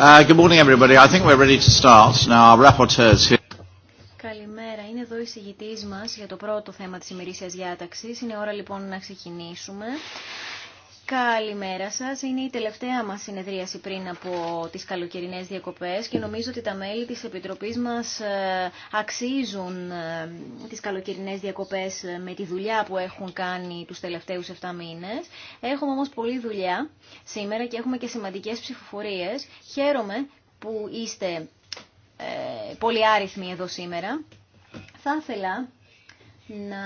Uh, good morning everybody. I think we're ready to start. Now our rapporteurs here. Καλημέρα. Είναι εδώ η συγητής μας για το πρώτο θέμα της ημερήσιας διάταξης. Είναι ώρα λοιπόν να ξεκινήσουμε. Καλημέρα σας. Είναι η τελευταία μας συνεδρίαση πριν από τις καλοκαιρινέ διακοπές και νομίζω ότι τα μέλη της Επιτροπής μας ε, αξίζουν ε, τις καλοκαιρινέ διακοπές ε, με τη δουλειά που έχουν κάνει τους τελευταίους 7 μήνε. Έχουμε όμω πολλή δουλειά σήμερα και έχουμε και σημαντικές ψηφοφορίε. Χαίρομαι που είστε πολύ άριθμοι εδώ σήμερα. Θα ήθελα να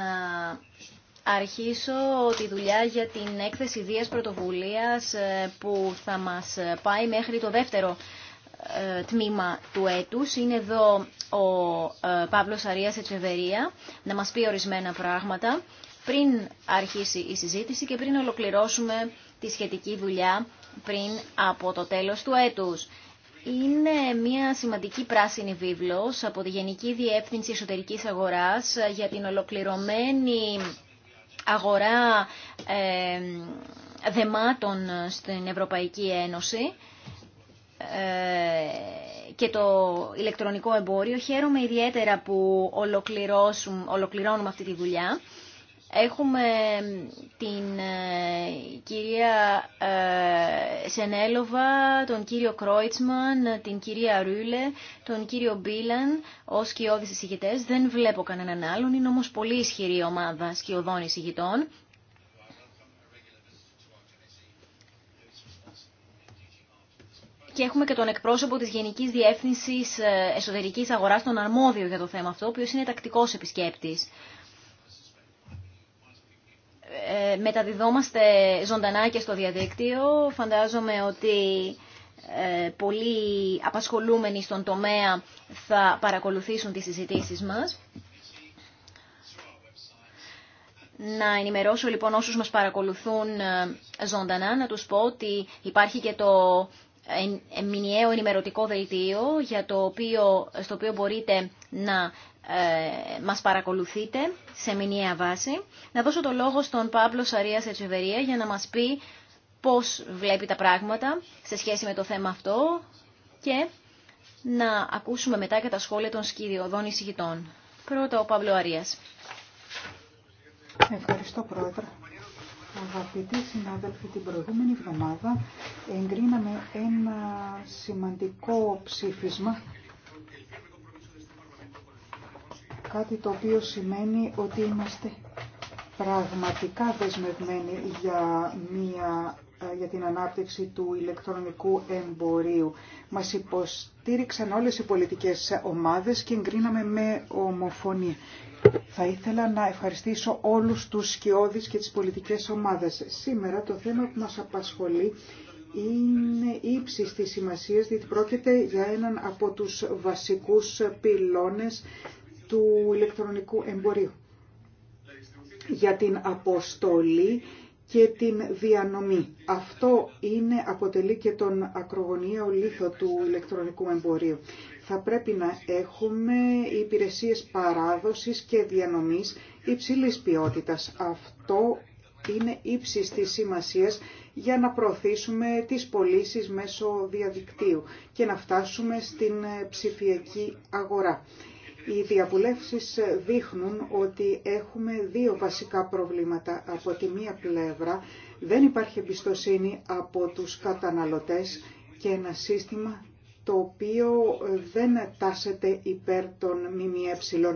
αρχίσω τη δουλειά για την έκθεση Δίας Πρωτοβουλίας ε, που θα μας πάει μέχρι το δεύτερο ε, τμήμα του έτους. Είναι εδώ ο ε, Παύλος Αρίας Ετσεβερία να μας πει ορισμένα πράγματα πριν αρχίσει η συζήτηση και πριν ολοκληρώσουμε τη σχετική δουλειά πριν από το τέλος του έτους. Είναι μια σημαντική πράσινη βίβλος από τη Γενική Διεύθυνση Εσωτερικής Αγοράς για την ολοκληρωμένη αγορά δεμάτων στην Ευρωπαϊκή Ένωση ε, και το ηλεκτρονικό εμπόριο. Χαίρομαι ιδιαίτερα που ολοκληρώνουμε αυτή τη δουλειά. Έχουμε την ε, κυρία ε, Σενέλοβα, τον κύριο Κρόιτσμαν, την κυρία Ρούλε, τον κύριο Μπίλαν ως σκιώδης εισηγητές. Δεν βλέπω κανέναν άλλον, είναι όμως πολύ ισχυρή ομάδα σκιωδών εισηγητών. Και έχουμε και τον εκπρόσωπο της Γενικής Διεύθυνσης ε, Εσωτερικής Αγοράς, τον αρμόδιο για το θέμα αυτό, ο οποίος είναι τακτικός επισκέπτης. Ε, μεταδιδόμαστε ζωντανά και στο διαδίκτυο. Φαντάζομαι ότι ε, πολλοί απασχολούμενοι στον τομέα θα παρακολουθήσουν τις συζητήσεις μας. Να ενημερώσω λοιπόν όσους μας παρακολουθούν ε, ζωντανά, να τους πω ότι υπάρχει και το μηνιαίο ενημερωτικό δελτίο για το οποίο, στο οποίο μπορείτε να ε, μας παρακολουθείτε σε μηνιαία βάση. Να δώσω το λόγο στον Παύλο Σαρία Ετσεβερία για να μας πει πώς βλέπει τα πράγματα σε σχέση με το θέμα αυτό και να ακούσουμε μετά και τα σχόλια των σκηδιωδών εισηγητών. Πρώτα ο Παύλο Αρίας. Ευχαριστώ Πρόεδρε. Αγαπητοί συνάδελφοι, την προηγούμενη εβδομάδα εγκρίναμε ένα σημαντικό ψήφισμα κάτι το οποίο σημαίνει ότι είμαστε πραγματικά δεσμευμένοι για, μια, ε, για την ανάπτυξη του ηλεκτρονικού εμπορίου. Μας υποστήριξαν όλες οι πολιτικές ομάδες και εγκρίναμε με ομοφωνία. Θα ήθελα να ευχαριστήσω όλους τους σκιώδεις και τις πολιτικές ομάδες. Σήμερα το θέμα που μας απασχολεί είναι ύψης της σημασίας, διότι πρόκειται για έναν από τους βασικούς πυλώνες του ηλεκτρονικού εμπορίου για την αποστολή και την διανομή. Αυτό είναι, αποτελεί και τον ακρογωνιαίο λίθο του ηλεκτρονικού εμπορίου. Θα πρέπει να έχουμε υπηρεσίες παράδοσης και διανομής υψηλής ποιότητας. Αυτό είναι ύψης της σημασίας για να προωθήσουμε τις πωλήσει μέσω διαδικτύου και να φτάσουμε στην ψηφιακή αγορά. Οι διαβουλεύσεις δείχνουν ότι έχουμε δύο βασικά προβλήματα. Από τη μία πλευρά δεν υπάρχει εμπιστοσύνη από τους καταναλωτές και ένα σύστημα το οποίο δεν τάσεται υπέρ των ΜΜΕ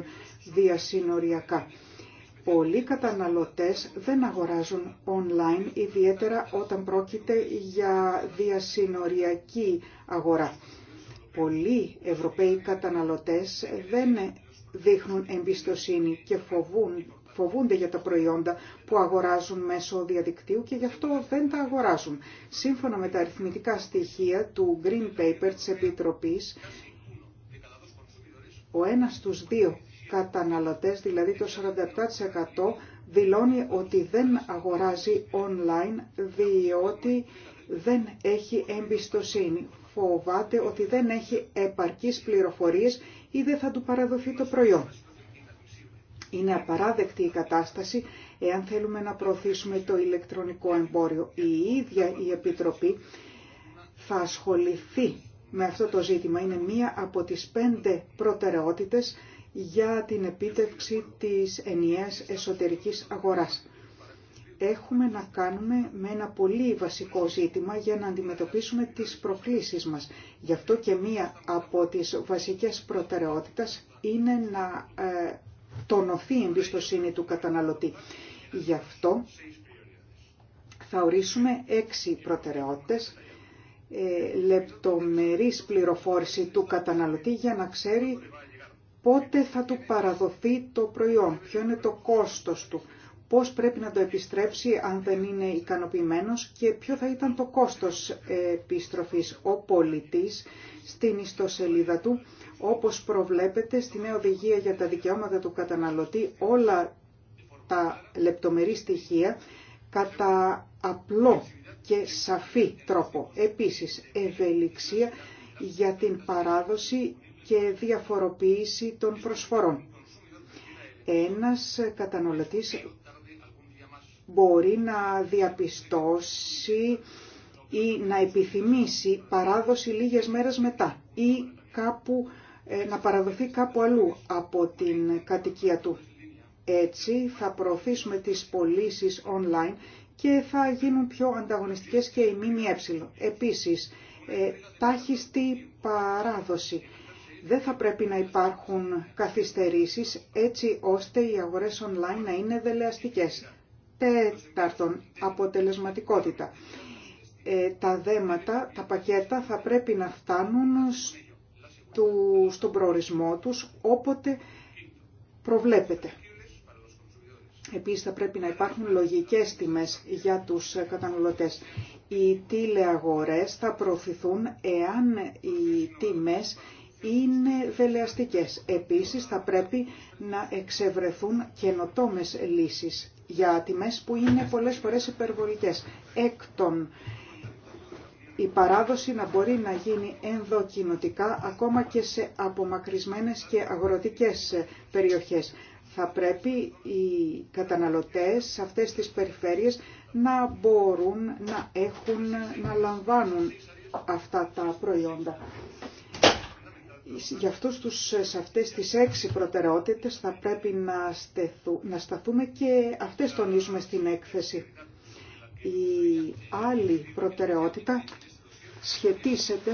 διασυνοριακά. Πολλοί καταναλωτές δεν αγοράζουν online, ιδιαίτερα όταν πρόκειται για διασυνοριακή αγορά πολλοί Ευρωπαίοι καταναλωτές δεν δείχνουν εμπιστοσύνη και φοβούν, φοβούνται για τα προϊόντα που αγοράζουν μέσω διαδικτύου και γι' αυτό δεν τα αγοράζουν. Σύμφωνα με τα αριθμητικά στοιχεία του Green Paper της Επιτροπής, ο ένας στους δύο καταναλωτές, δηλαδή το 47%, δηλώνει ότι δεν αγοράζει online διότι δεν έχει εμπιστοσύνη φοβάται ότι δεν έχει επαρκείς πληροφορίες ή δεν θα του παραδοθεί το προϊόν. Είναι απαράδεκτη η κατάσταση εάν θέλουμε να προωθήσουμε το ηλεκτρονικό εμπόριο. Η ίδια η Επιτροπή θα ασχοληθεί με αυτό το ζήτημα. Είναι μία από τις πέντε προτεραιότητες για την επίτευξη της ενιαίας εσωτερικής αγοράς έχουμε να κάνουμε με ένα πολύ βασικό ζήτημα για να αντιμετωπίσουμε τις προκλήσεις μας. Γι' αυτό και μία από τις βασικές προτεραιότητες είναι να ε, τονωθεί η εμπιστοσύνη του καταναλωτή. Γι' αυτό θα ορίσουμε έξι προτεραιότητες, ε, λεπτομερής πληροφόρηση του καταναλωτή για να ξέρει πότε θα του παραδοθεί το προϊόν, ποιο είναι το κόστος του, πώς πρέπει να το επιστρέψει αν δεν είναι ικανοποιημένος και ποιο θα ήταν το κόστος επιστροφής ο πολιτής στην ιστοσελίδα του, όπως προβλέπεται στη νέα οδηγία για τα δικαιώματα του καταναλωτή, όλα τα λεπτομερή στοιχεία κατά απλό και σαφή τρόπο. Επίσης, ευελιξία για την παράδοση και διαφοροποίηση των προσφορών. Ένας καταναλωτής μπορεί να διαπιστώσει ή να επιθυμήσει παράδοση λίγες μέρες μετά ή κάπου, ε, να παραδοθεί κάπου αλλού από την κατοικία του. Έτσι θα προωθήσουμε τις πωλήσει online και θα γίνουν πιο ανταγωνιστικές και οι ΜΜΕ. Επίσης, ε, τάχιστη παράδοση. Δεν θα πρέπει να υπάρχουν καθυστερήσεις έτσι ώστε οι αγορές online να είναι δελεαστικές. Τέταρτον, αποτελεσματικότητα. Ε, τα δέματα, τα πακέτα θα πρέπει να φτάνουν στο, στον προορισμό τους όποτε προβλέπεται. Επίσης θα πρέπει να υπάρχουν λογικές τιμές για τους καταναλωτές. Οι τηλεαγορές θα προωθηθούν εάν οι τιμές είναι δελεαστικές. Επίσης θα πρέπει να εξευρεθούν καινοτόμες λύσεις για τιμές που είναι πολλές φορές υπερβολικές. Έκτον, η παράδοση να μπορεί να γίνει ενδοκινοτικά ακόμα και σε απομακρυσμένες και αγροτικές περιοχές. Θα πρέπει οι καταναλωτές σε αυτές τις περιφέρειες να μπορούν να έχουν, να λαμβάνουν αυτά τα προϊόντα για αυτούς τους, ε, σε αυτές τις έξι προτεραιότητες θα πρέπει να, σταθούμε και αυτές τονίζουμε στην έκθεση. Η άλλη προτεραιότητα σχετίζεται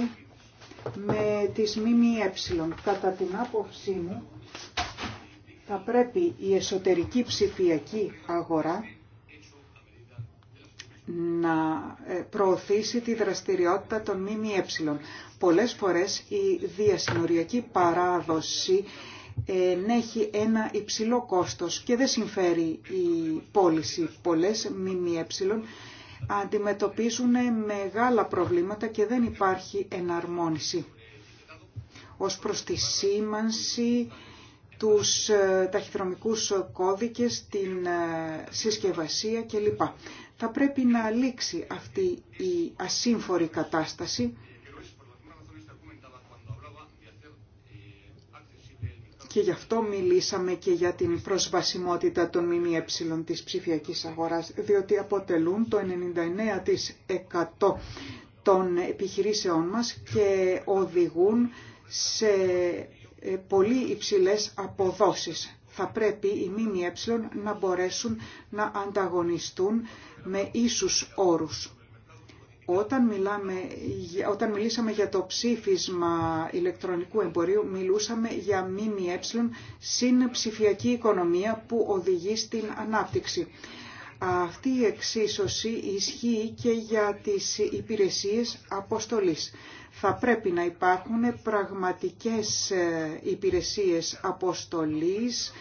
με τις ΜΜΕ. Κατά την άποψή μου θα πρέπει η εσωτερική ψηφιακή αγορά να ε, προωθήσει τη δραστηριότητα των ΜΜΕ πολλές φορές η διασυνοριακή παράδοση ε, έχει ένα υψηλό κόστος και δεν συμφέρει η πώληση. Πολλές ΜΜΕ αντιμετωπίζουν μεγάλα προβλήματα και δεν υπάρχει εναρμόνιση. Ως προς τη σήμανση, τους ε, ταχυδρομικούς κώδικες, την ε, συσκευασία κλπ. Θα πρέπει να λήξει αυτή η ασύμφορη κατάσταση και γι' αυτό μιλήσαμε και για την προσβασιμότητα των ΜΜΕ της ψηφιακής αγοράς, διότι αποτελούν το 99% των επιχειρήσεών μας και οδηγούν σε ε, πολύ υψηλές αποδόσεις. Θα πρέπει οι ΜΜΕ να μπορέσουν να ανταγωνιστούν με ίσους όρους. Όταν, μιλάμε, όταν μιλήσαμε για το ψήφισμα ηλεκτρονικού εμπορίου, μιλούσαμε για ΜΜΕ συν ψηφιακή οικονομία που οδηγεί στην ανάπτυξη. Αυτή η εξίσωση ισχύει και για τις υπηρεσίες αποστολής. Θα πρέπει να υπάρχουν πραγματικές ε, υπηρεσίες αποστολής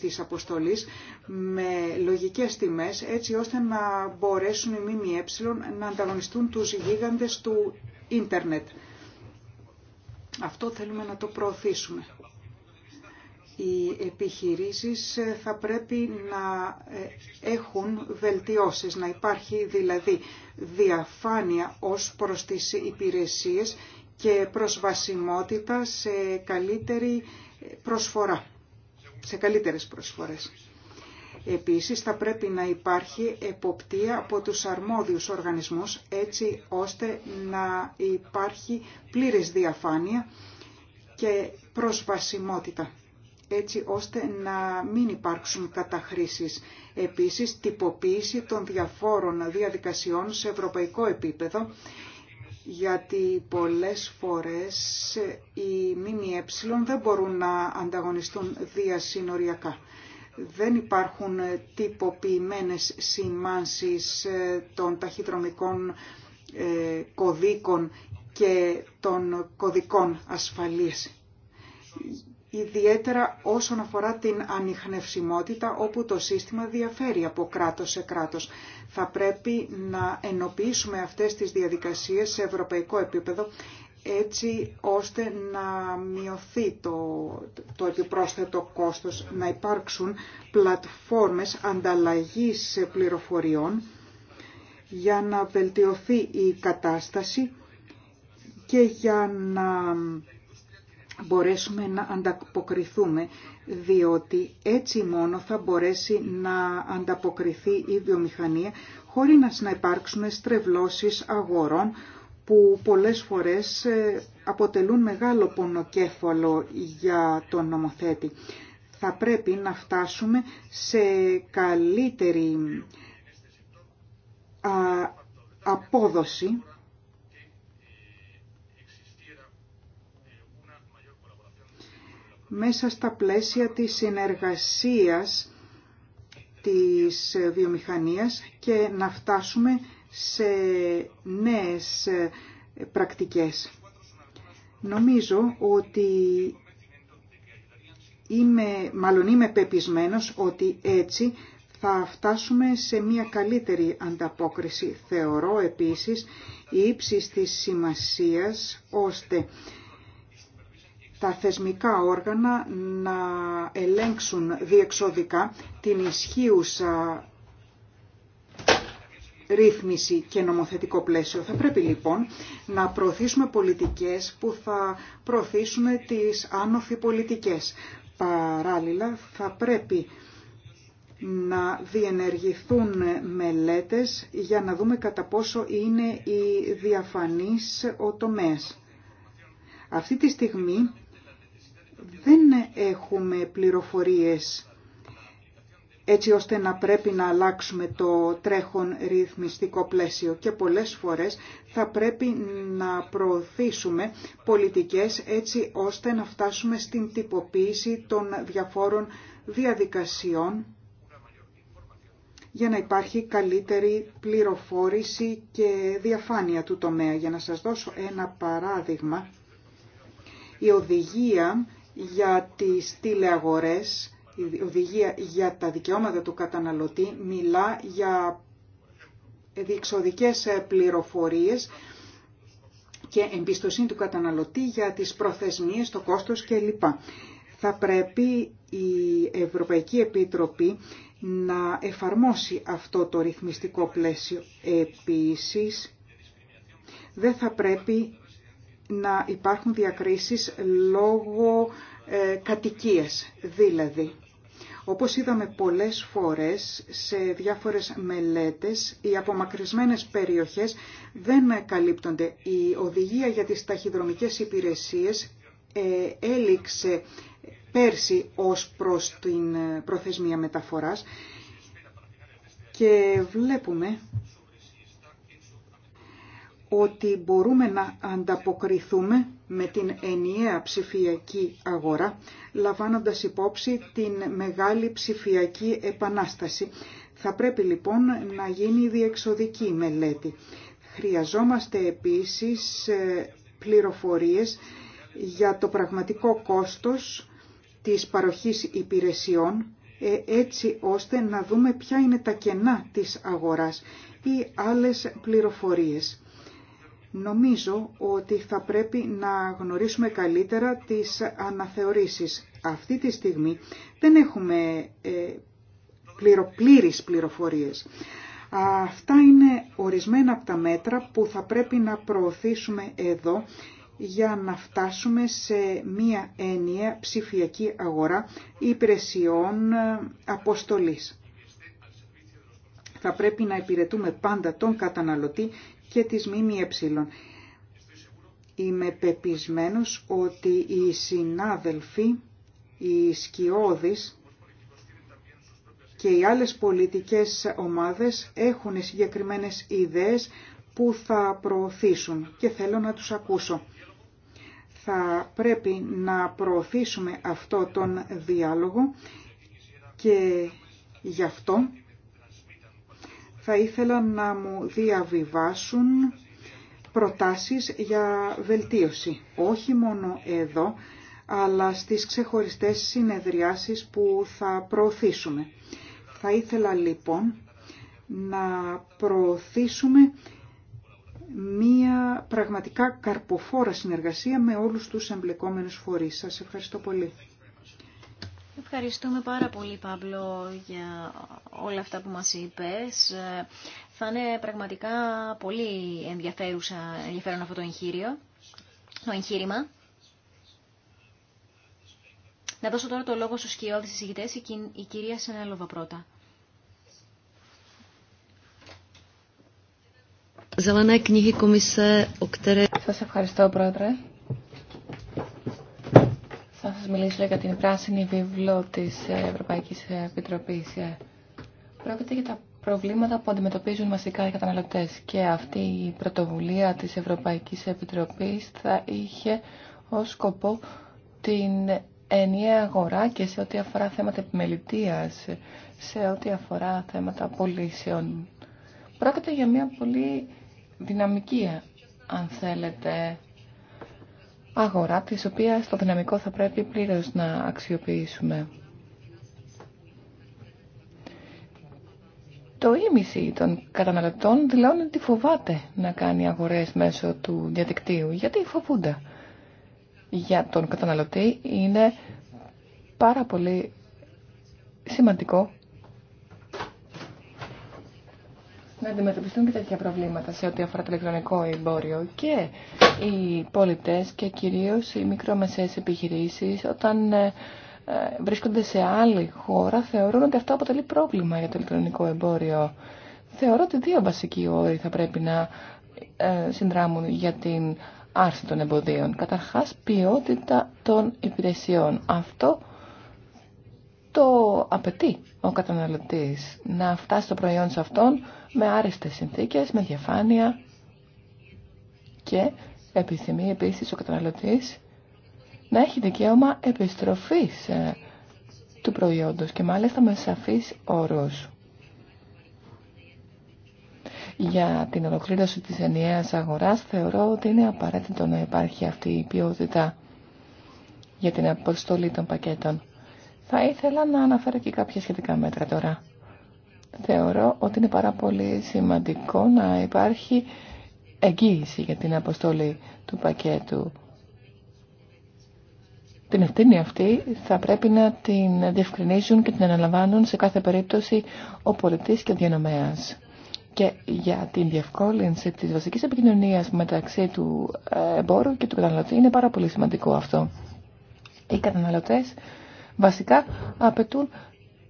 της αποστολής με λογικές τιμές έτσι ώστε να μπορέσουν οι ΜΜΕ να ανταγωνιστούν τους γίγαντες του ίντερνετ. Αυτό θέλουμε να το προωθήσουμε. Οι επιχειρήσεις θα πρέπει να ε, έχουν βελτιώσεις, να υπάρχει δηλαδή διαφάνεια ως προς τις υπηρεσίες και προσβασιμότητα σε καλύτερη προσφορά σε καλύτερες προσφορές. Επίσης θα πρέπει να υπάρχει εποπτεία από τους αρμόδιους οργανισμούς έτσι ώστε να υπάρχει πλήρης διαφάνεια και προσβασιμότητα έτσι ώστε να μην υπάρξουν καταχρήσεις. Επίσης, τυποποίηση των διαφόρων διαδικασιών σε ευρωπαϊκό επίπεδο γιατί πολλές φορές οι ΜΜΕ δεν μπορούν να ανταγωνιστούν διασυνοριακά. Δεν υπάρχουν τυποποιημένες σημάνσεις ε, των ταχυδρομικών ε, κωδίκων και των κωδικών ασφαλείας. Ιδιαίτερα όσον αφορά την ανιχνευσιμότητα όπου το σύστημα διαφέρει από κράτος σε κράτος. Θα πρέπει να ενοποιήσουμε αυτές τις διαδικασίες σε ευρωπαϊκό επίπεδο έτσι ώστε να μειωθεί το, το επιπρόσθετο κόστος, να υπάρξουν πλατφόρμες ανταλλαγής πληροφοριών για να βελτιωθεί η κατάσταση και για να μπορέσουμε να ανταποκριθούμε, διότι έτσι μόνο θα μπορέσει να ανταποκριθεί η βιομηχανία χωρίς να υπάρξουν στρεβλώσεις αγορών που πολλές φορές ε, αποτελούν μεγάλο πονοκέφαλο για τον νομοθέτη. Θα πρέπει να φτάσουμε σε καλύτερη απόδοση μέσα στα πλαίσια της συνεργασίας της βιομηχανίας και να φτάσουμε σε νέες πρακτικές. Νομίζω ότι είμαι, μάλλον είμαι πεπισμένος ότι έτσι θα φτάσουμε σε μια καλύτερη ανταπόκριση. Θεωρώ επίσης η ύψη της σημασίας ώστε τα θεσμικά όργανα να ελέγξουν διεξοδικά την ισχύουσα ρύθμιση και νομοθετικό πλαίσιο. Θα πρέπει λοιπόν να προωθήσουμε πολιτικές που θα προωθήσουν τις άνοφοι πολιτικές. Παράλληλα θα πρέπει να διενεργηθούν μελέτες για να δούμε κατά πόσο είναι η διαφανής ο τομέας. Αυτή τη στιγμή δεν έχουμε πληροφορίες έτσι ώστε να πρέπει να αλλάξουμε το τρέχον ρυθμιστικό πλαίσιο και πολλές φορές θα πρέπει να προωθήσουμε πολιτικές έτσι ώστε να φτάσουμε στην τυποποίηση των διαφόρων διαδικασιών για να υπάρχει καλύτερη πληροφόρηση και διαφάνεια του τομέα. Για να σας δώσω ένα παράδειγμα, η οδηγία για τις τηλεαγορές, η οδηγία για τα δικαιώματα του καταναλωτή μιλά για διεξοδικές ε, πληροφορίες και εμπιστοσύνη του καταναλωτή για τις προθεσμίες, το κόστος κλπ. Θα πρέπει η Ευρωπαϊκή Επίτροπη να εφαρμόσει αυτό το ρυθμιστικό πλαίσιο. Επίσης, δεν θα πρέπει να υπάρχουν διακρίσεις λόγω ε, Δηλαδή, όπως είδαμε πολλές φορές σε διάφορες μελέτες, οι απομακρυσμένες περιοχές δεν καλύπτονται. Η οδηγία για τις ταχυδρομικές υπηρεσίες ε, έληξε πέρσι ως προς την ε, προθεσμία μεταφοράς και βλέπουμε ότι μπορούμε να ανταποκριθούμε με την ενιαία ψηφιακή αγορά, λαμβάνοντας υπόψη την μεγάλη ψηφιακή επανάσταση. Θα πρέπει λοιπόν να γίνει διεξοδική μελέτη. Χρειαζόμαστε επίσης ε, πληροφορίες για το πραγματικό κόστος της παροχής υπηρεσιών, ε, έτσι ώστε να δούμε ποια είναι τα κενά της αγοράς ή άλλες πληροφορίες Νομίζω ότι θα πρέπει να γνωρίσουμε καλύτερα τις αναθεωρήσεις. Αυτή τη στιγμή δεν έχουμε ε, πλήρες πληροφορίες. Αυτά είναι ορισμένα από τα μέτρα που θα πρέπει να προωθήσουμε εδώ για να φτάσουμε σε μία έννοια ψηφιακή αγορά υπηρεσιών ε, αποστολής. Θα πρέπει να υπηρετούμε πάντα τον καταναλωτή και της ΜΜΕ. Είμαι πεπισμένος ότι οι συνάδελφοι, οι σκιώδεις και οι άλλες πολιτικές ομάδες έχουν συγκεκριμένες ιδέες που θα προωθήσουν και θέλω να τους ακούσω. Θα πρέπει να προωθήσουμε αυτό τον διάλογο και γι' αυτό θα ήθελα να μου διαβιβάσουν προτάσεις για βελτίωση. Όχι μόνο εδώ, αλλά στις ξεχωριστές συνεδριάσεις που θα προωθήσουμε. Θα ήθελα λοιπόν να προωθήσουμε μία πραγματικά καρποφόρα συνεργασία με όλους τους εμπλεκόμενους φορείς. Σας ευχαριστώ πολύ. Ευχαριστούμε πάρα πολύ, Παύλο, για όλα αυτά που μας είπες. Θα είναι πραγματικά πολύ ενδιαφέρουσα, ενδιαφέρον αυτό το εγχείριο, εγχείρημα. Να δώσω τώρα το λόγο στους σκιώδεις συζητητές, η κυρία Σενέλοβα πρώτα. Σας ευχαριστώ, Πρόεδρε μιλήσω για την πράσινη βίβλο της Ευρωπαϊκής Επιτροπής. Πρόκειται για τα προβλήματα που αντιμετωπίζουν μαζικά οι καταναλωτές και αυτή η πρωτοβουλία της Ευρωπαϊκής Επιτροπής θα είχε ως σκοπό την ενιαία αγορά και σε ό,τι αφορά θέματα επιμελητίας, σε ό,τι αφορά θέματα πωλήσεων. Πρόκειται για μια πολύ δυναμική, αν θέλετε, αγορά της οποίας το δυναμικό θα πρέπει πλήρως να αξιοποιήσουμε. Το ίμιση των καταναλωτών δηλώνει ότι φοβάται να κάνει αγορές μέσω του διαδικτύου. Γιατί φοβούνται. Για τον καταναλωτή είναι πάρα πολύ σημαντικό να αντιμετωπιστούν και τέτοια προβλήματα σε ό,τι αφορά το ηλεκτρονικό εμπόριο και οι πολίτες και κυρίως οι μικρομεσαίες επιχειρήσεις όταν ε, ε, βρίσκονται σε άλλη χώρα θεωρούν ότι αυτό αποτελεί πρόβλημα για το ηλεκτρονικό εμπόριο. Θεωρώ ότι δύο βασικοί όροι θα πρέπει να ε, συνδράμουν για την άρση των εμποδίων. Καταρχάς, ποιότητα των υπηρεσιών. Αυτό το απαιτεί ο καταναλωτής να φτάσει το προϊόν σε αυτόν με άρεστες συνθήκες, με διαφάνεια και επιθυμεί επίσης ο καταναλωτής να έχει δικαίωμα επιστροφής ε, του προϊόντος και μάλιστα με σαφείς όρους. Για την ολοκλήρωση της ενιαίας αγοράς θεωρώ ότι είναι απαραίτητο να υπάρχει αυτή η ποιότητα για την αποστολή των πακέτων. Θα ήθελα να αναφέρω και κάποια σχετικά μέτρα τώρα θεωρώ ότι είναι πάρα πολύ σημαντικό να υπάρχει εγγύηση για την αποστολή του πακέτου. Την ευθύνη αυτή θα πρέπει να την διευκρινίζουν και την αναλαμβάνουν σε κάθε περίπτωση ο πολιτής και ο διανομέας. Και για την διευκόλυνση της βασικής επικοινωνίας μεταξύ του ε, εμπόρου και του καταναλωτή είναι πάρα πολύ σημαντικό αυτό. Οι καταναλωτές βασικά απαιτούν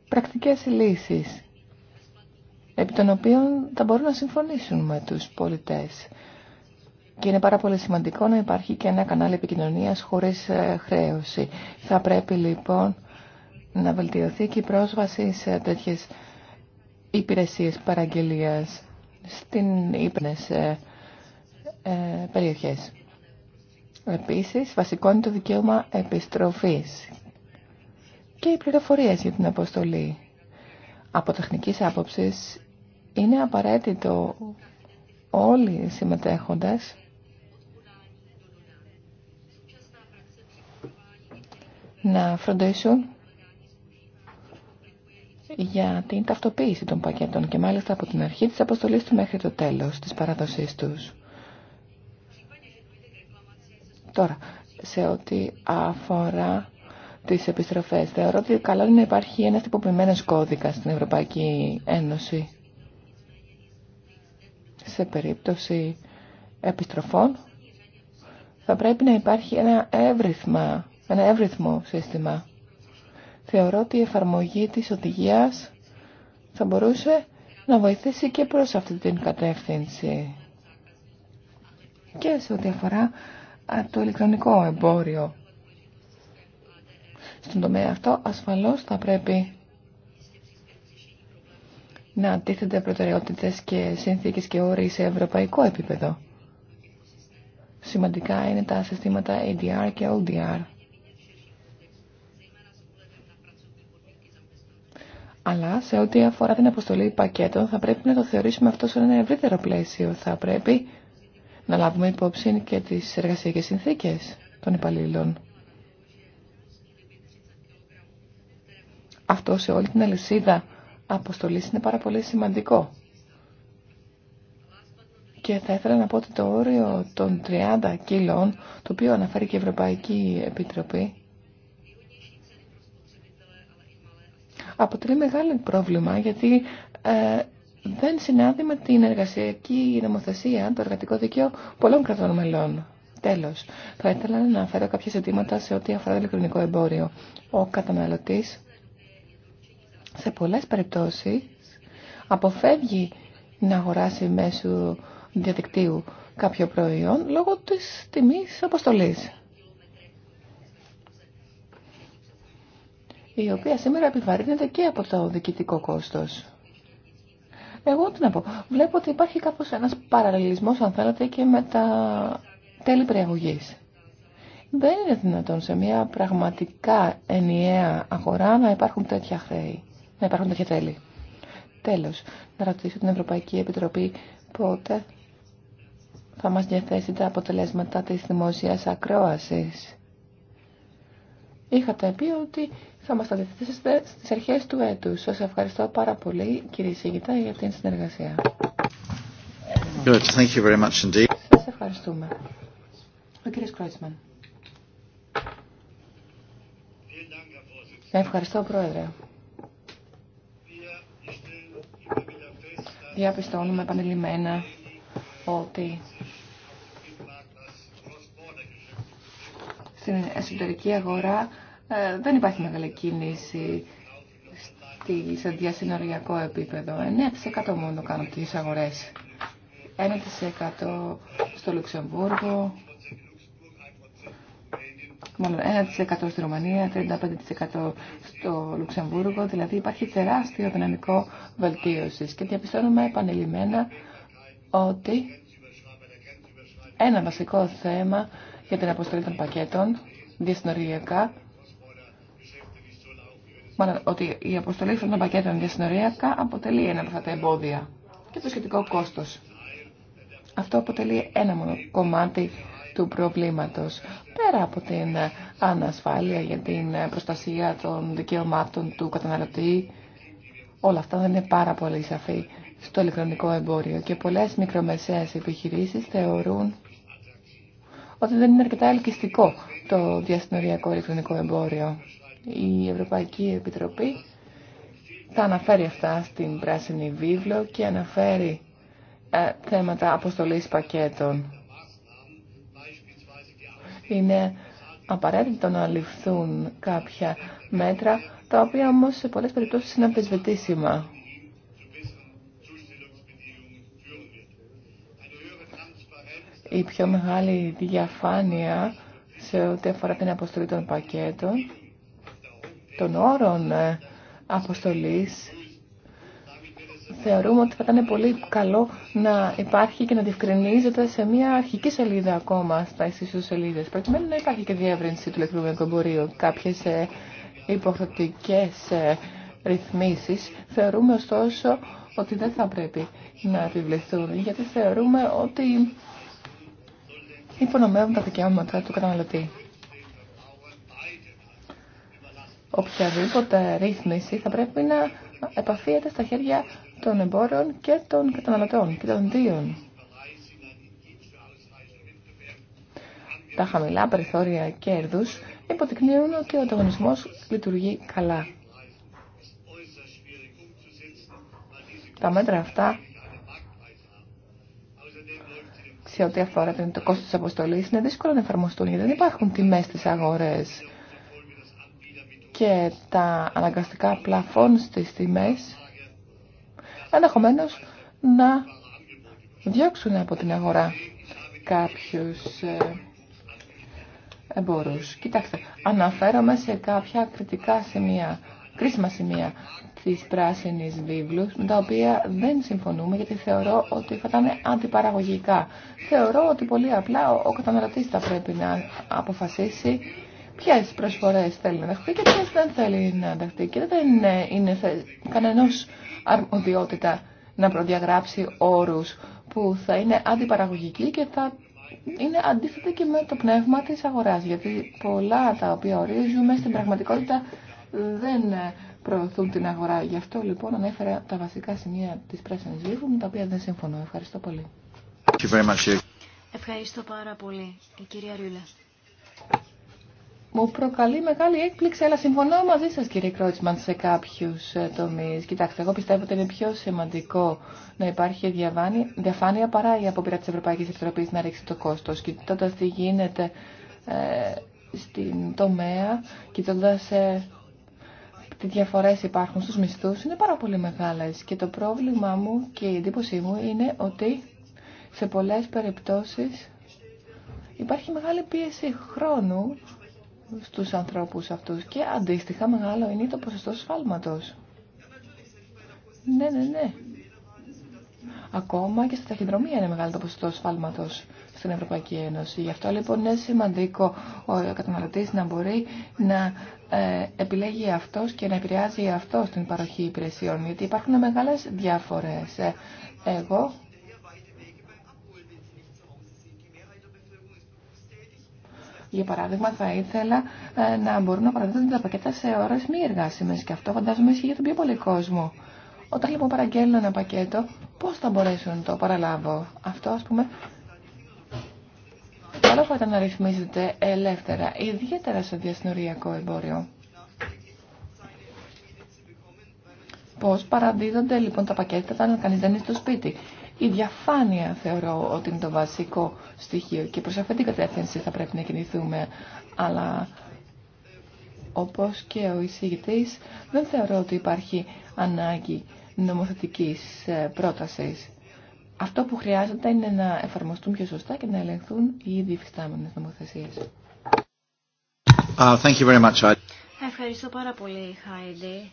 πρακτικές λύσεις επί των οποίων θα μπορούν να συμφωνήσουν με τους πολιτές. Και είναι πάρα πολύ σημαντικό να υπάρχει και ένα κανάλι επικοινωνίας χωρίς ε, χρέωση. Θα πρέπει λοιπόν να βελτιωθεί και η πρόσβαση σε τέτοιες υπηρεσίες παραγγελίας στην ύπνες ε, ε, περιοχές. Επίσης, βασικό είναι το δικαίωμα επιστροφής και οι πληροφορίες για την αποστολή. Από τεχνικής άποψης, είναι απαραίτητο όλοι οι συμμετέχοντες να φροντίσουν για την ταυτοποίηση των πακέτων και μάλιστα από την αρχή της αποστολής του μέχρι το τέλος της παράδοσής τους. Τώρα, σε ό,τι αφορά τις επιστροφές, θεωρώ ότι καλό είναι να υπάρχει ένας τυποποιημένος κώδικας στην Ευρωπαϊκή Ένωση σε περίπτωση επιστροφών θα πρέπει να υπάρχει ένα εύρυθμα, ένα εύρυθμο σύστημα. Θεωρώ ότι η εφαρμογή της οδηγίας θα μπορούσε να βοηθήσει και προς αυτή την κατεύθυνση. Και σε ό,τι αφορά το ηλεκτρονικό εμπόριο. Στον τομέα αυτό ασφαλώς θα πρέπει να αντίθεται προτεραιότητες και συνθήκες και όροι σε ευρωπαϊκό επίπεδο. Σημαντικά είναι τα συστήματα ADR και ODR. Αλλά σε ό,τι αφορά την αποστολή πακέτων θα πρέπει να το θεωρήσουμε αυτό σε ένα ευρύτερο πλαίσιο. Θα πρέπει να λάβουμε υπόψη και τις εργασιακές συνθήκες των υπαλλήλων. Αυτό σε όλη την αλυσίδα αποστολής είναι πάρα πολύ σημαντικό. Και θα ήθελα να πω ότι το όριο των 30 κιλών, το οποίο αναφέρει και η Ευρωπαϊκή Επιτροπή, αποτελεί μεγάλο πρόβλημα γιατί ε, δεν συνάδει με την εργασιακή νομοθεσία, το εργατικό δικαίο πολλών κρατών μελών. Τέλος, θα ήθελα να αναφέρω κάποια ζητήματα σε ό,τι αφορά το ηλεκτρονικό εμπόριο. Ο καταναλωτής σε πολλές περιπτώσεις αποφεύγει να αγοράσει μέσω διαδικτύου κάποιο προϊόν λόγω της τιμής αποστολής. η οποία σήμερα επιβαρύνεται και από το διοικητικό κόστος. Εγώ τι να πω. Βλέπω ότι υπάρχει κάπως ένας παραλληλισμός, αν θέλετε, και με τα τέλη περιαγωγής. Δεν είναι δυνατόν σε μια πραγματικά ενιαία αγορά να υπάρχουν τέτοια χρέη να υπάρχουν τέτοια τέλη. Τέλος, να ρωτήσω την Ευρωπαϊκή Επιτροπή πότε θα μας διαθέσει τα αποτελέσματα της δημόσιας ακρόασης. Είχατε πει ότι θα μας τα διαθέσετε στις αρχές του έτους. Σας ευχαριστώ πάρα πολύ κύριε Σίγητα για την συνεργασία. Good. Thank you very much indeed. Σας ευχαριστούμε. Ο κύριος Κρότσμαν. Ευχαριστώ πρόεδρε. διαπιστώνουμε επανειλημμένα ότι στην εσωτερική αγορά ε, δεν υπάρχει μεγάλη κίνηση σε διασυνοριακό επίπεδο. 9% μόνο κάνουν τις αγορές. 1% στο Λουξεμβούργο, μόνο 1% στη Ρουμανία, 35% στο Λουξεμβούργο. Δηλαδή υπάρχει τεράστιο δυναμικό βελτίωσης και διαπιστώνουμε επανειλημμένα ότι ένα βασικό θέμα για την αποστολή των πακέτων διασυνοριακά μάλλον ότι η αποστολή των πακέτων διασυνοριακά αποτελεί ένα από αυτά τα εμπόδια και το σχετικό κόστος. Αυτό αποτελεί ένα μόνο κομμάτι του προβλήματος. Πέρα από την ανασφάλεια για την προστασία των δικαιωμάτων του καταναλωτή, όλα αυτά δεν είναι πάρα πολύ σαφή στο ηλεκτρονικό εμπόριο και πολλές μικρομεσαίες επιχειρήσεις θεωρούν ότι δεν είναι αρκετά ελκυστικό το διασυνοριακό ηλεκτρονικό εμπόριο. Η Ευρωπαϊκή Επιτροπή τα αναφέρει αυτά στην Πράσινη Βίβλο και αναφέρει ε, θέματα αποστολής πακέτων. Είναι απαραίτητο να ληφθούν κάποια μέτρα, τα οποία όμως σε πολλές περιπτώσεις είναι αμφισβητήσιμα. Η πιο μεγάλη διαφάνεια σε ό,τι αφορά την αποστολή των πακέτων, των όρων ε, αποστολής θεωρούμε ότι θα ήταν πολύ καλό να υπάρχει και να διευκρινίζεται σε μια αρχική σελίδα ακόμα στα εσείς σελίδες, προκειμένου να υπάρχει και διεύρυνση του ηλεκτρονικού εμπορίου. Κάποιες ε, υποχρεωτικές ε, ρυθμίσεις θεωρούμε ωστόσο ότι δεν θα πρέπει να επιβληθούν, γιατί θεωρούμε ότι υπονομεύουν τα δικαιώματα του καταναλωτή. Οποιαδήποτε ρύθμιση θα πρέπει να επαφίεται στα χέρια των εμπόρων και των καταναλωτών και των δύο. Τα χαμηλά περιθώρια κέρδου, υποδεικνύουν ότι ο ανταγωνισμό λειτουργεί καλά. Τα μέτρα αυτά σε ό,τι αφορά το κόστος τη αποστολή, είναι δύσκολο να εφαρμοστούν γιατί δεν υπάρχουν τιμέ στι αγορές και τα αναγκαστικά πλαφών στις τιμές ενδεχομένω να διώξουν από την αγορά κάποιους ε, εμπόρους. Κοιτάξτε, αναφέρομαι σε κάποια κριτικά σημεία, κρίσιμα σημεία της πράσινης βίβλου, με τα οποία δεν συμφωνούμε γιατί θεωρώ ότι θα ήταν αντιπαραγωγικά. Θεωρώ ότι πολύ απλά ο καταναλωτής θα πρέπει να αποφασίσει ποιε προσφορέ θέλει να δεχτεί και ποιε δεν θέλει να δεχτεί. Και δεν είναι, είναι αρμοδιότητα να προδιαγράψει όρους που θα είναι αντιπαραγωγικοί και θα είναι αντίθετα και με το πνεύμα της αγοράς, γιατί πολλά τα οποία ορίζουμε στην πραγματικότητα δεν προωθούν την αγορά. Γι' αυτό λοιπόν ανέφερα τα βασικά σημεία της πράσινης Λίγου με τα οποία δεν συμφωνώ. Ευχαριστώ πολύ. Ευχαριστώ πάρα πολύ, η κυρία Ρούλα μου προκαλεί μεγάλη έκπληξη, αλλά συμφωνώ μαζί σας κύριε Κρότσμαν σε κάποιους ε, τομείς. Κοιτάξτε, εγώ πιστεύω ότι είναι πιο σημαντικό να υπάρχει διαφάνεια παρά η απόπειρα της Ευρωπαϊκής Επιτροπής να ρίξει το κόστος. Κοιτώντα τι γίνεται ε, στην τομέα, κοιτώντα ε, τι διαφορές υπάρχουν στους μισθούς, είναι πάρα πολύ μεγάλες. Και το πρόβλημα μου και η εντύπωσή μου είναι ότι σε πολλές περιπτώσεις υπάρχει μεγάλη πίεση χρόνου στους ανθρώπους αυτούς και αντίστοιχα μεγάλο είναι το ποσοστό σφάλματος. Ναι, ναι, ναι. Ακόμα και στα ταχυδρομεία είναι μεγάλο το ποσοστό σφάλματος στην Ευρωπαϊκή Ένωση. Γι' αυτό λοιπόν είναι σημαντικό ο καταναλωτής να μπορεί να ε, επιλέγει αυτός και να επηρεάζει αυτός την παροχή υπηρεσιών, γιατί υπάρχουν μεγάλες διάφορες. Ε, εγώ Για παράδειγμα, θα ήθελα ε, να μπορούν να παραδίδονται τα πακέτα σε ώρε μη εργάσιμε και αυτό φαντάζομαι ισχύει για τον πιο πολύ κόσμο. Όταν λοιπόν παραγγέλνω ένα πακέτο, πώ θα μπορέσουν να το παραλάβω. Αυτό, α πούμε, καλό θα ήταν να ρυθμίζεται ελεύθερα, ιδιαίτερα στο διασυνοριακό εμπόριο. Πώς παραδίδονται λοιπόν τα πακέτα όταν κανείς δεν είναι στο σπίτι. Η διαφάνεια θεωρώ ότι είναι το βασικό στοιχείο και προς αυτήν την κατεύθυνση θα πρέπει να κινηθούμε. Αλλά όπως και ο εισηγητής δεν θεωρώ ότι υπάρχει ανάγκη νομοθετικής ε, πρότασης. Αυτό που χρειάζεται είναι να εφαρμοστούν πιο σωστά και να ελεγχθούν οι ήδη υφιστάμενες νομοθεσίες. Uh, thank you very much. Ευχαριστώ πάρα πολύ, Χάιντι.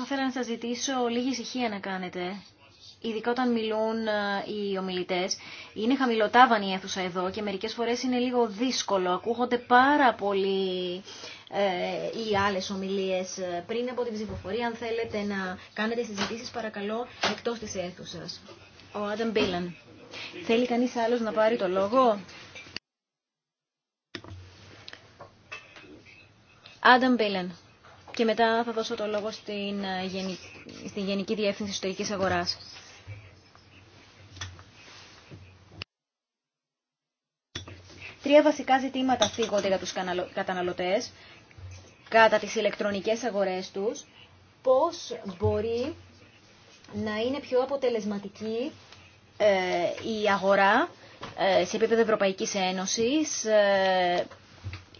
Θα ήθελα να σας ζητήσω λίγη ησυχία να κάνετε, ειδικά όταν μιλούν ε, οι ομιλητές. Είναι χαμηλοτάβανη η αίθουσα εδώ και μερικές φορές είναι λίγο δύσκολο. Ακούγονται πάρα πολύ ε, οι άλλες ομιλίες ε, πριν από την ψηφοφορία. Αν θέλετε να κάνετε συζητήσεις, παρακαλώ, εκτός της αίθουσας. Ο Άνταμ Μπίλαν. Θέλει κανείς άλλος να πάρει το λόγο? Άνταμ Μπίλαν και μετά θα δώσω το λόγο ε, στην, Γενική Διεύθυνση Ιστορικής Αγοράς. Τρία βασικά ζητήματα θίγονται για τους καταναλωτές κατά τις ηλεκτρονικές αγορές τους. Πώς μπορεί να είναι πιο αποτελεσματική ε, η αγορά ε, σε επίπεδο Ευρωπαϊκής Ένωσης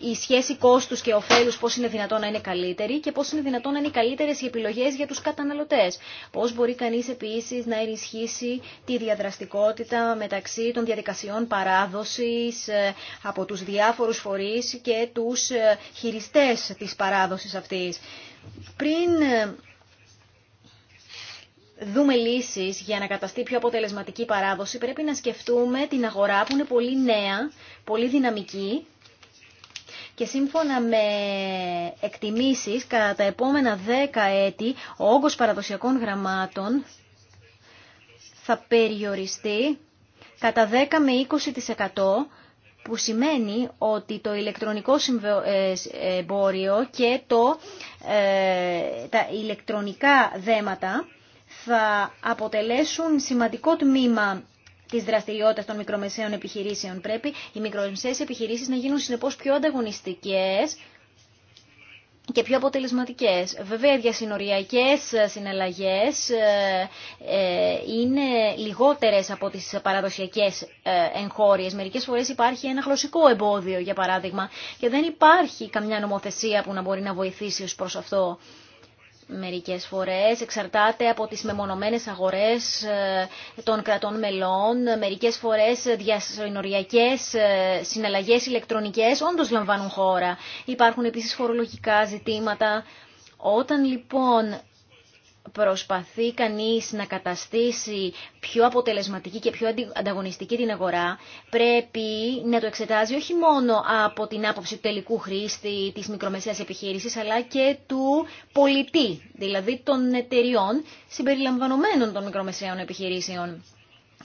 η σχέση κόστους και ωφέλου, πώ είναι δυνατόν να είναι καλύτερη και πώ είναι δυνατόν να είναι καλύτερες οι επιλογές για τους καταναλωτές. Πώς μπορεί κανείς επίση να ενισχύσει τη διαδραστικότητα μεταξύ των διαδικασιών παράδοσης ε, από τους διάφορους φορείς και τους ε, χειριστές τη παράδοση αυτή. Πριν ε, δούμε λύσεις για να καταστεί πιο αποτελεσματική παράδοση, πρέπει να σκεφτούμε την αγορά που είναι πολύ νέα, πολύ δυναμική και σύμφωνα με εκτιμήσεις κατά τα επόμενα 10 έτη ο όγκος παραδοσιακών γραμμάτων θα περιοριστεί κατά 10 με 20% που σημαίνει ότι το ηλεκτρονικό ε, εμπόριο και το, ε, τα ηλεκτρονικά δέματα θα αποτελέσουν σημαντικό τμήμα τις δραστηριότητες των μικρομεσαίων επιχειρήσεων. Πρέπει οι μικρομεσαίες επιχειρήσεις να γίνουν συνεπώς πιο ανταγωνιστικές και πιο αποτελεσματικές. Βέβαια, οι διασυνοριακές συναλλαγές ε, ε, είναι λιγότερες από τις παραδοσιακές ε, εγχώριες. Μερικές φορές υπάρχει ένα γλωσσικό εμπόδιο, για παράδειγμα, και δεν υπάρχει καμιά νομοθεσία που να μπορεί να βοηθήσει ως προς αυτό μερικές φορές, εξαρτάται από τις μεμονωμένες αγορές ε, των κρατών μελών, μερικές φορές διασυνοριακές ε, συναλλαγές ηλεκτρονικές όντως λαμβάνουν χώρα. Υπάρχουν επίσης φορολογικά ζητήματα. Όταν λοιπόν προσπαθεί κανείς να καταστήσει πιο αποτελεσματική και πιο ανταγωνιστική την αγορά, πρέπει να το εξετάζει όχι μόνο από την άποψη του τελικού χρήστη της μικρομεσαίας επιχείρησης, αλλά και του πολιτή, δηλαδή των εταιριών συμπεριλαμβανομένων των μικρομεσαίων επιχειρήσεων.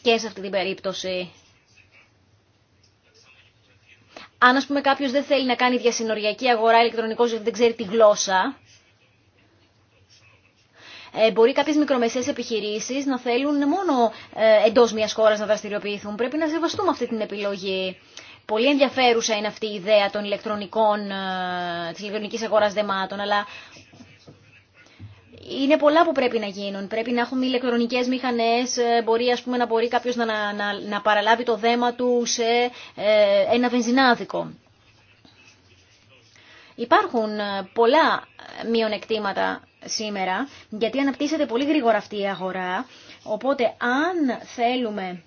Και σε αυτή την περίπτωση αν ας πούμε κάποιος δεν θέλει να κάνει διασυνοριακή αγορά ηλεκτρονικός γιατί δεν ξέρει τη γλώσσα, ε, μπορεί κάποιε μικρομεσαίες επιχειρήσεις να θέλουν μόνο ε, εντός μιας χώρα να δραστηριοποιηθούν. Πρέπει να σεβαστούμε αυτή την επιλογή. Πολύ ενδιαφέρουσα είναι αυτή η ιδέα των ηλεκτρονικών, ε, τη ηλεκτρονική αγορά δεμάτων, αλλά είναι πολλά που πρέπει να γίνουν. Πρέπει να έχουμε ηλεκτρονικέ μηχανέ. Μπορεί πούμε, να μπορεί κάποιο να, να, να, παραλάβει το δέμα του σε ε, ένα βενζινάδικο. Υπάρχουν πολλά μειονεκτήματα σήμερα, γιατί αναπτύσσεται πολύ γρήγορα αυτή η αγορά, οπότε αν θέλουμε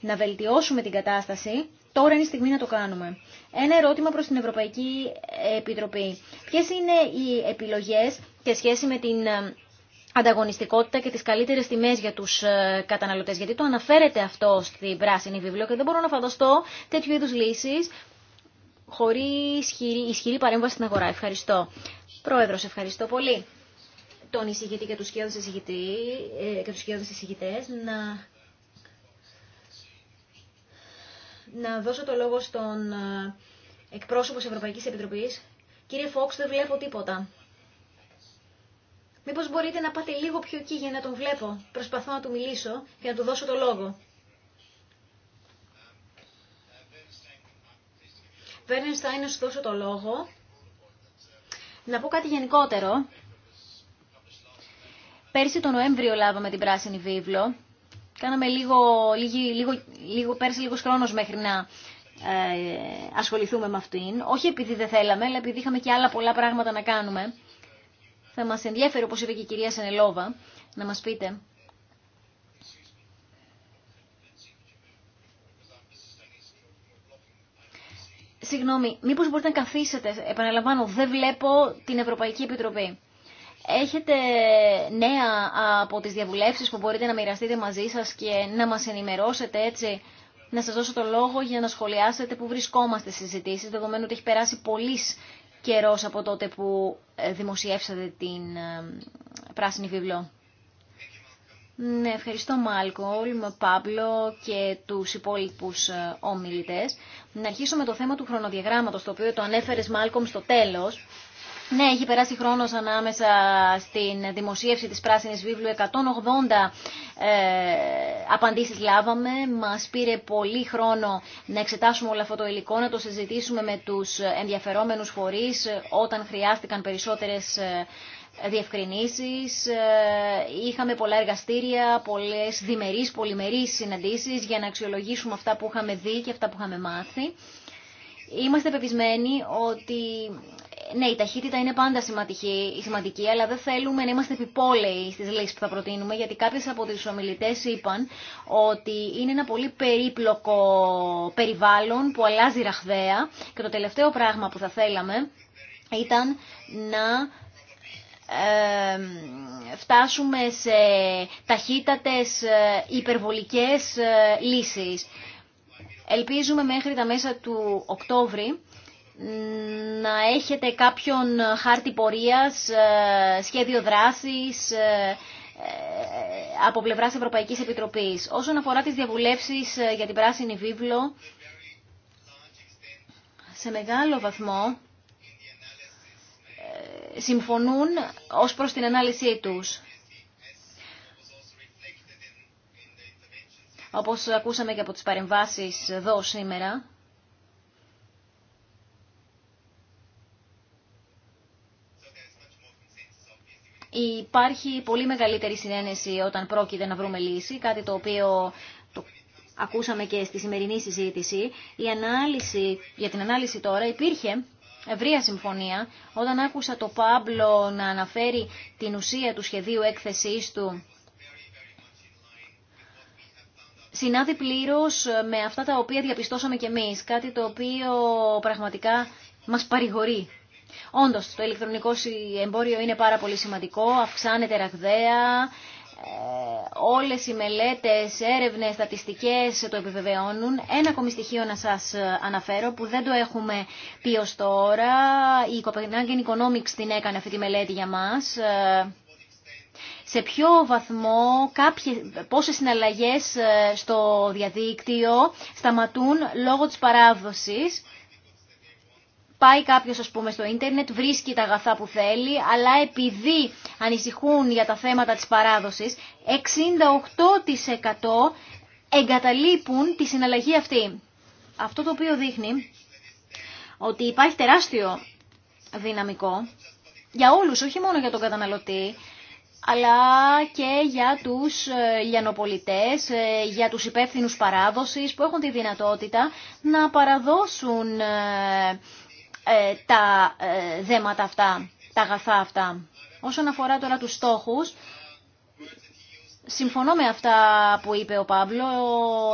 να βελτιώσουμε την κατάσταση, τώρα είναι η στιγμή να το κάνουμε. Ένα ερώτημα προς την Ευρωπαϊκή Επιτροπή. Ποιες είναι οι επιλογές και σχέση με την ε, ανταγωνιστικότητα και τις καλύτερες τιμές για τους ε, καταναλωτές. Γιατί το αναφέρεται αυτό στη πράσινη βιβλίο και δεν μπορώ να φανταστώ τέτοιου είδους λύσεις χωρίς ισχυρή, ισχυρή παρέμβαση στην αγορά. Ευχαριστώ. Πρόεδρο. ευχαριστώ πολύ τον εισηγητή και τους σχεδόν ε, εισηγητές να... να δώσω το λόγο στον ε, εκπρόσωπο της Ευρωπαϊκής Επιτροπής. Κύριε Φόξ, δεν βλέπω τίποτα. Μήπως μπορείτε να πάτε λίγο πιο εκεί για να τον βλέπω. Προσπαθώ να του μιλήσω και να του δώσω το λόγο. Βέρνενστάιν, να σου δώσω το λόγο. Να πω κάτι γενικότερο. Πέρσι τον Νοέμβριο λάβαμε την πράσινη βίβλο. Κάναμε λίγο, λίγο, λίγο, πέρσι λίγος χρόνος μέχρι να ε, ασχοληθούμε με αυτήν. Όχι επειδή δεν θέλαμε, αλλά επειδή είχαμε και άλλα πολλά πράγματα να κάνουμε. Θα μας ενδιαφέρει, όπως είπε και η κυρία Σενελόβα, να μας πείτε Συγγνώμη, μήπως μπορείτε να καθίσετε, επαναλαμβάνω, δεν βλέπω την Ευρωπαϊκή Επιτροπή. Έχετε νέα από τις διαβουλεύσεις που μπορείτε να μοιραστείτε μαζί σας και να μας ενημερώσετε έτσι, να σας δώσω το λόγο για να σχολιάσετε που βρισκόμαστε στις συζητήσεις, δεδομένου ότι έχει περάσει πολύ καιρός από τότε που ε, δημοσιεύσατε την ε, πράσινη βιβλίο. Ναι, ευχαριστώ Μάλκολ, Πάμπλο και τους υπόλοιπους ε, ομιλητές. Να αρχίσω με το θέμα του χρονοδιαγράμματος, το οποίο το ανέφερες Μάλκομ στο τέλος. Ναι, έχει περάσει χρόνος ανάμεσα στην δημοσίευση της Πράσινης Βίβλου. 180 ε, απαντήσεις λάβαμε. Μας πήρε πολύ χρόνο να εξετάσουμε όλο αυτό το υλικό, να το συζητήσουμε με τους ενδιαφερόμενους φορείς όταν χρειάστηκαν περισσότερες ε, διευκρινήσεις, ε, είχαμε πολλά εργαστήρια, πολλέ διμερεί, πολυμερεί συναντήσει για να αξιολογήσουμε αυτά που είχαμε δει και αυτά που είχαμε μάθει. Είμαστε πεπισμένοι ότι ναι, η ταχύτητα είναι πάντα σημαντική, αλλά δεν θέλουμε να είμαστε επιπόλαιοι στι λύσεις που θα προτείνουμε, γιατί κάποιε από τους ομιλητέ είπαν ότι είναι ένα πολύ περίπλοκο περιβάλλον που αλλάζει ραχδαία και το τελευταίο πράγμα που θα θέλαμε ήταν να φτάσουμε σε ταχύτατες ε, υπερβολικές ε, λύσεις. Ελπίζουμε μέχρι τα μέσα του Οκτώβρη να έχετε κάποιον χάρτη πορείας, ε, σχέδιο δράσης από πλευράς Ευρωπαϊκής Επιτροπής. Όσον αφορά τις διαβουλεύσεις για την Πράσινη Βίβλο, σε μεγάλο βαθμό συμφωνούν ως προς την ανάλυση τους. Όπως ακούσαμε και από τις παρεμβάσεις εδώ σήμερα, υπάρχει πολύ μεγαλύτερη συνένεση όταν πρόκειται να βρούμε λύση, κάτι το οποίο ακούσαμε και στη σημερινή συζήτηση. Η ανάλυση, για την ανάλυση τώρα υπήρχε ευρεία συμφωνία. Όταν άκουσα το Πάμπλο να αναφέρει την ουσία του σχεδίου έκθεσής του, συνάδει πλήρως με αυτά τα οποία διαπιστώσαμε κι εμείς, κάτι το οποίο πραγματικά μας παρηγορεί. Όντως, το ηλεκτρονικό εμπόριο είναι πάρα πολύ σημαντικό, αυξάνεται ραγδαία, όλες οι μελέτες, έρευνες, στατιστικές το επιβεβαιώνουν. Ένα ακόμη στοιχείο να σας αναφέρω που δεν το έχουμε πει ως τώρα. Η Copenhagen Economics την έκανε αυτή τη μελέτη για μας. Σε ποιο βαθμό, κάποιες, πόσες συναλλαγές στο διαδίκτυο σταματούν λόγω της παράδοσης Πάει κάποιος ας πούμε στο ίντερνετ, βρίσκει τα αγαθά που θέλει, αλλά επειδή ανησυχούν για τα θέματα της παράδοσης, 68% εγκαταλείπουν τη συναλλαγή αυτή. Αυτό το οποίο δείχνει ότι υπάρχει τεράστιο δυναμικό για όλους, όχι μόνο για τον καταναλωτή, αλλά και για τους ε, λιανοπολιτές, ε, για τους υπεύθυνους παράδοσης που έχουν τη δυνατότητα να παραδώσουν ε, ε, τα ε, δέματα αυτά, τα αγαθά αυτά. Όσον αφορά τώρα τους στόχους, συμφωνώ με αυτά που είπε ο Παύλο.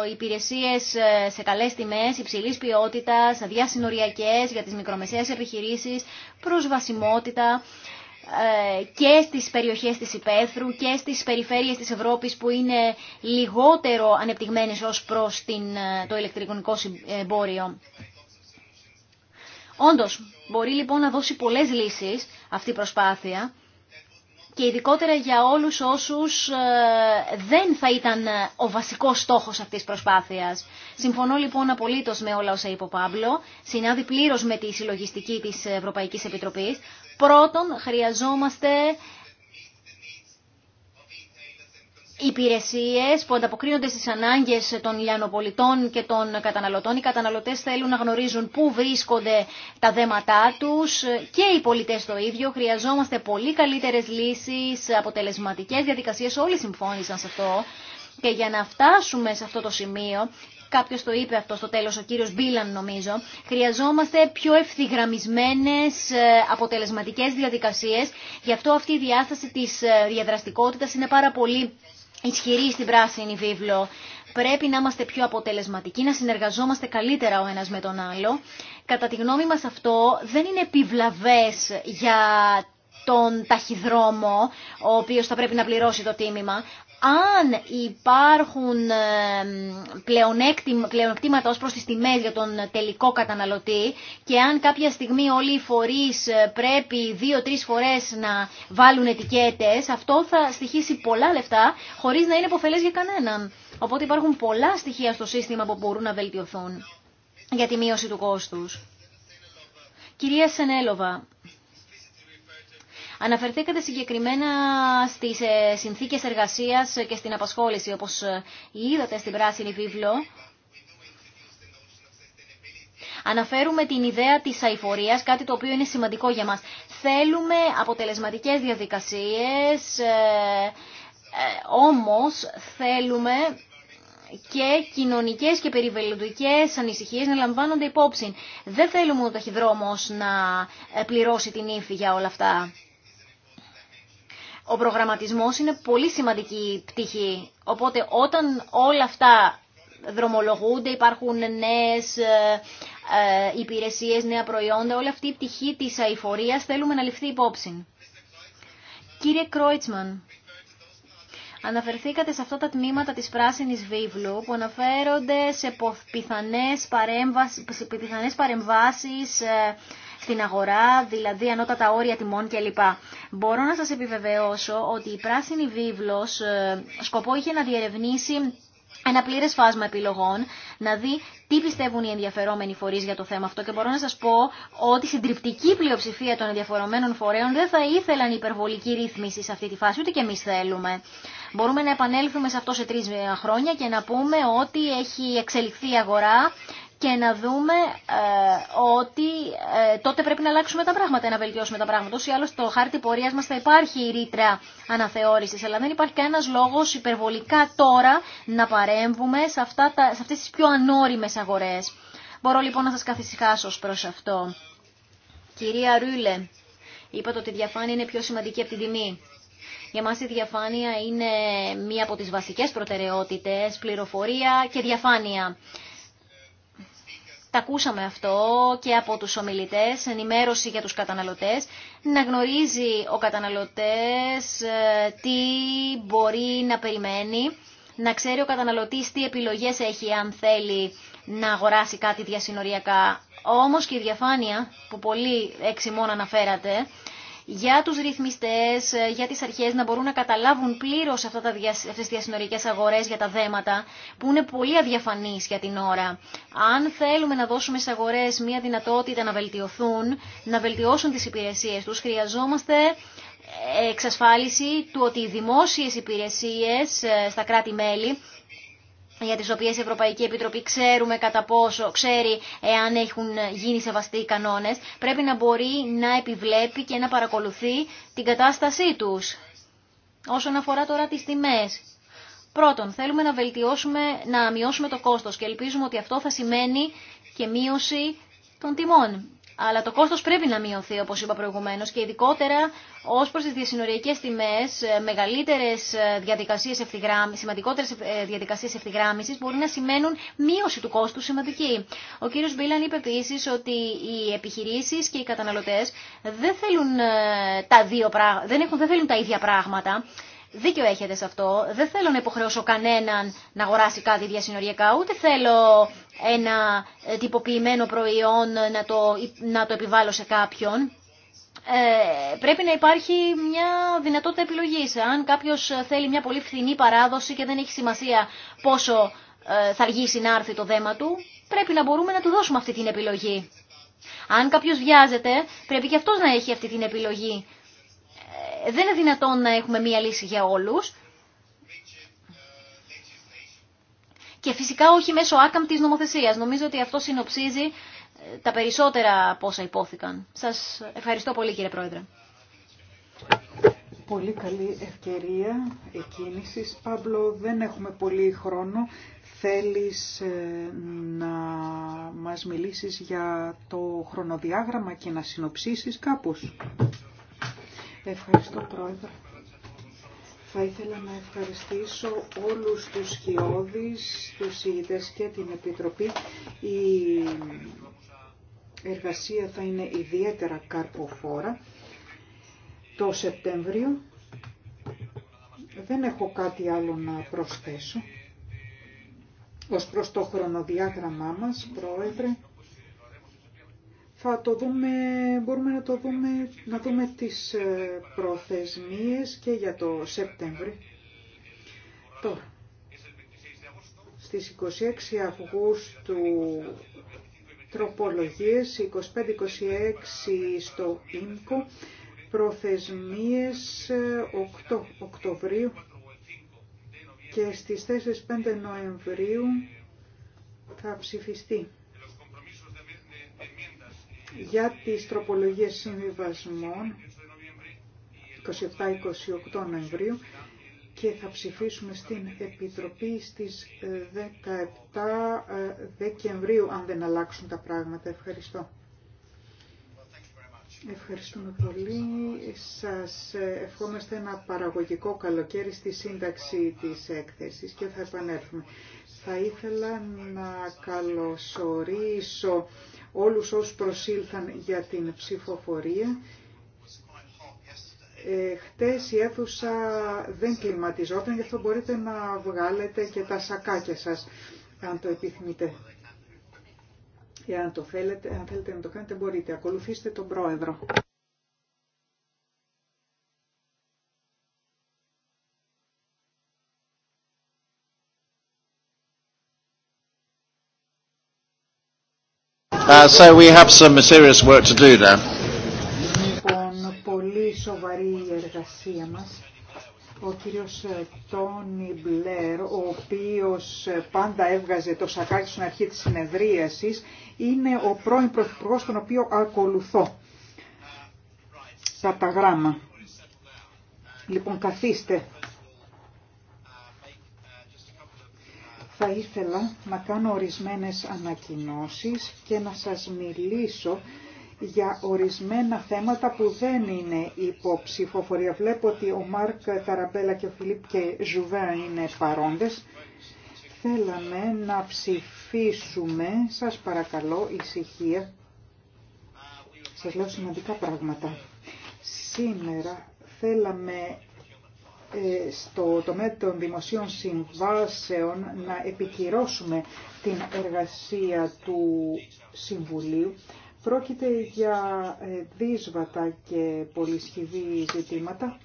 Οι υπηρεσίες ε, σε καλές τιμές, υψηλής ποιότητας, διασυνοριακές για τις μικρομεσαίες επιχειρήσεις, προσβασιμότητα και στις περιοχές της υπαίθρου και στις περιφέρειες της Ευρώπης που είναι λιγότερο ανεπτυγμένες ως προς την, το ηλεκτρικονικό εμπόριο. Όντω, μπορεί λοιπόν να δώσει πολλές λύσεις αυτή η προσπάθεια και ειδικότερα για όλους όσους ε, δεν θα ήταν ε, ο βασικός στόχος αυτής της προσπάθειας. Συμφωνώ λοιπόν απολύτω με όλα όσα είπε ο Παύλο, συνάδει πλήρω με τη συλλογιστική της Ευρωπαϊκής Επιτροπής. Πρώτον, χρειαζόμαστε Υπηρεσίε που ανταποκρίνονται στι ανάγκε των λιανοπολιτών και των καταναλωτών. Οι καταναλωτέ θέλουν να γνωρίζουν πού βρίσκονται τα δέματά του και οι πολιτέ το ίδιο. Χρειαζόμαστε πολύ καλύτερες λύσεις, αποτελεσματικέ διαδικασίε, Όλοι συμφώνησαν σε αυτό. Και για να φτάσουμε σε αυτό το σημείο, κάποιο το είπε αυτό στο τέλο, ο κύριο Μπίλαν νομίζω, χρειαζόμαστε πιο ευθυγραμμισμένε αποτελεσματικέ διαδικασίε. Γι' αυτό αυτή η διάσταση τη ε, διαδραστικότητα είναι πάρα πολύ ισχυρή στην πράσινη βίβλο. Πρέπει να είμαστε πιο αποτελεσματικοί, να συνεργαζόμαστε καλύτερα ο ένας με τον άλλο. Κατά τη γνώμη μας αυτό δεν είναι επιβλαβές για τον ταχυδρόμο, ο οποίος θα πρέπει να πληρώσει το τίμημα, αν υπάρχουν ε, πλεονεκτήματα ως προς τις τιμές για τον τελικό καταναλωτή και αν κάποια στιγμή όλοι οι φορείς ε, πρέπει δύο-τρεις φορές να βάλουν ετικέτες, αυτό θα στοιχήσει πολλά λεφτά χωρίς να είναι υποφελές για κανέναν. Οπότε υπάρχουν πολλά στοιχεία στο σύστημα που μπορούν να βελτιωθούν για τη μείωση του κόστους. Κυρία Σενέλοβα, Αναφερθήκατε συγκεκριμένα στις ε, συνθήκες εργασίας και στην απασχόληση, όπως ε, είδατε στην πράσινη βίβλο. Αναφέρουμε την ιδέα της αηφορίας, κάτι το οποίο είναι σημαντικό για μας. Θέλουμε αποτελεσματικές διαδικασίες, ε, όμως θέλουμε και κοινωνικές και περιβαλλοντικές ανησυχίες να λαμβάνονται υπόψη. Δεν θέλουμε ο να πληρώσει την ύφη για όλα αυτά. Ο προγραμματισμός είναι πολύ σημαντική πτυχή. Οπότε όταν όλα αυτά δρομολογούνται, υπάρχουν νέες ε, ε, υπηρεσίες, νέα προϊόντα, όλη αυτή η πτυχή της αηφορίας θέλουμε να ληφθεί υπόψη. Κύριε Κρόιτσμαν, αναφερθήκατε σε αυτά τα τμήματα της Πράσινης Βίβλου που αναφέρονται σε πιθανές, παρεμβάσει πιθανές παρεμβάσεις ε, στην αγορά, δηλαδή ανώτατα όρια τιμών κλπ. Μπορώ να σας επιβεβαιώσω ότι η πράσινη βίβλος ε, σκοπό είχε να διερευνήσει ένα πλήρες φάσμα επιλογών, να δει τι πιστεύουν οι ενδιαφερόμενοι φορείς για το θέμα αυτό και μπορώ να σας πω ότι η συντριπτική πλειοψηφία των ενδιαφερομένων φορέων δεν θα ήθελαν υπερβολική ρύθμιση σε αυτή τη φάση, ούτε και εμείς θέλουμε. Μπορούμε να επανέλθουμε σε αυτό σε τρεις ε, χρόνια και να πούμε ότι έχει εξελιχθεί η αγορά και να δούμε ε, ότι ε, τότε πρέπει να αλλάξουμε τα πράγματα, να βελτιώσουμε τα πράγματα. Όσοι άλλως στο χάρτη πορείας μας θα υπάρχει η ρήτρα αναθεώρησης, αλλά δεν υπάρχει κανένας λόγος υπερβολικά τώρα να παρέμβουμε σε, αυτά τα, αυτές τις πιο ανώριμες αγορές. Μπορώ λοιπόν να σας καθησυχάσω προς αυτό. Κυρία Ρούλε, είπατε ότι η διαφάνεια είναι πιο σημαντική από την τιμή. Για μας η διαφάνεια είναι μία από τις βασικές προτεραιότητες, πληροφορία και διαφάνεια να ακούσαμε αυτό και από τους ομιλητές, ενημέρωση για τους καταναλωτές, να γνωρίζει ο καταναλωτές ε, τι μπορεί να περιμένει, να ξέρει ο καταναλωτής τι επιλογές έχει αν θέλει να αγοράσει κάτι διασυνοριακά. Όμως και η διαφάνεια που πολύ έξι μόνο αναφέρατε, για τους ρυθμιστές, ε, για τις αρχές να μπορούν να καταλάβουν πλήρως αυτά τα δια, αυτές διασυνορικές αγορές για τα δέματα που είναι πολύ αδιαφανείς για την ώρα. Αν θέλουμε να δώσουμε στις αγορές μια δυνατότητα να βελτιωθούν, να βελτιώσουν τις υπηρεσίες τους, χρειαζόμαστε ε, εξασφάλιση του ότι οι δημόσιες υπηρεσίες ε, στα κράτη-μέλη για τις οποίες η Ευρωπαϊκή Επιτροπή ξέρουμε κατά πόσο, ξέρει εάν έχουν γίνει σεβαστοί οι κανόνες, πρέπει να μπορεί να επιβλέπει και να παρακολουθεί την κατάστασή τους. Όσον αφορά τώρα τις τιμές. Πρώτον, θέλουμε να βελτιώσουμε, να μειώσουμε το κόστος και ελπίζουμε ότι αυτό θα σημαίνει και μείωση των τιμών αλλά το κόστος πρέπει να μειωθεί όπως είπα προηγουμένως και ειδικότερα ως προς τις διασυνοριακές τιμές ε, μεγαλύτερες ε, διαδικασίες σημαντικότερες ε, διαδικασίες ευθυγράμμισης μπορεί να σημαίνουν μείωση του κόστου σημαντική. Ο κύριος Μπίλαν είπε επίση ότι οι επιχειρήσεις και οι καταναλωτές δεν θέλουν τα, δύο, δεν δεν θέλουν τα ίδια πράγματα. Δίκιο έχετε σε αυτό. Δεν θέλω να υποχρεώσω κανέναν να αγοράσει κάτι διασυνοριακά, ούτε θέλω ένα ε, τυποποιημένο προϊόν να το, να το επιβάλλω σε κάποιον. Ε, πρέπει να υπάρχει μια δυνατότητα επιλογής. Αν κάποιος θέλει μια πολύ φθηνή παράδοση και δεν έχει σημασία πόσο ε, θα αργήσει να έρθει το δέμα του, πρέπει να μπορούμε να του δώσουμε αυτή την επιλογή. Αν κάποιος βιάζεται, πρέπει και αυτός να έχει αυτή την επιλογή δεν είναι δυνατόν να έχουμε μία λύση για όλους. Και φυσικά όχι μέσω άκαμπτης νομοθεσίας. Νομίζω ότι αυτό συνοψίζει ε, τα περισσότερα από υπόθηκαν. Σας ευχαριστώ πολύ κύριε Πρόεδρε. Πολύ καλή ευκαιρία εκκίνησης. Παύλο, δεν έχουμε πολύ χρόνο. Θέλεις ε, να μας μιλήσεις για το χρονοδιάγραμμα και να συνοψίσεις κάπως. Ευχαριστώ Πρόεδρε. Θα ήθελα να ευχαριστήσω όλους τους χειώδεις, τους ηγητές και την Επιτροπή. Η εργασία θα είναι ιδιαίτερα καρποφόρα. Το Σεπτέμβριο δεν έχω κάτι άλλο να προσθέσω. Ως προς το χρονοδιάγραμμά μας, Πρόεδρε, θα το δούμε, μπορούμε να το δούμε, να δούμε τις ε, προθεσμίες και για το Σεπτέμβρη. Τώρα, στις 26 Αυγούστου τροπολογίες, 25-26 στο ΙΜΚΟ, προθεσμίες 8 ε, Οκτωβρίου και στις 4-5 Νοεμβρίου θα ψηφιστεί για τις τροπολογίες συμβιβασμών 27-28 Νοεμβρίου και θα ψηφίσουμε στην Επιτροπή στις 17 ε, ε, Δεκεμβρίου, αν δεν αλλάξουν τα πράγματα. Ευχαριστώ. Ευχαριστούμε πολύ. Σας ε, ευχόμαστε ένα παραγωγικό καλοκαίρι στη σύνταξη της έκθεσης και θα επανέλθουμε. Θα ήθελα να καλωσορίσω όλους όσους προσήλθαν για την ψηφοφορία. Ε, χτες η αίθουσα δεν κλιματιζόταν, γι' αυτό μπορείτε να βγάλετε και τα σακάκια σας, αν το επιθυμείτε. Εάν το θέλετε, αν θέλετε να το κάνετε μπορείτε. Ακολουθήστε τον πρόεδρο. Uh, so we have some serious work to do Λοιπόν, πολύ σοβαρή εργασία Ο κύριος ε, Τόνι Μπλερ, ο οποίος ε, πάντα έβγαζε το σακάκι στην αρχή της συνεδρίασης, είναι ο πρώην πρωθυπουργός τον οποίο ακολουθώ. τα γράμμα. Λοιπόν, καθίστε. θα ήθελα να κάνω ορισμένες ανακοινώσεις και να σας μιλήσω για ορισμένα θέματα που δεν είναι υποψηφοφορία. Βλέπω ότι ο Μάρκ Ταραμπέλα και ο Φιλίπ και Ζουβέ είναι παρόντες. Θέλαμε να ψηφίσουμε, σας παρακαλώ, ησυχία. Σας λέω σημαντικά πράγματα. Σήμερα θέλαμε ε, στο τομέα των δημοσίων συμβάσεων να επικυρώσουμε την εργασία του Συμβουλίου. Πρόκειται για ε, δύσβατα και πολυσχηδή ζητήματα.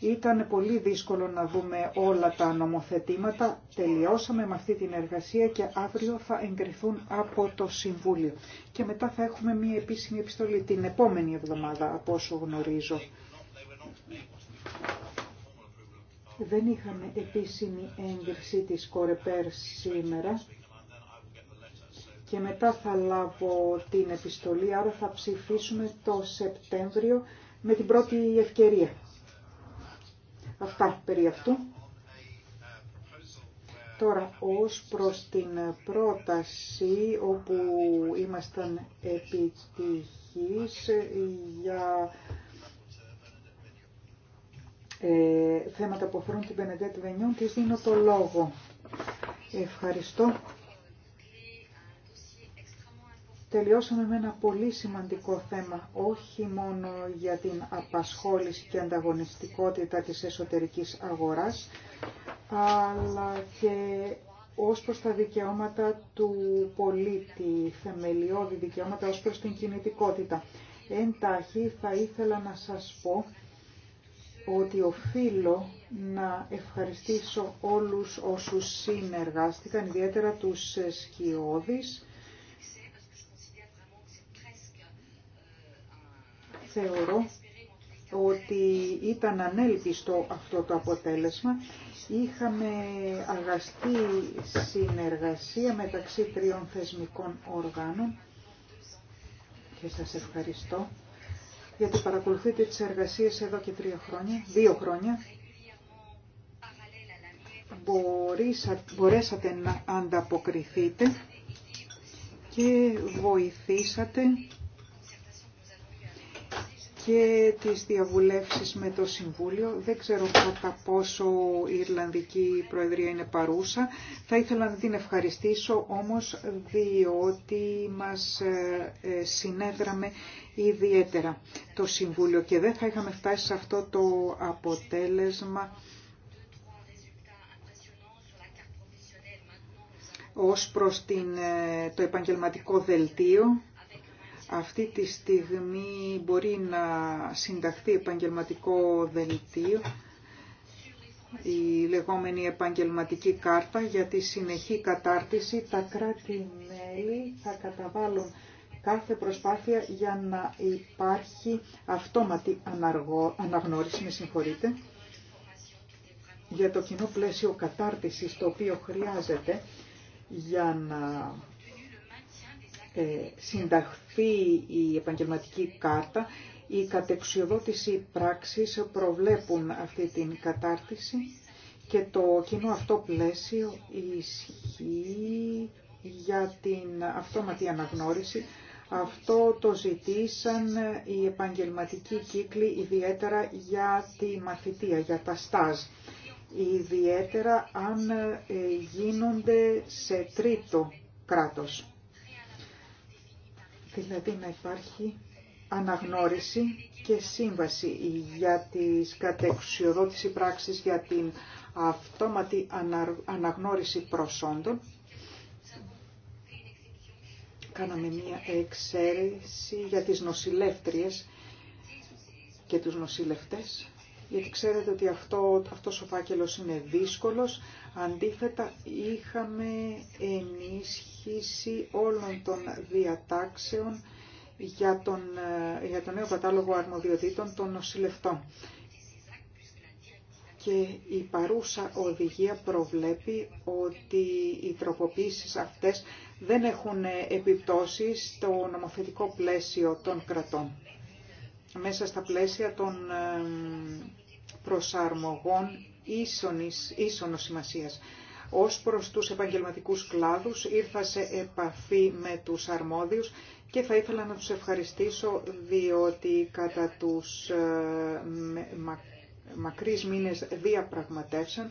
Ήταν πολύ δύσκολο να δούμε όλα τα νομοθετήματα. Τελειώσαμε με αυτή την εργασία και αύριο θα εγκριθούν από το Συμβούλιο. Και μετά θα έχουμε μία επίσημη επιστολή την επόμενη εβδομάδα, από όσο γνωρίζω. Δεν είχαμε επίσημη έγκριση της Κορεπέρ σήμερα και μετά θα λάβω την επιστολή, άρα θα ψηφίσουμε το Σεπτέμβριο με την πρώτη ευκαιρία. Αυτά περί αυτού. Τώρα, ως προς την πρόταση όπου ήμασταν επιτυχείς για ε, θέματα που αφορούν την Πενεντέτ Βενιόν, της δίνω το λόγο. Ευχαριστώ. Τελειώσαμε με ένα πολύ σημαντικό θέμα, όχι μόνο για την απασχόληση και ανταγωνιστικότητα της εσωτερικής αγοράς, αλλά και ως προς τα δικαιώματα του πολίτη, θεμελιώδη δικαιώματα ως προς την κινητικότητα. τάχει θα ήθελα να σας πω ότι οφείλω να ευχαριστήσω όλους όσους συνεργάστηκαν, ιδιαίτερα τους σκιώδεις. Θεωρώ ότι ήταν ανέλπιστο αυτό το αποτέλεσμα. Είχαμε αγαστή συνεργασία μεταξύ τριών θεσμικών οργάνων και σας ευχαριστώ γιατί παρακολουθείτε τις εργασίες εδώ και τρία χρόνια, δύο χρόνια. Μπορέσατε να ανταποκριθείτε και βοηθήσατε και τις διαβουλεύσεις με το Συμβούλιο. Δεν ξέρω κατά πόσο η Ιρλανδική Προεδρία είναι παρούσα. Θα ήθελα να την ευχαριστήσω όμως διότι μας ε, συνέδραμε ιδιαίτερα το Συμβούλιο και δεν θα είχαμε φτάσει σε αυτό το αποτέλεσμα ως προς την, ε, το επαγγελματικό δελτίο. Αυτή τη στιγμή μπορεί να συνταχθεί επαγγελματικό δελτίο, η λεγόμενη επαγγελματική κάρτα για τη συνεχή κατάρτιση. Τα κράτη-μέλη θα καταβάλουν κάθε προσπάθεια για να υπάρχει αυτόματη αναργό, αναγνώριση, με για το κοινό πλαίσιο κατάρτισης το οποίο χρειάζεται για να ε, συνταχθεί η επαγγελματική κάρτα. Η κατεξιοδότηση πράξης προβλέπουν αυτή την κατάρτιση και το κοινό αυτό πλαίσιο ισχύει για την αυτόματη αναγνώριση αυτό το ζητήσαν οι επαγγελματικοί κύκλοι, ιδιαίτερα για τη μαθητεία, για τα στάζ. Ιδιαίτερα αν ε, γίνονται σε τρίτο κράτος. Δηλαδή να υπάρχει αναγνώριση και σύμβαση για τις κατεξιοδότηση πράξεις για την αυτόματη αναγνώριση προσόντων κάναμε μία εξαίρεση για τις νοσηλεύτριες και τους νοσηλευτές, γιατί ξέρετε ότι αυτό, αυτός ο φάκελος είναι δύσκολος. Αντίθετα, είχαμε ενίσχυση όλων των διατάξεων για τον, για τον νέο κατάλογο αρμοδιοτήτων των νοσηλευτών. Και η παρούσα οδηγία προβλέπει ότι οι τροποποίησεις αυτές δεν έχουν επιπτώσει στο νομοθετικό πλαίσιο των κρατών. Μέσα στα πλαίσια των προσαρμογών ίσονης, ίσονος σημασίας. Ως προς τους επαγγελματικούς κλάδους ήρθα σε επαφή με τους αρμόδιους και θα ήθελα να τους ευχαριστήσω διότι κατά τους ε, μακρύς μήνες διαπραγματεύσαν.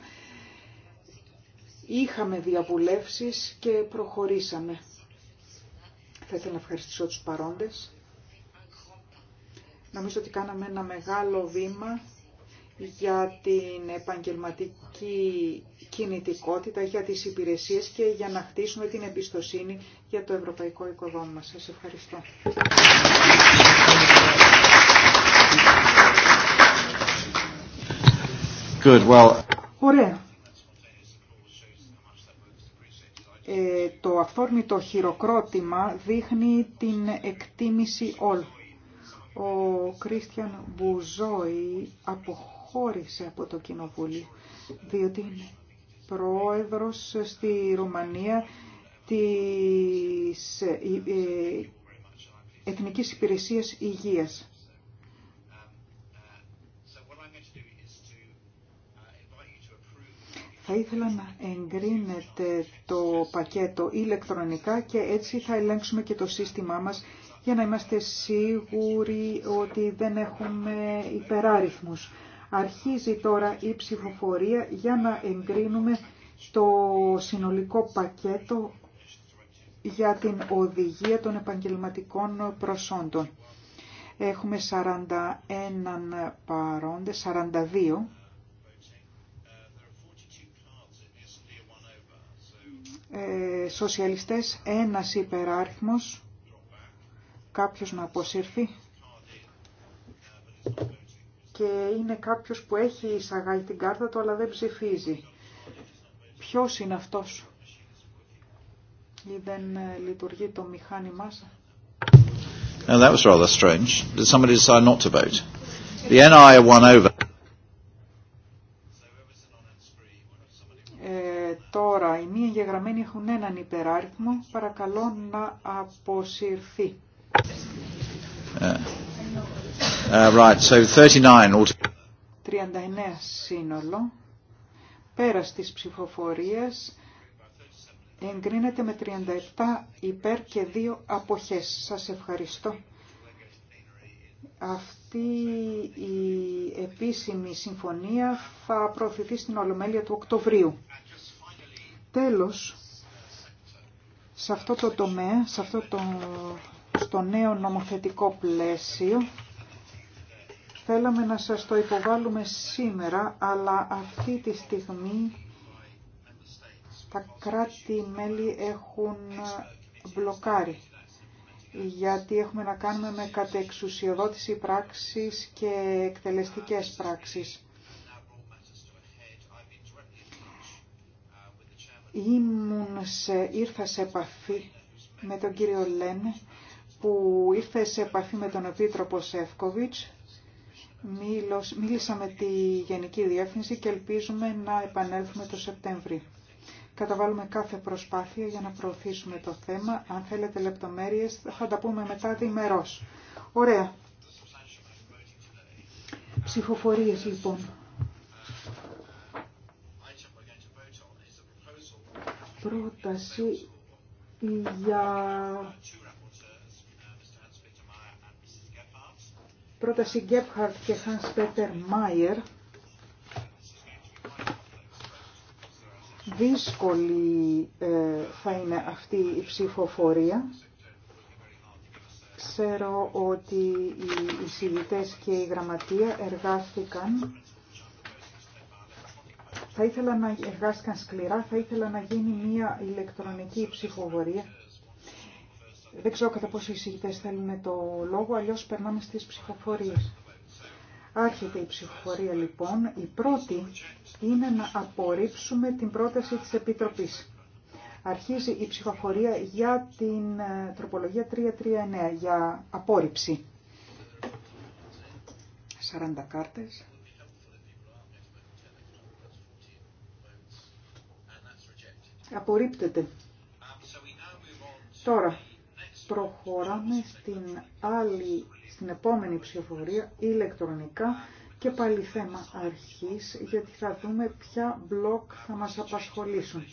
Είχαμε διαβουλεύσεις και προχωρήσαμε. Θα ήθελα να ευχαριστήσω τους παρόντες. Νομίζω ότι κάναμε ένα μεγάλο βήμα για την επαγγελματική κινητικότητα, για τις υπηρεσίες και για να χτίσουμε την εμπιστοσύνη για το ευρωπαϊκό οικοδόμημα. Σας ευχαριστώ. Ωραία. Ε, το αυθόρμητο χειροκρότημα δείχνει την εκτίμηση όλων. Ο Κρίστιαν Μπουζόη αποχώρησε από το Κοινοβούλιο, διότι είναι πρόεδρος στη Ρουμανία της ε, ε, Εθνικής Υπηρεσίας Υγείας. Θα ήθελα να εγκρίνετε το πακέτο ηλεκτρονικά και έτσι θα ελέγξουμε και το σύστημά μας για να είμαστε σίγουροι ότι δεν έχουμε υπεράριθμους. Αρχίζει τώρα η ψηφοφορία για να εγκρίνουμε το συνολικό πακέτο για την οδηγία των επαγγελματικών προσόντων. Έχουμε 41 παρόντες, 42 ε, σοσιαλιστές ένας υπεράριθμος, κάποιος να αποσύρθει και είναι κάποιος που έχει εισαγάγει την κάρτα του αλλά δεν ψηφίζει. Ποιος είναι αυτός ή δεν ε, λειτουργεί το μηχάνημά σας. that was rather strange. Did somebody decide not to vote? The NI won over. εγγεγραμμένοι έχουν έναν υπεράριθμο, παρακαλώ να αποσυρθεί. Ε, ε, right, so 39. 39 σύνολο. Πέρας της ψηφοφορίας εγκρίνεται με 37 υπέρ και 2 αποχές. Σας ευχαριστώ. Αυτή η επίσημη συμφωνία θα προωθηθεί στην Ολομέλεια του Οκτωβρίου. Τέλος, σε αυτό το τομέα, σε αυτό το, στο νέο νομοθετικό πλαίσιο, θέλαμε να σας το υποβάλουμε σήμερα, αλλά αυτή τη στιγμή τα κράτη-μέλη έχουν μπλοκάρει γιατί έχουμε να κάνουμε με κατεξουσιοδότηση πράξης και εκτελεστικές πράξεις. ήμουν σε, ήρθα σε επαφή με τον κύριο Λένε που ήρθε σε επαφή με τον Επίτροπο Σεύκοβιτς. Μίλος, μίλησα με τη Γενική Διεύθυνση και ελπίζουμε να επανέλθουμε το Σεπτέμβρη. Καταβάλουμε κάθε προσπάθεια για να προωθήσουμε το θέμα. Αν θέλετε λεπτομέρειες θα τα πούμε μετά διμερός. Ωραία. Ψηφοφορίες λοιπόν. πρόταση για πρόταση Γκέπχαρτ και Χανς Πέτερ Μάιερ δύσκολη ε, θα είναι αυτή η ψηφοφορία ξέρω ότι οι εισηγητές και η γραμματεία εργάστηκαν θα ήθελα να εργάστηκαν σκληρά, θα ήθελα να γίνει μια ηλεκτρονική ψηφοφορία. Δεν ξέρω κατά πόσο οι θέλουν το λόγο, αλλιώ περνάμε στις ψηφοφορίε. Άρχεται η ψηφοφορία λοιπόν. Η πρώτη είναι να απορρίψουμε την πρόταση της Επιτροπής. Αρχίζει η ψηφοφορία για την ε, τροπολογία 339, για απόρριψη. 40 κάρτες. Απορρίπτεται. Τώρα προχωράμε στην άλλη, στην επόμενη ψηφοφορία ηλεκτρονικά και πάλι θέμα αρχής γιατί θα δούμε ποια μπλοκ θα μας απασχολήσουν.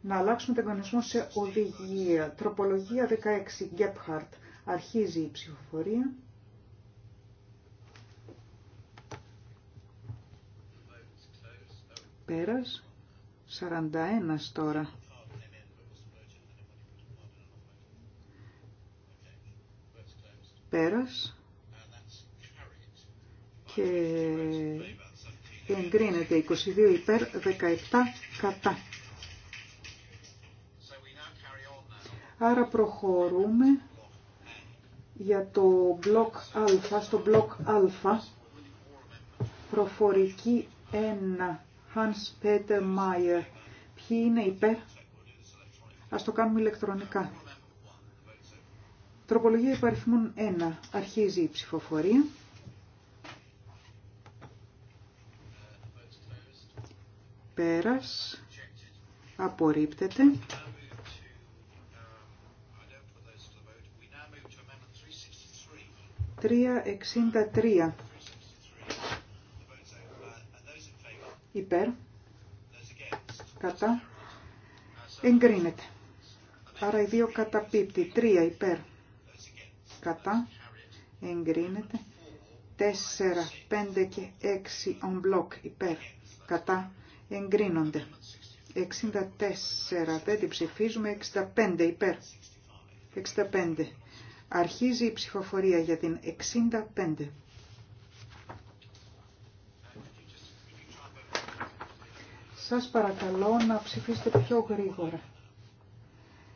Να αλλάξουμε τον κανονισμό σε οδηγία. Τροπολογία 16 Gephardt. Αρχίζει η ψηφοφορία. Πέρας. 41 τώρα. Πέρας και εγκρίνεται 22 υπέρ 17 κατά. Άρα προχωρούμε για το μπλοκ Α, στο μπλοκ Α, προφορική 1 Hans Peter Mayer. Ποιοι είναι υπέρ. Ας το κάνουμε ηλεκτρονικά. Τροπολογία υπαριθμών 1. Αρχίζει η ψηφοφορία. Πέρας. Απορρίπτεται. Τρία εξήντα τρία. υπέρ, κατά, εγκρίνεται. Άρα οι δύο καταπίπτει. Τρία υπέρ, κατά, εγκρίνεται. 4, 5 και 6 on block υπέρ, κατά, εγκρίνονται. 64 δεν την ψηφίζουμε, 65 υπέρ. 65. Αρχίζει η ψηφοφορία για την 65. Σας παρακαλώ να ψηφίσετε πιο γρήγορα.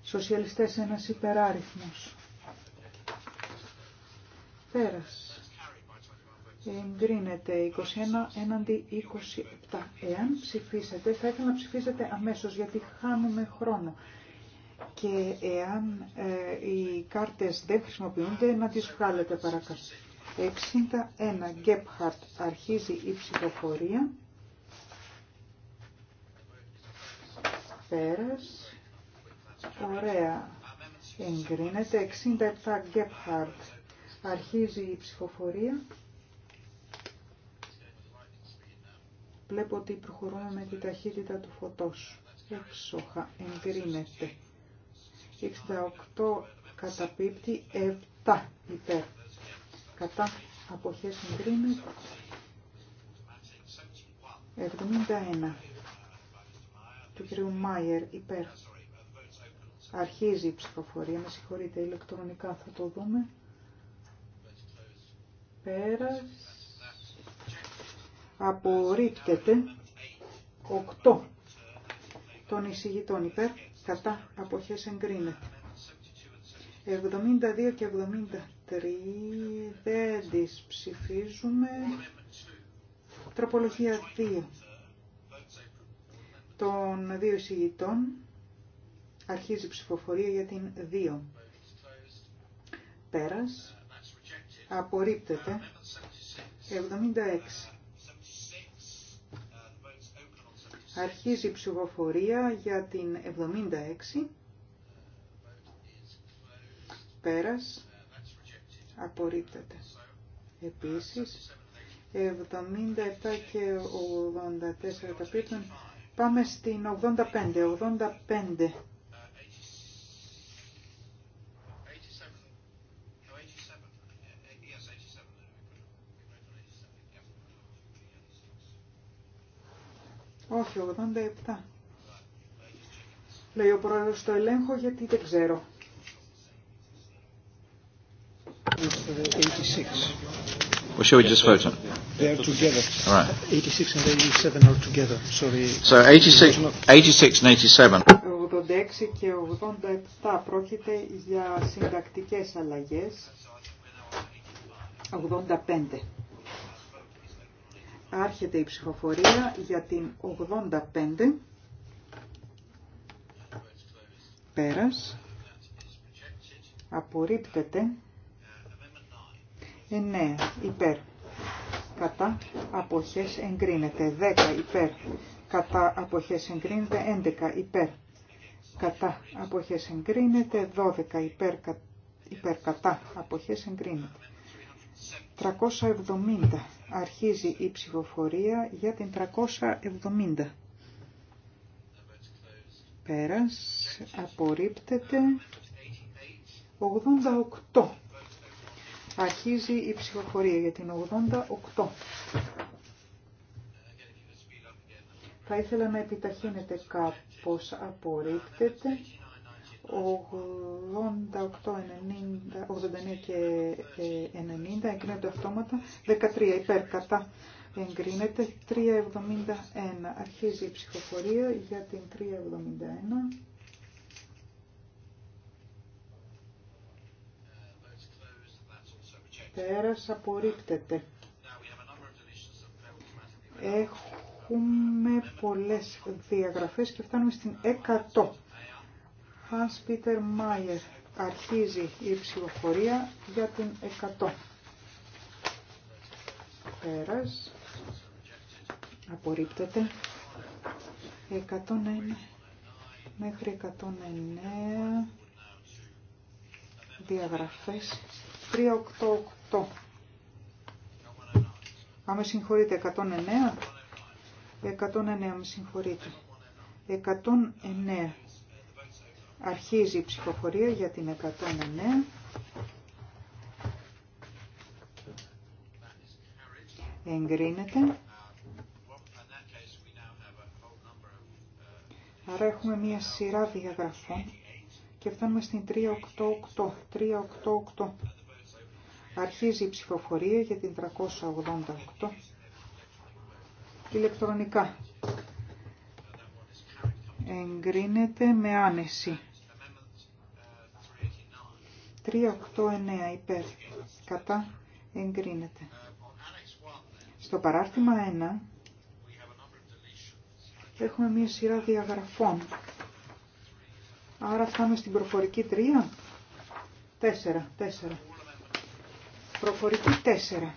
Σοσιαλιστές ένας υπεράριθμος. Πέρας. Εγκρίνεται 21 έναντι 27. Εάν ψηφίσετε, θα ήθελα να ψηφίσετε αμέσως γιατί χάνουμε χρόνο. Και εάν ε, οι κάρτες δεν χρησιμοποιούνται, να τις βγάλετε παρακαλώ. 61 Γκέπχαρτ αρχίζει η ψηφοφορία. Πέρας. Ωραία. Εγκρίνεται 67 Gephardt. Αρχίζει η ψηφοφορία. Βλέπω ότι προχωρούμε με την ταχύτητα του φωτός. Έξοχα. Εγκρίνεται. 68 καταπίπτει 7 υπέρ. Κατά αποχές εγκρίνεται 71 του κυρίου Μάιερ υπέρ. Αρχίζει η ψηφοφορία, με συγχωρείτε, ηλεκτρονικά θα το δούμε. Πέρας. Απορρίπτεται 8 των εισηγητών υπέρ, κατά αποχές εγκρίνεται. 72 και 73 δεν τις ψηφίζουμε. Τροπολογία 2 των δύο εισηγητών. Αρχίζει ψηφοφορία για την 2. Πέρας. Απορρίπτεται. 76. Αρχίζει ψηφοφορία για την 76. Πέρας. Απορρίπτεται. Επίσης, 77 και 84 τα Πάμε στην 85. 85. Όχι, 87. Λέει ο πρόεδρος το ελέγχο γιατί δεν ξέρω. 86. Or we just vote on They are together. Right. 86 and 87 are together. Sorry. So 86, 86 and 87. 86 και 87 για συντακτικές αλλαγές. 85. Άρχεται η ψηφοφορία για την 85. Πέρας. Απορρίπτεται. 9. Ε, ναι, υπέρ κατά αποχές εγκρίνεται 10 υπέρ κατά αποχές εγκρίνεται 11 υπέρ κατά αποχές εγκρίνεται 12 υπέρ, υπέρ κατά αποχές εγκρίνεται 370 αρχίζει η ψηφοφορία για την 370 πέρας απορρίπτεται 88 Αρχίζει η ψηφοφορία για την 88. Θα ήθελα να επιταχύνετε κάπως απορρίπτεται. 88, 90, 89 και 90 ε, εγκρίνονται αυτόματα. 13 υπέρ κατά εγκρίνεται. 371 αρχίζει η ψηφοφορία για την 371. Πέρας απορρίπτεται. Έχουμε πολλές διαγραφές και φτάνουμε στην 100. Hans Peter Mayer αρχίζει η ψηφοφορία για την 100. Πέρας. Απορρίπτεται. 101 μέχρι 109 διαγραφές 388 το. Α, με συγχωρείτε, 109. 109, με συγχωρείτε. 109. Αρχίζει η ψηφοφορία για την 109. Εγκρίνεται. Άρα έχουμε μία σειρά διαγραφών και φτάνουμε στην 388. 388. Αρχίζει η ψηφοφορία για την 388 ηλεκτρονικά. Εγκρίνεται με άνεση. 389 υπέρ. Κατά εγκρίνεται. Στο παράρτημα 1 έχουμε μία σειρά διαγραφών. Άρα φτάμε στην προφορική 3. 4, 4. Προφορική 4.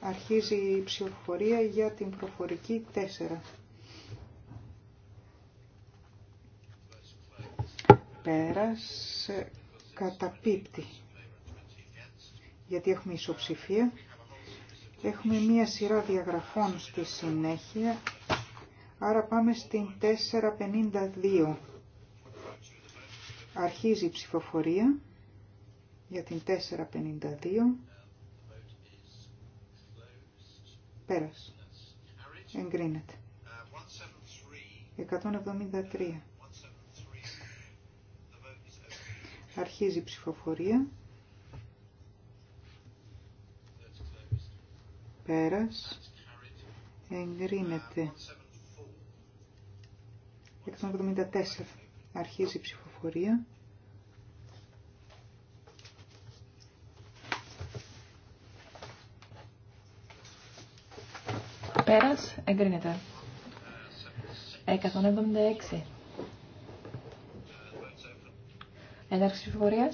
Αρχίζει η ψηφοφορία για την προφορική 4. Πέρας ε, καταπίπτει. Γιατί έχουμε ισοψηφία. Έχουμε μία σειρά διαγραφών στη συνέχεια. Άρα πάμε στην 452. Αρχίζει η ψηφοφορία για την 452. Πέρας. Εγκρίνεται. 173. Αρχίζει η ψηφοφορία. Πέρας. Εγκρίνεται. 174. Αρχίζει η ψηφοφορία. Πέρας, εγκρίνεται. 176. Έναρξη ψηφοφορία.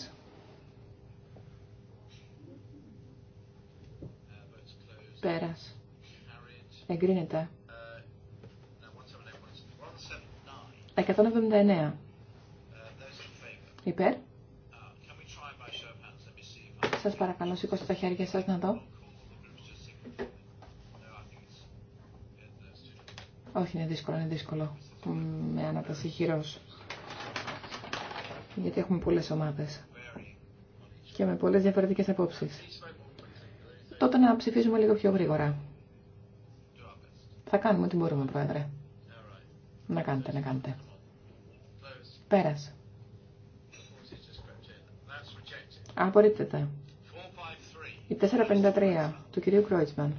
Πέρα. Εγκρίνεται. 179. Υπέρ. Σας παρακαλώ, σηκώστε τα χέρια σας να δω. Όχι, είναι δύσκολο, είναι δύσκολο. Με ανάταση χειρό. Γιατί έχουμε πολλές ομάδες. Και με πολλές διαφορετικές απόψεις. Τότε να ψηφίζουμε λίγο πιο γρήγορα. Θα κάνουμε ό,τι μπορούμε, Πρόεδρε. Να κάνετε, να κάνετε. Πέρας. Απορρίπτεται. Η 453 του κυρίου Κρόιτσμαν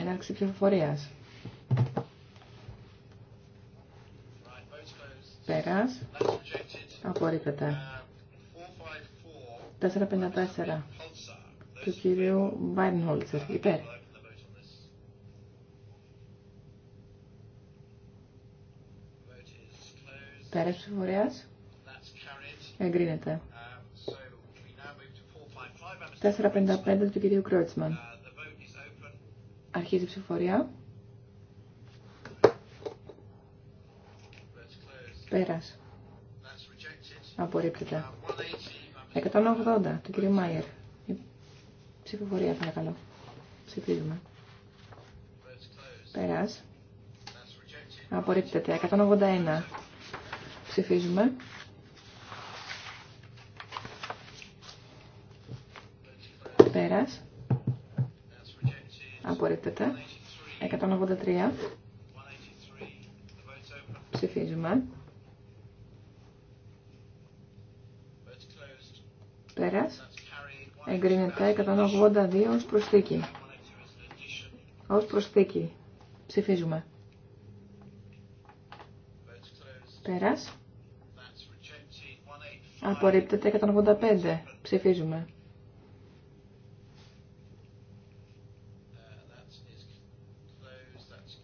έναρξη ψηφοφορίας. Πέρας. Απορρίπτεται. 454 του κυρίου Βάινχολτσερ. Υπέρ. Πέρας ψηφοφορίας. Εγκρίνεται. 455 του κυρίου Κρότσμαν. Αρχίζει η ψηφοφορία. Πέρας. Απορρίπτεται. 180 του κύριου Μάιερ. Η ψηφοφορία καλό. Ψηφίζουμε. Πέρας. Απορρίπτεται. 181. Ψηφίζουμε. Πέρας. Απορρίπτεται. 183. Ψηφίζουμε. Πέρας. Εγκρίνεται 182 ως προσθήκη. Ως προσθήκη. Ψηφίζουμε. Πέρας. Απορρίπτεται 185. Ψηφίζουμε.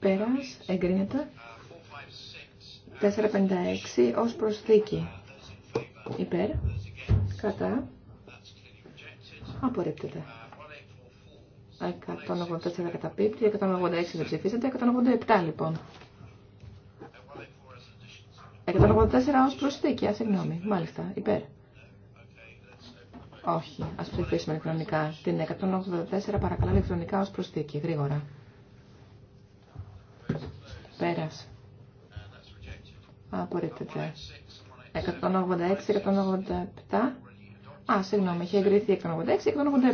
Πέρας, εγκρίνεται. 456 ως προσθήκη. Υπέρ. Κατά. Απορρίπτεται. 184 καταπίπτει, 186 δεν ψηφίσατε, 187 λοιπόν. 184 ως προσθήκη, α, συγγνώμη. Μάλιστα, υπέρ. Όχι, ας ψηφίσουμε ηλεκτρονικά. Την 184 παρακαλώ ηλεκτρονικά ως προσθήκη, γρήγορα. Πέρας. Απορρίπτεται. 186-187. Α, συγγνώμη, είχε εγκριθεί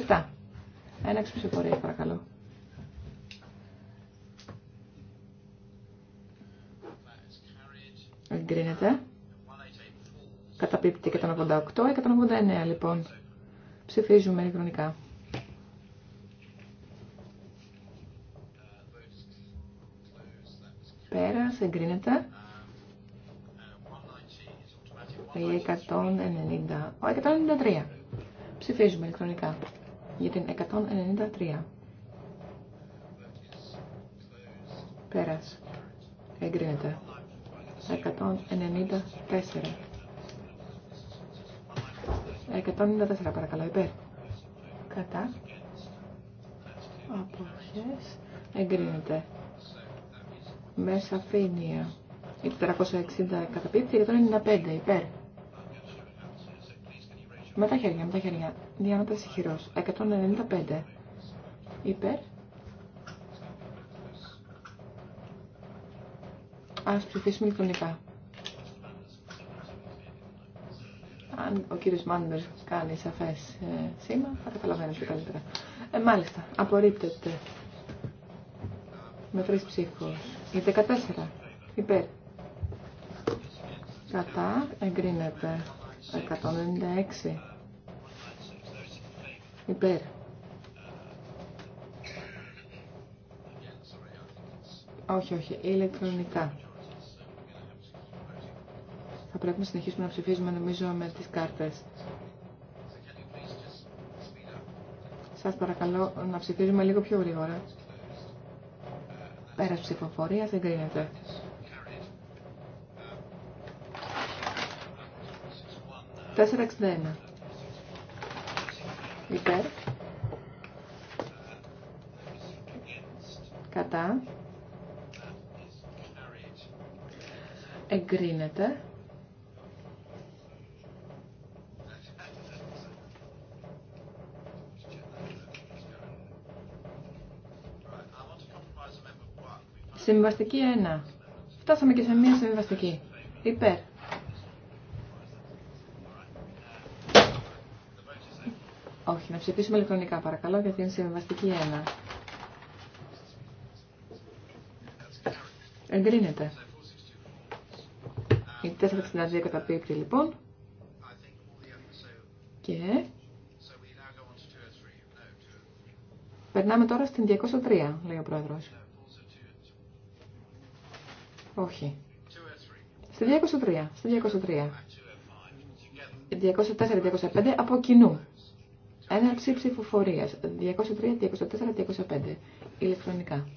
186-187. Ένα ψηφορία, παρακαλώ. Εγκρίνεται. Καταπίπτει 188-189, λοιπόν. Ψηφίζουμε ηλεκτρονικά. εγκρίνεται. 190. Ο 193. Ψηφίζουμε ηλεκτρονικά για την 193. Πέρας. Εγκρίνεται. 194. 194 παρακαλώ, υπέρ. Κατά. Αποχές. Εγκρίνεται με σαφήνεια. Η 460 καταπίπτει, 195 υπέρ. Με τα χέρια, με τα χέρια. Διάνοτα ισχυρός. 195 υπέρ. Α ψηφίσουμε ηλεκτρονικά. Αν ο κύριος Μάντερ κάνει σαφέ ε, σήμα, θα καταλαβαίνω πιο καλύτερα. Ε, μάλιστα, απορρίπτεται με τρει ψήφου. Η 14. Υπέρ. Κατά. Εγκρίνεται. 196. Υπέρ. Όχι, όχι. Ηλεκτρονικά. Θα πρέπει να συνεχίσουμε να ψηφίζουμε νομίζω με τις κάρτες. Σας παρακαλώ να ψηφίζουμε λίγο πιο γρήγορα. Πέρας ψηφοφορίας Τέσσερα 461. Υπέρ. Κατά. Εγκρίνεται. Συμβαστική 1. Φτάσαμε και σε μία συμβιβαστική. Υπέρ. Όχι, να ψηφίσουμε ηλεκτρονικά παρακαλώ γιατί είναι συμβαστική 1. Εγκρίνεται. Η 462 καταπίπτει λοιπόν. Και... Περνάμε τώρα στην 203, λέει ο πρόεδρος. Όχι. Στη 203. Στη 203. 204-205 από κοινού. Έναρξη ψηφοφορία. 203-204-205. Ηλεκτρονικά.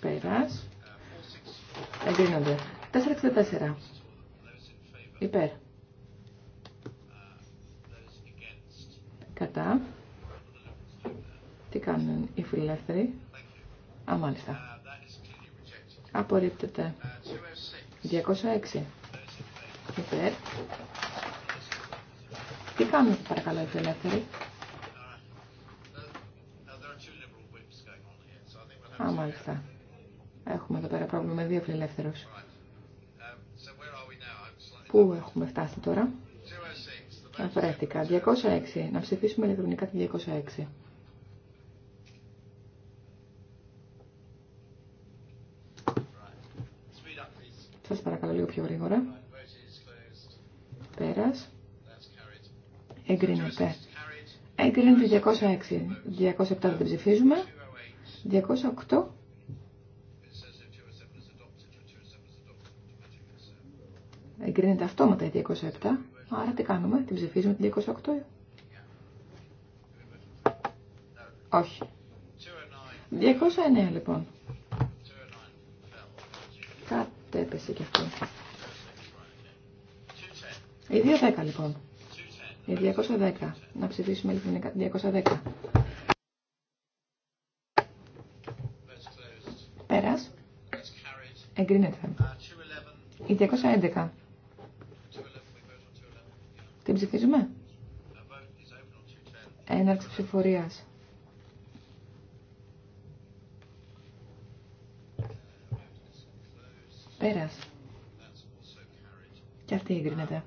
Πέρα. Εγκρίνονται. 464. Υπέρ. Κατά. Τι κάνουν οι φιλελεύθεροι. Α, μάλιστα. Απορρίπτεται. 206. Υπέρ. Τι κάνουν παρακαλώ οι φιλελεύθεροι. Α, μάλιστα. Έχουμε εδώ πέρα πρόβλημα με δύο φιλελεύθερους. Πού έχουμε φτάσει τώρα. Αφαιρέθηκα. 206. Να ψηφίσουμε ηλεκτρονικά τη 206. Σας παρακαλώ λίγο πιο γρήγορα. Πέρας. Εγκρίνεται. Εγκρίνεται 206. 207 δεν ψηφίζουμε. 208. Εγκρίνεται αυτόματα η 207. Άρα τι κάνουμε, την ψηφίζουμε την 208. Όχι. 209 λοιπόν έπεσε αυτό. Η 210 λοιπόν. Η 210. Να ψηφίσουμε λοιπόν 210. Πέρας. Εγκρίνεται. Η 211. Την ψηφίζουμε. Έναρξη ψηφορίας. Πέρα. Και αυτή εγκρίνεται.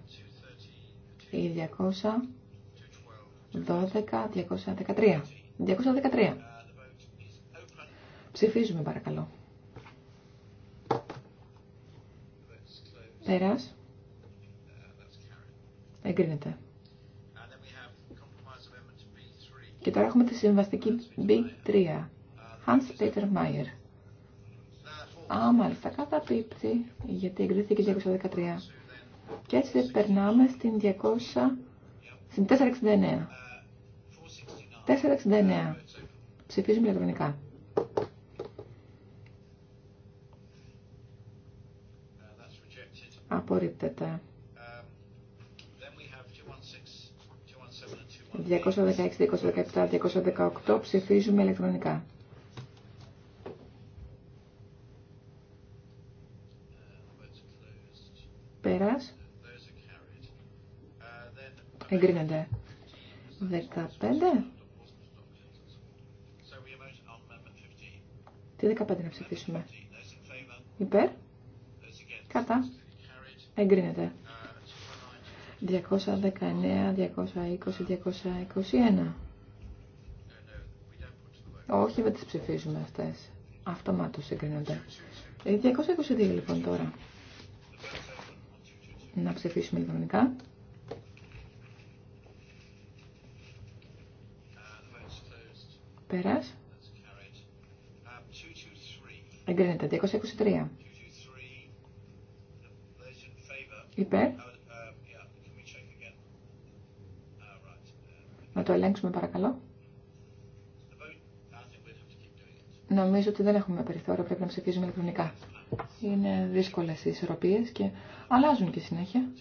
Η 212, 213. 213. Ψηφίζουμε παρακαλώ. Πέρα. Εγκρίνεται. Και τώρα έχουμε τη συμβαστική B3. Hans Peter Mayer. Α, μάλιστα, πίπτη, γιατί εγκρίθηκε η 213. Και έτσι περνάμε στην 200, στην 469. 469. Ψηφίζουμε ηλεκτρονικά. Απορρίπτεται. 216, 217, 218 ψηφίζουμε ηλεκτρονικά. Εγκρίνεται. 15. Τι 15 να ψηφίσουμε. Υπέρ. Κατά. Εγκρίνεται. 219, 220, 221. Όχι, δεν τις ψηφίζουμε αυτές. Αυτομάτως συγκρίνονται. 222 ε, λοιπόν τώρα. Να ψηφίσουμε ηλεκτρονικά. Πέρα. Εγκρίνεται. 223. Υπέρ. Να το ελέγξουμε παρακαλώ. Νομίζω ότι δεν έχουμε περιθώριο, πρέπει να ψηφίζουμε ηλεκτρονικά. Είναι δύσκολε οι ισορροπίε και αλλάζουν και συνέχεια.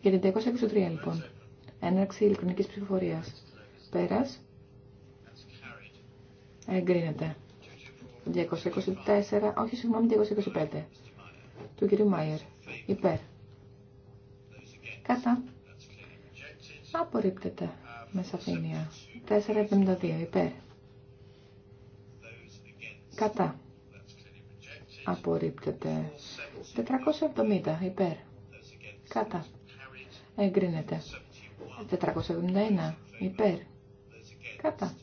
Για την 223 λοιπόν. Έναρξη ηλεκτρονική ψηφοφορία. Πέρα. Εγκρίνεται. 224, όχι συγγνώμη, 225. Του κυρίου Μάιερ. Υπέρ. Κατά. Απορρίπτεται με σαφήνεια. 472. Υπέρ. Κατά. Απορρίπτεται. 470. Υπέρ. Κατά. Εγκρίνεται. 471. Υπέρ. Κατά.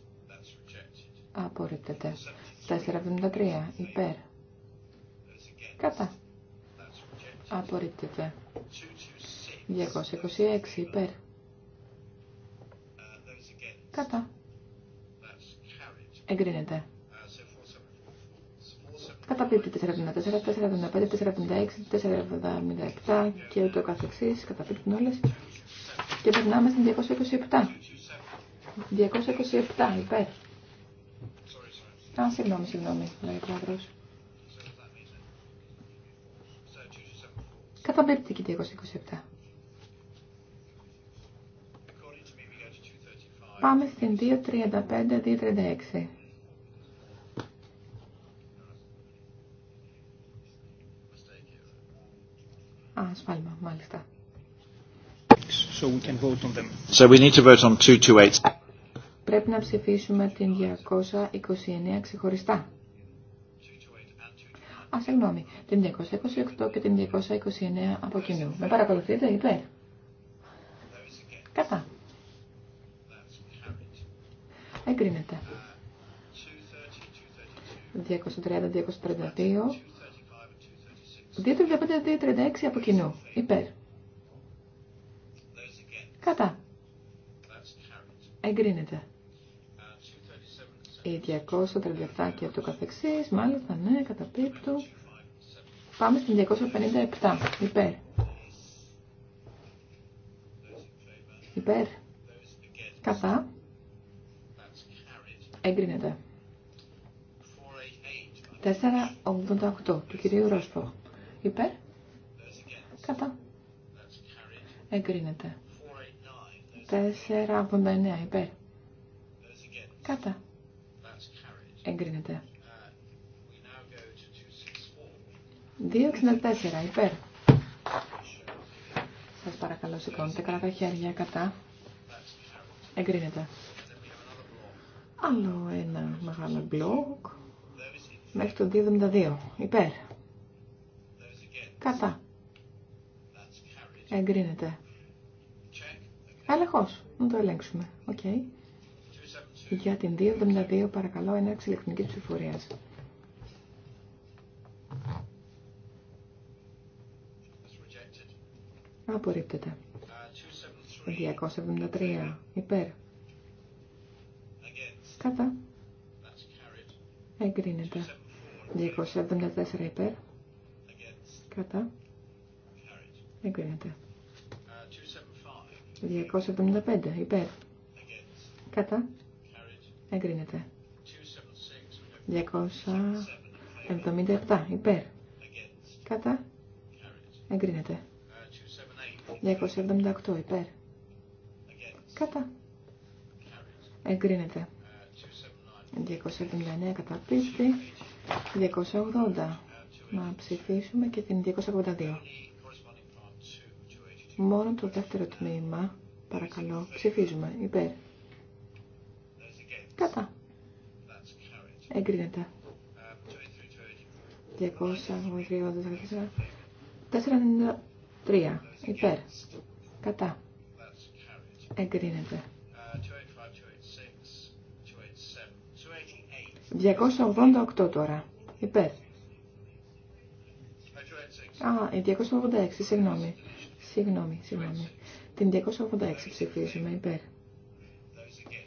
Απορρίπτεται. 473. Υπέρ. Κατά. Απορρίπτεται. 226. Υπέρ. Κατά. Εγκρίνεται. Καταπίπτει 474, 475, 476, 477 και ούτω καθεξής. Καταπίπτουν όλες. Και περνάμε στην 227. 227 υπέρ. Α, συγγνώμη, συγγνώμη, λέει ο πρόεδρος. Καταπέπτει και τη 227. Πάμε στην 235-236. Α, μάλιστα. So we can vote on them. So we need to vote on 228 πρέπει να ψηφίσουμε την 229 ξεχωριστά. Α, συγγνώμη, την 228 και την 229 από κοινού. Με παρακολουθείτε, υπέρ. Κατά. Εγκρίνεται. 230, 232, 235, 236 από κοινού. Υπέρ. Κατά. Εγκρίνεται. 237 και το καθεξής, μάλιστα ναι, πίπτου Πάμε στην 257, υπέρ. Υπέρ. Κατά. Εγκρίνεται. 488 του κυρίου Ρόσπο. Υπέρ. Κατά. Εγκρίνεται. 489 υπέρ. Κατά. Εγκρίνεται. 2,64 υπέρ. Σας παρακαλώ σηκώνετε καλά τα χέρια κατά. Εγκρίνεται. Άλλο ένα μεγάλο μπλοκ. Μέχρι το 2,72 υπέρ. Κατά. Εγκρίνεται. Έλεγχος. Να το ελέγξουμε. Οκ. Okay για την 272 παρακαλώ έναρξη ηλεκτρονική ψηφορία. Απορρίπτεται. 273 υπέρ. Κατά. Εγκρίνεται. 274 υπέρ. Κατά. Εγκρίνεται. 275 υπέρ. Κατά. Εγκρίνεται. 277 υπέρ. Κατά. Εγκρίνεται. 278 υπέρ. Κατά. Εγκρίνεται. 279 Καταπίστη. 280. Να ψηφίσουμε και την 282. Μόνο το δεύτερο τμήμα. Παρακαλώ. Ψηφίζουμε. Υπέρ. Κατά. Εγκρίνεται. 283. 493. Υπέρ. Κατά. Εγκρίνεται. 288 τώρα. Υπέρ. Α, η 286, συγγνώμη. Συγγνώμη, συγγνώμη. Την 286 ψηφίζουμε υπέρ.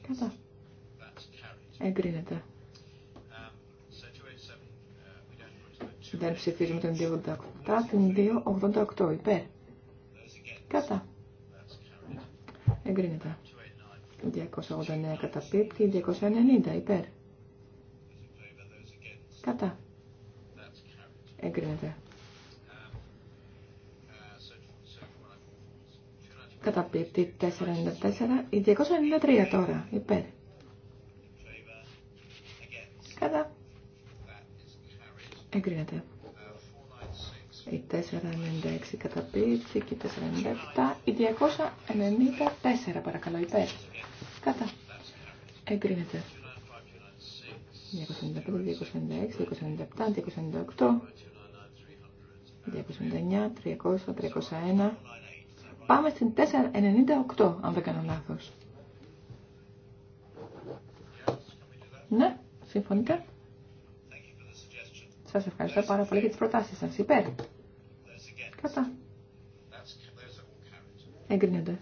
Κατά. Εγκρίνεται. Δεν ψηφίζουμε τον 288, την 288 υπέρ. Κατά. Εγκρίνεται. 289 καταπίπτει, 290 υπέρ. Κατά. Εγκρίνεται. Καταπίπτει 494 ή 293 τώρα υπέρ. Κατά. Εγκρίνεται. Η 496 καταπίτσι και η 294 παρακαλώ υπέρ. Κατά. Εγκρίνεται. 295, 296, 297, 298, 299, 300, 301. Πάμε στην 498 αν δεν κάνω λάθος. Ναι. Συμφωνείτε. Σα ευχαριστώ πάρα πολύ για τι προτάσεις σα, Υπέρ. Κατά. Εγκρίνονται.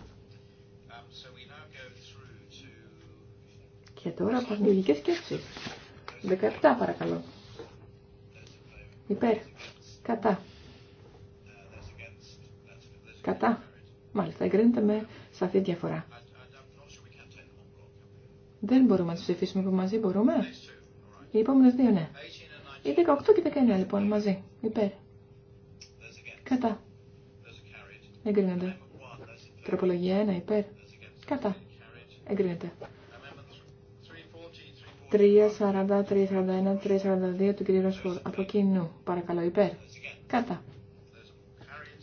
Και τώρα από προσμιουργικές σκέψη. 17 παρακαλώ. Υπέρ. Κατά. Κατά. Μάλιστα, εγκρίνεται με σαφή διαφορά. Δεν μπορούμε να τους ψηφίσουμε από μαζί, μπορούμε. Οι επόμενε δύο ναι. Οι 18 και 19 λοιπόν μαζί. Υπέρ. Κατά. Εγκρίνεται. Τροπολογία 1 υπέρ. Κατά. Εγκρίνεται. 3.40, 3.41, 3.42 του κ. Ροσφόρ. Από κοινού. Παρακαλώ υπέρ. Κατά.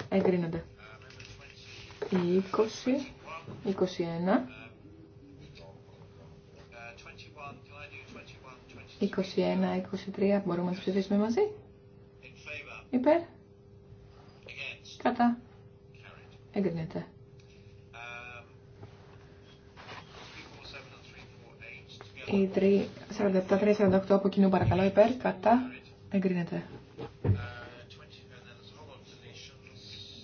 Εγκρίνονται. 20, 21. 21, 23 μπορούμε να τις ψηφίσουμε μαζί. Υπέρ. Κατά. Εγκρίνεται. 47-3-48 από κοινού παρακαλώ υπέρ, κατά, εγκρίνεται.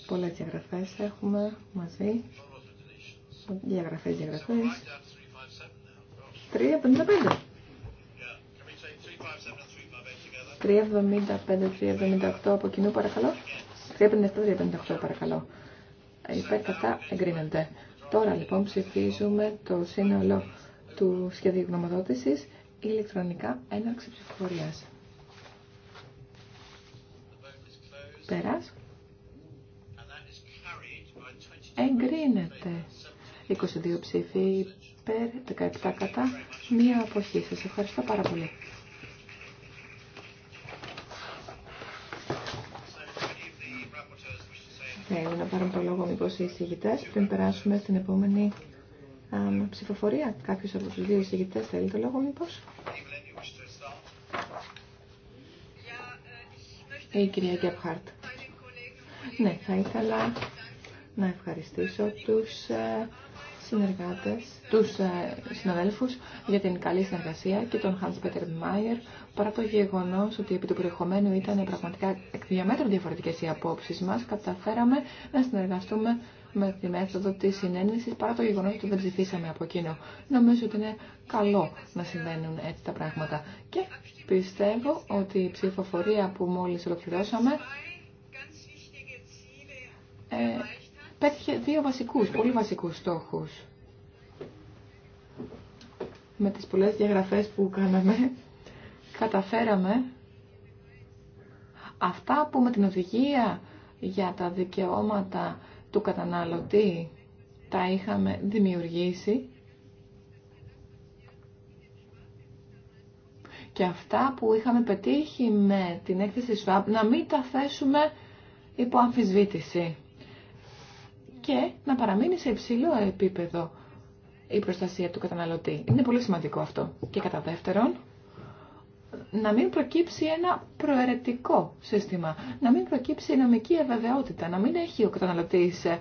Πολλέ διαγραφέ διαγραφές έχουμε Διαγραφέ διαγραφέ. διαγραφές. 5. 375-378 από κοινού παρακαλώ. 357-358 παρακαλώ. Υπέρ κατά εγκρίνεται. Τώρα λοιπόν ψηφίζουμε το σύνολο του σχεδίου γνωμοδότησης ηλεκτρονικά έναρξη ψηφοφορίας. Πέρας. Εγκρίνεται. 22 ψήφοι υπέρ, 17 κατά, μία αποχή. Σας ευχαριστώ πάρα πολύ. Ναι, να πάρουμε το λόγο μήπω οι εισηγητέ πριν περάσουμε στην επόμενη ψηφοφορία. Κάποιος από του δύο εισηγητέ θέλει το λόγο μήπω. Η κυρία Γκέπχαρτ. Ναι, θα ήθελα να ευχαριστήσω τους ε, συνεργάτες, τους ε, συναδέλφου για την καλή συνεργασία και τον Hans Peter Mayer παρά το γεγονό ότι επί του προηγουμένου ήταν πραγματικά εκ διαμέτρων διαφορετικές οι απόψει μας καταφέραμε να συνεργαστούμε με τη μέθοδο τη συνέντευξη παρά το γεγονό ότι δεν ψηφίσαμε από εκείνο. Νομίζω ότι είναι καλό να συμβαίνουν έτσι τα πράγματα και πιστεύω ότι η ψηφοφορία που μόλι ολοκληρώσαμε ε, πέτυχε δύο βασικούς, πολύ βασικούς στόχους. Με τις πολλές διαγραφές που κάναμε, καταφέραμε αυτά που με την οδηγία για τα δικαιώματα του καταναλωτή τα είχαμε δημιουργήσει και αυτά που είχαμε πετύχει με την έκθεση SWAP να μην τα θέσουμε υπό αμφισβήτηση και να παραμείνει σε υψηλό επίπεδο η προστασία του καταναλωτή. Είναι πολύ σημαντικό αυτό. Και κατά δεύτερον, να μην προκύψει ένα προαιρετικό σύστημα, να μην προκύψει νομική αβεβαιότητα, να μην έχει ο καταναλωτής ε,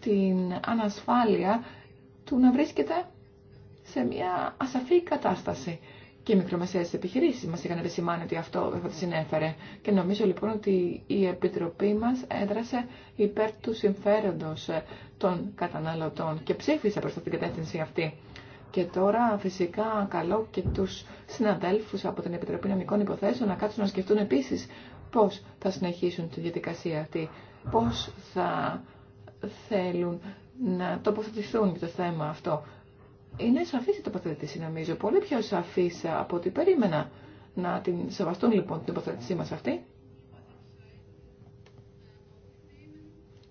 την ανασφάλεια του να βρίσκεται σε μια ασαφή κατάσταση και οι μικρομεσαίες επιχειρήσεις μας είχαν επισημάνει ότι αυτό θα συνέφερε. Και νομίζω λοιπόν ότι η Επιτροπή μας έδρασε υπέρ του συμφέροντος ε, των καταναλωτών και ψήφισε προς την κατεύθυνση αυτή. Και τώρα φυσικά καλώ και τους συναδέλφους από την Επιτροπή Νομικών Υποθέσεων να κάτσουν να σκεφτούν επίσης πώς θα συνεχίσουν τη διαδικασία αυτή, πώς θα θέλουν να τοποθετηθούν για το θέμα αυτό είναι σαφή η τοποθέτηση νομίζω, πολύ πιο σαφής από ό,τι περίμενα να την σεβαστούν λοιπόν την τοποθέτησή μας αυτή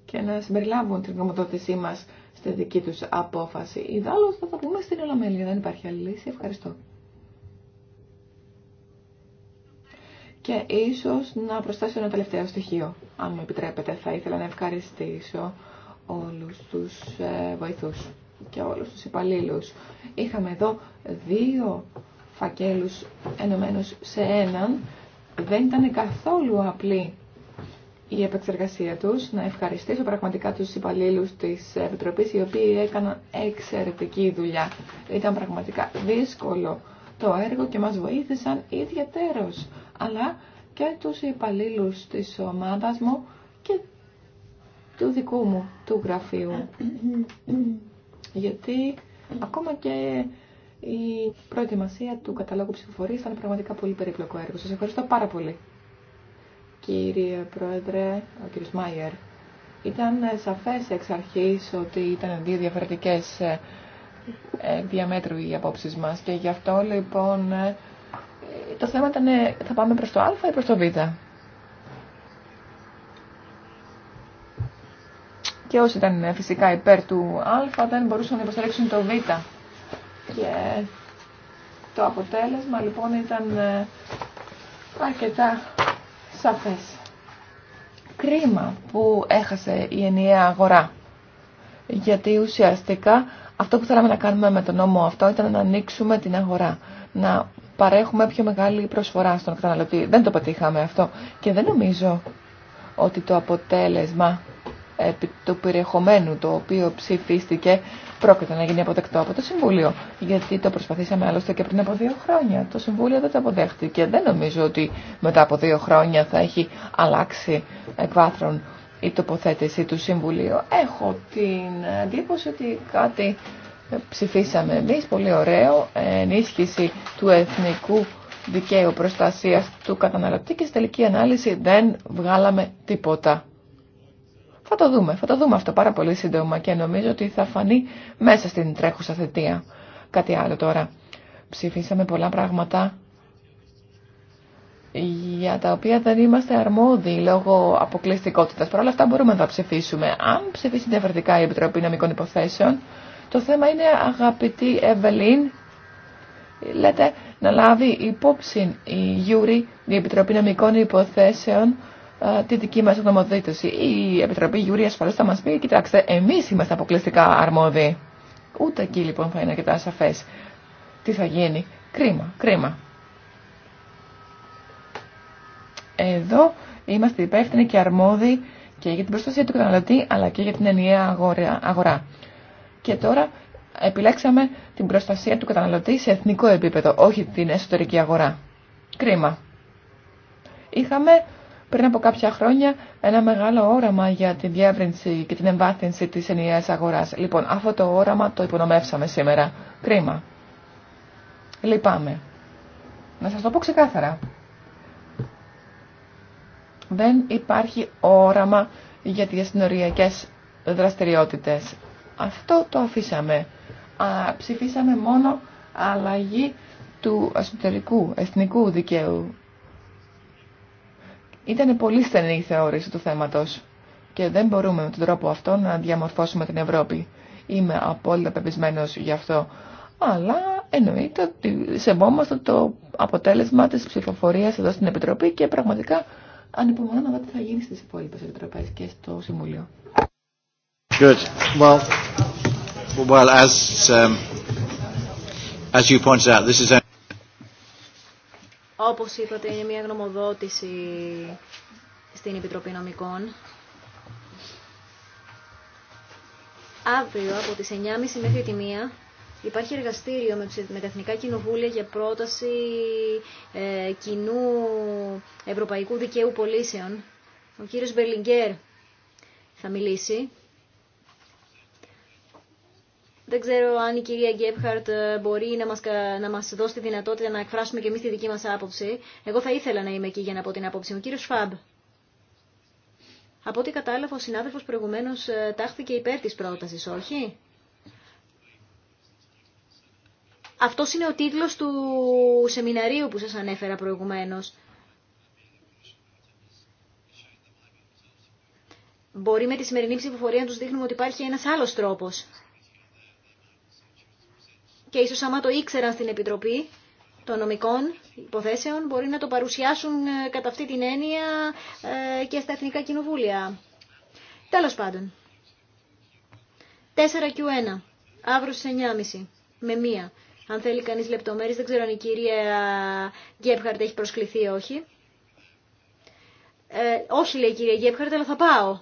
και να συμπεριλάβουν την γνωμοδότησή μας στη δική του απόφαση. Ιδάλω θα το πούμε στην Ολομέλεια, δεν υπάρχει άλλη λύση. Ευχαριστώ. Και ίσω να προσθέσω ένα τελευταίο στοιχείο, αν μου επιτρέπετε. Θα ήθελα να ευχαριστήσω όλους τους ε, βοηθούς και όλους τους υπαλλήλους. Είχαμε εδώ δύο φακέλους ενωμένους σε έναν. Δεν ήταν καθόλου απλή η επεξεργασία τους. Να ευχαριστήσω πραγματικά τους υπαλλήλους της Επιτροπής, οι οποίοι έκαναν εξαιρετική δουλειά. Ήταν πραγματικά δύσκολο το έργο και μας βοήθησαν ιδιαίτερος. Αλλά και τους υπαλλήλου της ομάδας μου και του δικού μου, του γραφείου. Γιατί ακόμα και η προετοιμασία του καταλόγου ψηφοφορίας ήταν πραγματικά πολύ περίπλοκο έργο. Σας ευχαριστώ πάρα πολύ. Κύριε Πρόεδρε, ο κύριος Μάιερ, ήταν σαφές εξ αρχής ότι ήταν δύο διαφορετικές ε, ε, διαμέτρου οι απόψει μας και γι' αυτό λοιπόν ε, το θέμα ήταν θα πάμε προς το α ή προς το β. και όσοι ήταν φυσικά υπέρ του Α δεν μπορούσαν να υποστηρίξουν το Β. Και το αποτέλεσμα λοιπόν ήταν ε, αρκετά σαφές. Κρίμα που έχασε η ενιαία αγορά. Γιατί ουσιαστικά αυτό που θέλαμε να κάνουμε με τον νόμο αυτό ήταν να ανοίξουμε την αγορά. Να παρέχουμε πιο μεγάλη προσφορά στον καταναλωτή. Δεν το πετύχαμε αυτό. Και δεν νομίζω ότι το αποτέλεσμα επί του περιεχομένου το οποίο ψηφίστηκε πρόκειται να γίνει αποδεκτό από το Συμβούλιο. Γιατί το προσπαθήσαμε άλλωστε και πριν από δύο χρόνια. Το Συμβούλιο δεν το αποδέχτηκε. Δεν νομίζω ότι μετά από δύο χρόνια θα έχει αλλάξει εκ βάθρων η τοποθέτηση του Συμβουλίου. Έχω την εντύπωση ότι κάτι ψηφίσαμε εμεί πολύ ωραίο, ενίσχυση του εθνικού δικαίου προστασίας του καταναλωτή και στη τελική ανάλυση δεν βγάλαμε τίποτα. Θα το δούμε, θα το δούμε αυτό πάρα πολύ σύντομα και νομίζω ότι θα φανεί μέσα στην τρέχουσα θετία. Κάτι άλλο τώρα. Ψηφίσαμε πολλά πράγματα για τα οποία δεν είμαστε αρμόδιοι λόγω αποκλειστικότητας. Παρ' όλα αυτά μπορούμε να τα ψηφίσουμε. Αν ψηφίσει διαφορετικά η Επιτροπή Νομικών Υποθέσεων, το θέμα είναι αγαπητή Εβελίν. λέτε να λάβει υπόψη η Γιούρη, η Επιτροπή Νομικών Υποθέσεων, ε, τη δική μας γνωμοδίτηση. Η Επιτροπή Γιούρη ασφαλώ θα μας πει, κοιτάξτε, εμείς είμαστε αποκλειστικά αρμόδιοι. Ούτε εκεί λοιπόν θα είναι αρκετά σαφές τι θα γίνει. Κρίμα, κρίμα. Εδώ είμαστε υπεύθυνοι και αρμόδιοι και για την προστασία του καταναλωτή αλλά και για την ενιαία αγορά. Και τώρα επιλέξαμε την προστασία του καταναλωτή σε εθνικό επίπεδο, όχι την εσωτερική αγορά. Κρίμα. Είχαμε πριν από κάποια χρόνια ένα μεγάλο όραμα για την διεύρυνση και την εμβάθυνση της ενιαίας αγοράς. Λοιπόν, αυτό το όραμα το υπονομεύσαμε σήμερα. Κρίμα. Λυπάμαι. Να σας το πω ξεκάθαρα. Δεν υπάρχει όραμα για τις συνοριακές δραστηριότητες. Αυτό το αφήσαμε. Α, ψηφίσαμε μόνο αλλαγή του εσωτερικού, εθνικού δικαίου ήταν πολύ στενή η θεώρηση του θέματος και δεν μπορούμε με τον τρόπο αυτό να διαμορφώσουμε την Ευρώπη. Είμαι απόλυτα πεπισμένος γι' αυτό. Αλλά εννοείται ότι σεβόμαστε το αποτέλεσμα της ψηφοφορίας εδώ στην Επιτροπή και πραγματικά ανυπομονώ να δω τι θα γίνει στις υπόλοιπες Επιτροπές και στο Συμβούλιο. Good. Well, as, um, as you out, this is... Όπως είπατε, είναι μια γνωμοδότηση στην Επιτροπή Νομικών. Αύριο από τις 9.30 μέχρι τη 1 υπάρχει εργαστήριο με τα Εθνικά Κοινοβούλια για πρόταση ε, κοινού ευρωπαϊκού δικαίου πολίσεων. Ο κύριος Μπερλιγκέρ θα μιλήσει. Δεν ξέρω αν η κυρία Γκέπχαρτ ε, μπορεί να μας, να μας δώσει τη δυνατότητα να εκφράσουμε και εμείς τη δική μας άποψη. Εγώ θα ήθελα να είμαι εκεί για να πω την άποψη μου. κύριο Σφαμπ, Από ό,τι κατάλαβα, ο συνάδελφος προηγουμένως ε, τάχθηκε υπέρ της πρότασης, όχι? Αυτό είναι ο τίτλος του σεμιναρίου που σας ανέφερα προηγουμένως. Μπορεί με τη σημερινή ψηφοφορία να τους δείχνουμε ότι υπάρχει ένας άλλος τρόπος και ίσως άμα το ήξεραν στην Επιτροπή των νομικών υποθέσεων μπορεί να το παρουσιάσουν ε, κατά αυτή την έννοια ε, και στα Εθνικά Κοινοβούλια. Τέλος πάντων. 4Q1. Αύριο στις 9.30. Με μία. Αν θέλει κανείς λεπτομέρειες, δεν ξέρω αν η κυρία Γκέπχαρτ έχει προσκληθεί ή όχι. Ε, όχι, λέει η κυρία Γκέπχαρτ, αλλά θα πάω.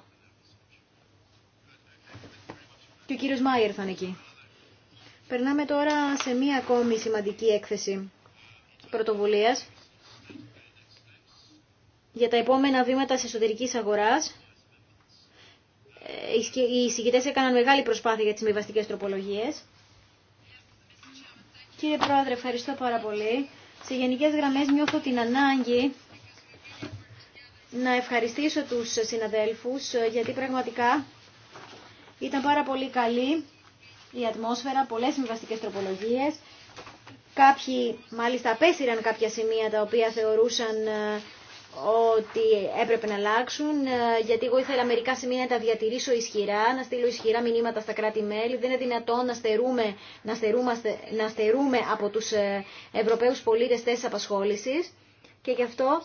Και ο κύριος Μάιερ θα είναι εκεί. Περνάμε τώρα σε μία ακόμη σημαντική έκθεση πρωτοβουλίας για τα επόμενα βήματα της εσωτερικής αγοράς. Ε, οι συγκητές έκαναν μεγάλη προσπάθεια για τις μοιβαστικές τροπολογίες. Κύριε Πρόεδρε, ευχαριστώ πάρα πολύ. Σε γενικές γραμμές νιώθω την ανάγκη να ευχαριστήσω τους συναδέλφους ε, γιατί πραγματικά ήταν πάρα πολύ καλή η ατμόσφαιρα, πολλέ συμβαστικέ τροπολογίε, Κάποιοι μάλιστα απέσυραν κάποια σημεία τα οποία θεωρούσαν ε, ότι έπρεπε να αλλάξουν, ε, γιατί εγώ ήθελα μερικά σημεία να τα διατηρήσω ισχυρά, να στείλω ισχυρά μηνύματα στα κράτη-μέλη. Δεν είναι δυνατόν να στερούμε, να, στερούμαστε, να στερούμε από τους ε, Ευρωπαίους πολίτες θέσεις απασχόλησης και γι' αυτό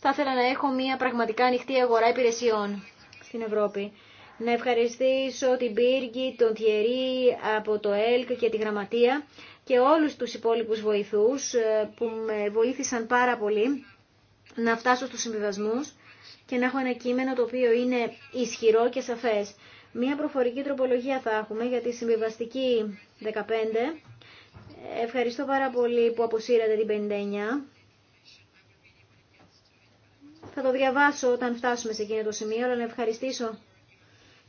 θα ήθελα να έχω μια πραγματικά ανοιχτή αγορά υπηρεσιών στην Ευρώπη. Να ευχαριστήσω την Πύργη, τον Θιερή από το ΕΛΚ και τη Γραμματεία και όλους τους υπόλοιπους βοηθούς ε, που με βοήθησαν πάρα πολύ να φτάσω στους συμβιβασμούς και να έχω ένα κείμενο το οποίο είναι ισχυρό και σαφές. Μία προφορική τροπολογία θα έχουμε για τη συμβιβαστική 15. Ευχαριστώ πάρα πολύ που αποσύρατε την 59. Θα το διαβάσω όταν φτάσουμε σε εκείνο το σημείο, αλλά να ευχαριστήσω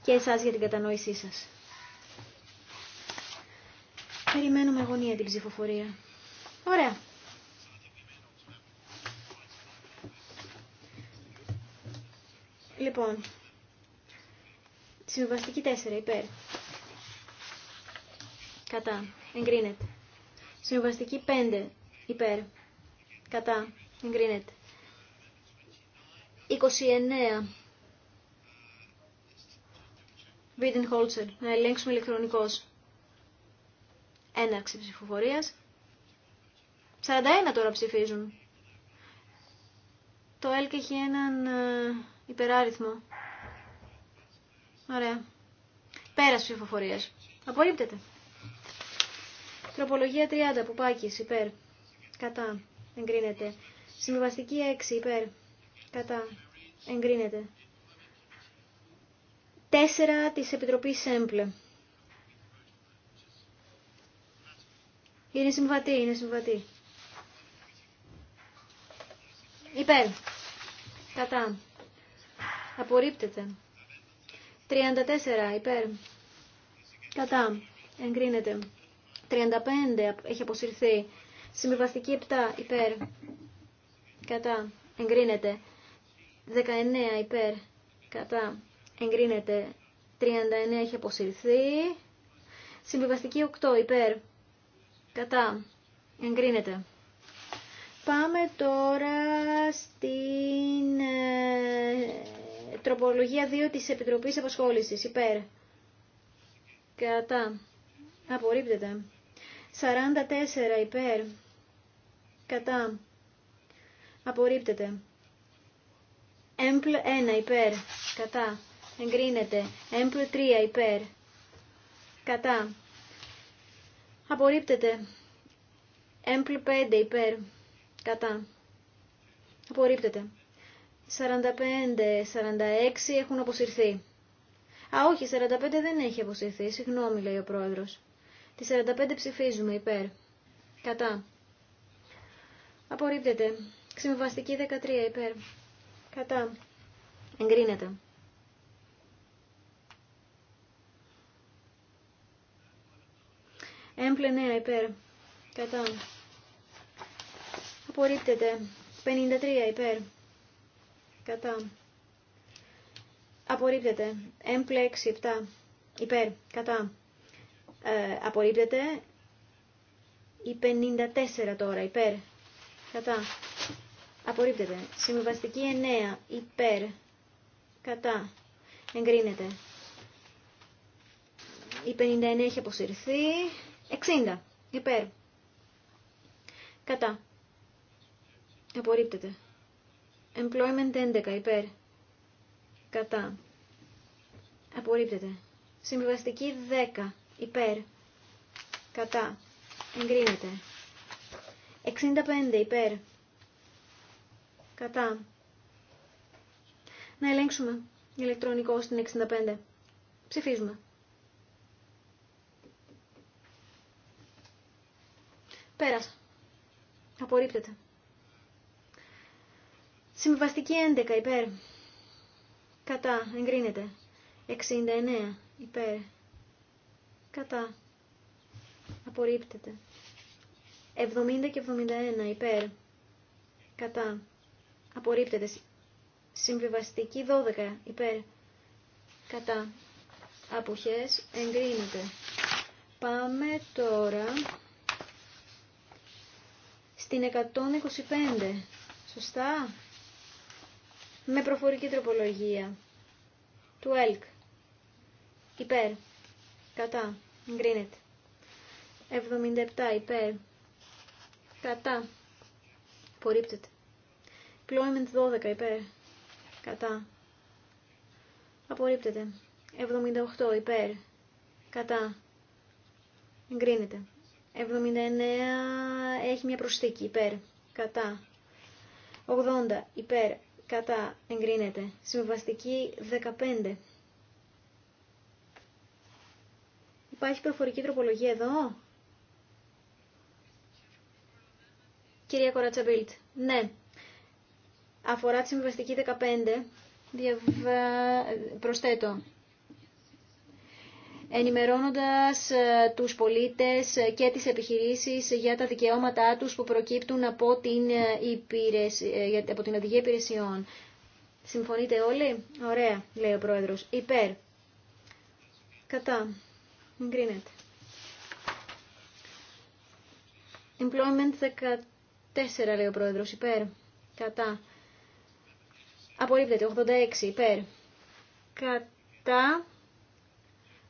και εσάς για την κατανόησή σας. Περιμένουμε αγωνία την ψηφοφορία. Ωραία. Λοιπόν, συμβαστική 4, υπέρ. Κατά. Εγκρίνεται. Συμβαστική 5, υπέρ. Κατά. Εγκρίνεται. 29 Χόλτσερ, Να ελέγξουμε ηλεκτρονικώς. Έναρξη ψηφοφορίας. 41 τώρα ψηφίζουν. Το ΕΛΚ έχει έναν ε, υπεράριθμο. Ωραία. Πέρας ψηφοφορίας. Απορρίπτεται. Τροπολογία 30, πουπάκι υπέρ. Κατά. Εγκρίνεται. Συμβιβαστική 6, υπέρ. Κατά. Εγκρίνεται. 4 της Επιτροπής ΕΜΠΛΕ. Είναι συμβατή, είναι συμβατή. Υπέρ. Κατά. Απορρίπτεται. 34. Υπέρ. Κατά. Εγκρίνεται. 35. Έχει αποσυρθεί. Συμβιβαστική 7. Υπέρ. Κατά. Εγκρίνεται. 19. Υπέρ. Κατά εγκρίνεται 39 έχει αποσυρθεί. Συμβιβαστική 8 υπέρ. Κατά. Εγκρίνεται. Πάμε τώρα στην ε, τροπολογία 2 της Επιτροπής Απασχόλησης. Υπέρ. Κατά. Απορρίπτεται. 44 υπέρ. Κατά. Απορρίπτεται. Έμπλ 1 υπέρ. Κατά εγκρίνεται. πλού 3 υπέρ. Κατά. Απορρίπτεται. πλού 5 υπέρ. Κατά. Απορρίπτεται. 45, 46 έχουν αποσυρθεί. Α, όχι, 45 δεν έχει αποσυρθεί. Συγγνώμη, λέει ο πρόεδρος. Τη 45 ψηφίζουμε υπέρ. Κατά. Απορρίπτεται. Συμβαστική 13 υπέρ. Κατά. Εγκρίνεται. Έμπλε 9 ναι, υπέρ. Κατά. Απορρίπτεται. 53 υπέρ. Κατά. Απορρίπτεται. Έμπλε 6 7 υπέρ. Κατά. Ε, απορρίπτεται. Η 54 τώρα υπέρ. Κατά. Απορρίπτεται. Συμβαστική 9 υπέρ. Κατά. Εγκρίνεται. Η 59 έχει αποσυρθεί. 60. Υπέρ. Κατά. Απορρίπτεται. Employment 11. Υπέρ. Κατά. Απορρίπτεται. Συμβιβαστική 10. Υπέρ. Κατά. Εγκρίνεται. 65. Υπέρ. Κατά. Να ελέγξουμε ηλεκτρονικό στην 65. Ψηφίζουμε. Πέρασα. Απορρίπτεται. Συμβαστική 11 υπέρ. Κατά. Εγκρίνεται. 69 υπέρ. Κατά. Απορρίπτεται. 70 και 71 υπέρ. Κατά. Απορρίπτεται. Συμβιβαστική 12 υπέρ. Κατά. Αποχές εγκρίνεται. Πάμε τώρα στην 125. Σωστά. Με προφορική τροπολογία. Του ΕΛΚ. Υπέρ. Κατά. Εγκρίνεται. 77. Υπέρ. Κατά. Απορρίπτεται. Employment 12. Υπέρ. Κατά. Απορρίπτεται. 78. Υπέρ. Κατά. Εγκρίνεται. 79 έχει μια προσθήκη υπέρ, κατά. 80 υπέρ, κατά, εγκρίνεται. Συμβαστική 15. Υπάρχει προφορική τροπολογία εδώ. Κυρία Κορατσαμπίλτ, ναι. Αφορά τη συμβαστική 15, διαβα... προσθέτω ενημερώνοντας ε, τους πολίτες ε, και τις επιχειρήσεις για τα δικαιώματά τους που προκύπτουν από την, ε, υπηρεσία, από την οδηγία υπηρεσιών. Συμφωνείτε όλοι? Ωραία, λέει ο Πρόεδρος. Υπέρ. Κατά. Εγκρίνεται. Employment 14, λέει ο Πρόεδρος. Υπέρ. Κατά. Απορρίπτεται. 86. Υπέρ. Κατά.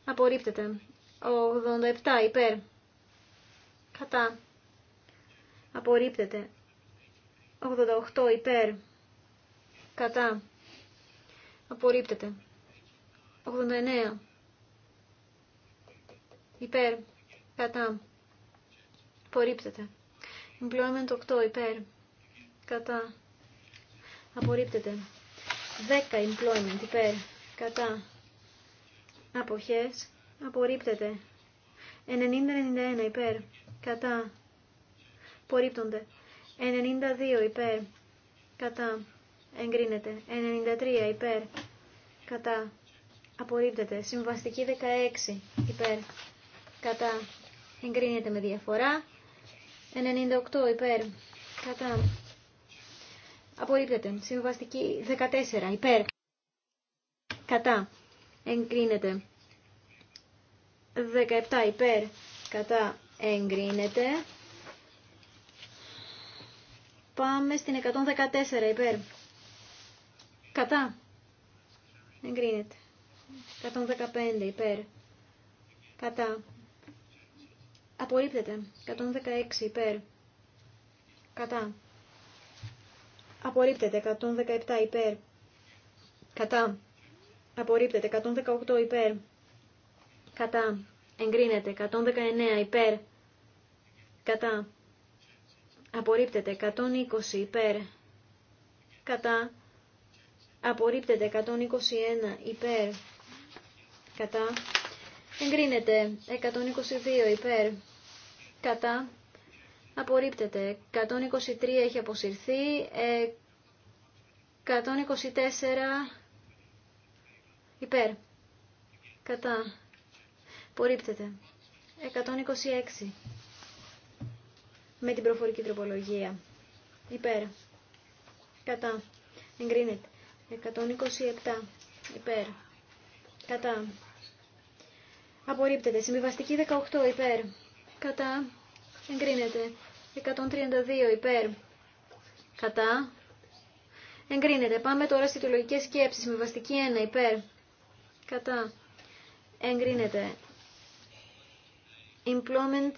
Απορρίπτεται. 87 υπέρ. Κατά. Απορρίπτεται. 88 υπέρ. Κατά. Απορρίπτεται. 89. Υπέρ. Κατά. Απορρίπτεται. Employment 8 υπέρ. Κατά. Απορρίπτεται. 10 employment υπέρ. Κατά αποχές απορρίπτεται. 90-91 υπέρ κατά απορρίπτονται. 92 υπέρ κατά εγκρίνεται. 93 υπέρ κατά απορρίπτεται. Συμβαστική 16 υπέρ κατά εγκρίνεται με διαφορά. 98 υπέρ κατά απορρίπτεται. Συμβαστική 14 υπέρ κατά εγκρίνεται. 17 υπέρ κατά εγκρίνεται. Πάμε στην 114 υπέρ. Κατά. Εγκρίνεται. 115 υπέρ. Κατά. Απορρίπτεται. 116 υπέρ. Κατά. Απορρίπτεται. 117 υπέρ. Κατά απορρίπτεται 118 υπέρ κατά εγκρίνεται 119 υπέρ κατά απορρίπτεται 120 υπέρ κατά απορρίπτεται 121 υπέρ κατά εγκρίνεται 122 υπέρ κατά απορρίπτεται 123 έχει αποσυρθεί 124 ε, Υπέρ. Κατά. Πορύπτεται. 126. Με την προφορική τροπολογία. Υπέρ. Κατά. Εγκρίνεται. 127. Υπέρ. Κατά. Απορρίπτεται. Συμβιβαστική 18. Υπέρ. Κατά. Εγκρίνεται. 132. Υπέρ. Κατά. Εγκρίνεται. Πάμε τώρα στη τολογικές σκέψεις. Συμβιβαστική 1. Υπέρ κατά εγκρίνεται. Employment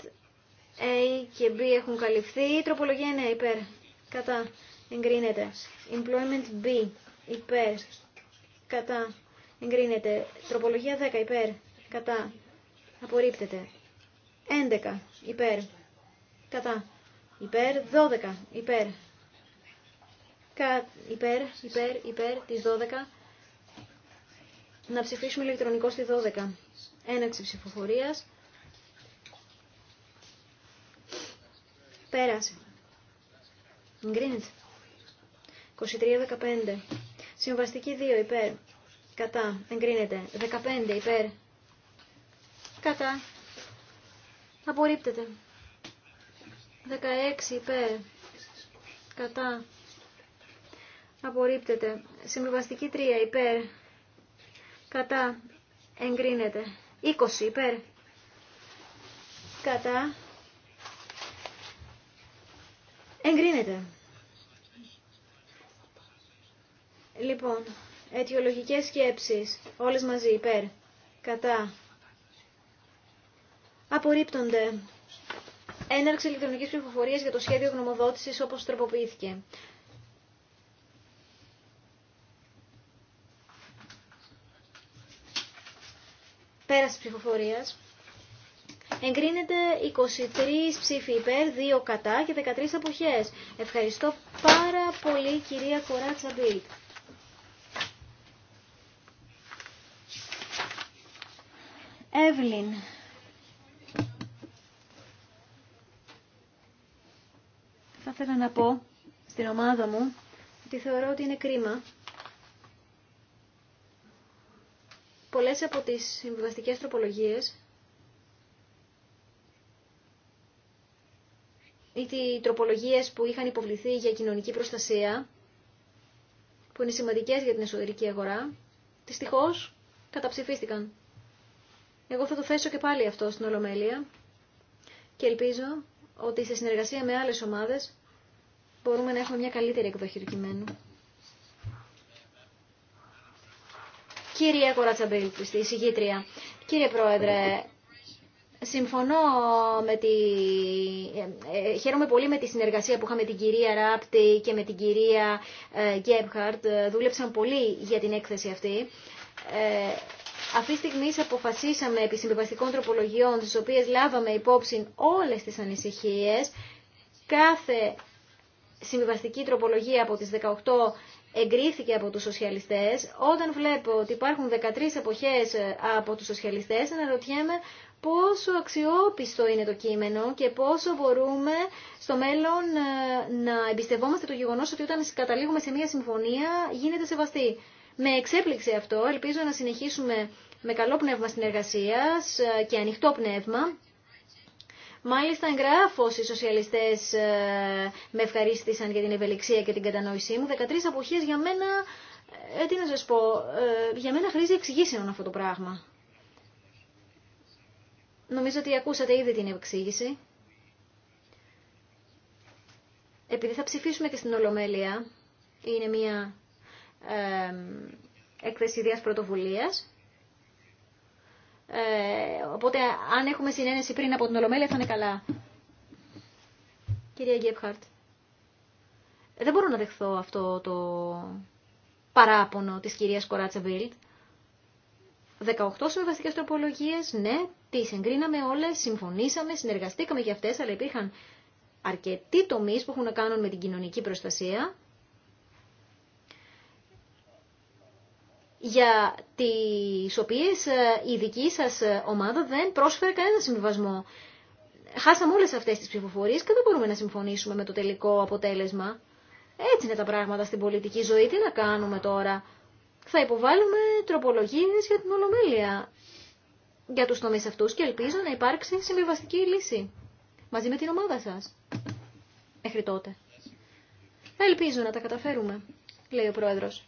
A και B έχουν καλυφθεί. τροπολογία 9 υπέρ κατά εγκρίνεται. Employment B υπέρ κατά εγκρίνεται. Τροπολογία 10 υπέρ κατά απορρίπτεται. 11 υπέρ κατά υπέρ 12 υπέρ υπέρ υπέρ υπέρ τις 12 να ψηφίσουμε ηλεκτρονικό στη 12. Έναξη ψηφοφορίας. Πέραση. Εγρίνεται 23-15. Συμβαστική 2 υπέρ. Κατά. Εγκρίνεται. 15 υπέρ. Κατά. Απορρίπτεται. 16 υπέρ. Κατά. Απορρίπτεται. Συμβαστική 3 υπέρ κατά εγκρίνεται 20 υπέρ κατά εγκρίνεται. Λοιπόν, αιτιολογικές σκέψεις, όλες μαζί υπέρ κατά απορρίπτονται έναρξη ηλεκτρονικής ψηφοφορίας για το σχέδιο γνωμοδότησης όπως τροποποιήθηκε. Πέραση ψηφοφορία. Εγκρίνεται 23 ψήφοι υπέρ, 2 κατά και 13 αποχές. Ευχαριστώ πάρα πολύ κυρία Κοράτσα Μπίλτ. Εύλην. Θα ήθελα να πω στην ομάδα μου ότι θεωρώ ότι είναι κρίμα Πολλές από τις συμβιβαστικές τροπολογίες ή τι τροπολογίες που είχαν υποβληθεί για κοινωνική προστασία, που είναι σημαντικές για την εσωτερική αγορά, δυστυχώ καταψηφίστηκαν. Εγώ θα το θέσω και πάλι αυτό στην Ολομέλεια και ελπίζω ότι σε συνεργασία με άλλες ομάδες μπορούμε να έχουμε μια καλύτερη εκδοχή του κειμένου. Κύριε Κορατσαμπίλ, στη συγγήτρια. Κύριε Πρόεδρε, συμφωνώ με τη... Ε, ε, χαίρομαι πολύ με τη συνεργασία που είχαμε την κυρία Ράπτη και με την κυρία ε, Γκέμπχαρτ. Δούλεψαν πολύ για την έκθεση αυτή. Αυτή τη στιγμή αποφασίσαμε επί συμβιβαστικών τροπολογιών, τις οποίες λάβαμε υπόψη όλες τις ανησυχίες. Κάθε συμβιβαστική τροπολογία από τις 18 εγκρίθηκε από τους σοσιαλιστές. Όταν βλέπω ότι υπάρχουν 13 εποχές ε, από τους σοσιαλιστές, αναρωτιέμαι πόσο αξιόπιστο είναι το κείμενο και πόσο μπορούμε στο μέλλον ε, να εμπιστευόμαστε το γεγονός ότι όταν καταλήγουμε σε μια συμφωνία γίνεται σεβαστή. Με εξέπληξε αυτό, ελπίζω να συνεχίσουμε με καλό πνεύμα συνεργασίας ε, και ανοιχτό πνεύμα Μάλιστα εγγράφως οι σοσιαλιστές ε, με ευχαρίστησαν για την ευελιξία και την κατανόησή μου. 13 αποχέ για μένα, ε, τι να πω, ε, για μένα χρήζει εξηγήσεων αυτό το πράγμα. Νομίζω ότι ακούσατε ήδη την εξήγηση. Επειδή θα ψηφίσουμε και στην Ολομέλεια, είναι μια ε, έκθεση πρωτοβουλίας, ε, οπότε αν έχουμε συνένεση πριν από την Ολομέλεια θα είναι καλά. Κυρία Γκέπχαρτ. Δεν μπορώ να δεχθώ αυτό το παράπονο της κυρίας Κοράτσα Βίλτ. 18 συμβαστικές τροπολογίες, ναι, τις εγκρίναμε όλες, συμφωνήσαμε, συνεργαστήκαμε για αυτές, αλλά υπήρχαν αρκετοί τομείς που έχουν να κάνουν με την κοινωνική προστασία για τις οποίες ε, η δική σας ε, ομάδα δεν πρόσφερε κανένα συμβιβασμό. Χάσαμε όλες αυτές τις ψηφοφορίες και δεν μπορούμε να συμφωνήσουμε με το τελικό αποτέλεσμα. Έτσι είναι τα πράγματα στην πολιτική ζωή. Τι να κάνουμε τώρα. Θα υποβάλουμε τροπολογίες για την Ολομέλεια για τους τομείς αυτούς και ελπίζω να υπάρξει συμβιβαστική λύση μαζί με την ομάδα σας. Μέχρι τότε. Ελπίζω να τα καταφέρουμε, λέει ο Πρόεδρος.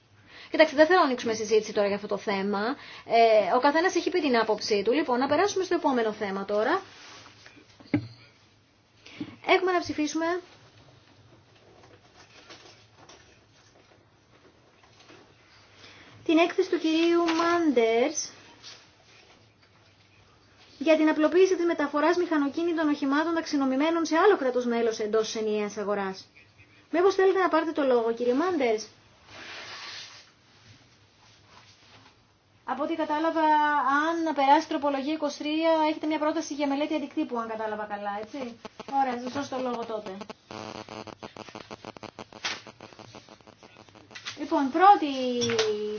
Κοιτάξτε, δεν θέλω να ανοίξουμε συζήτηση τώρα για αυτό το θέμα. Ε, ο καθένα έχει πει την άποψή του. Λοιπόν, να περάσουμε στο επόμενο θέμα τώρα. Έχουμε να ψηφίσουμε την έκθεση του κυρίου Μάντερς για την απλοποίηση της μεταφοράς μηχανοκίνητων οχημάτων ταξινομημένων σε άλλο κράτος μέλος εντός της ενιαίας αγοράς. θέλετε να πάρετε το λόγο, κύριε Μάντερς. από ό,τι κατάλαβα, αν περάσει τροπολογία 23, έχετε μια πρόταση για μελέτη αντικτύπου, αν κατάλαβα καλά, έτσι. Ωραία, σας δώσω το λόγο τότε. Λοιπόν, πρώτη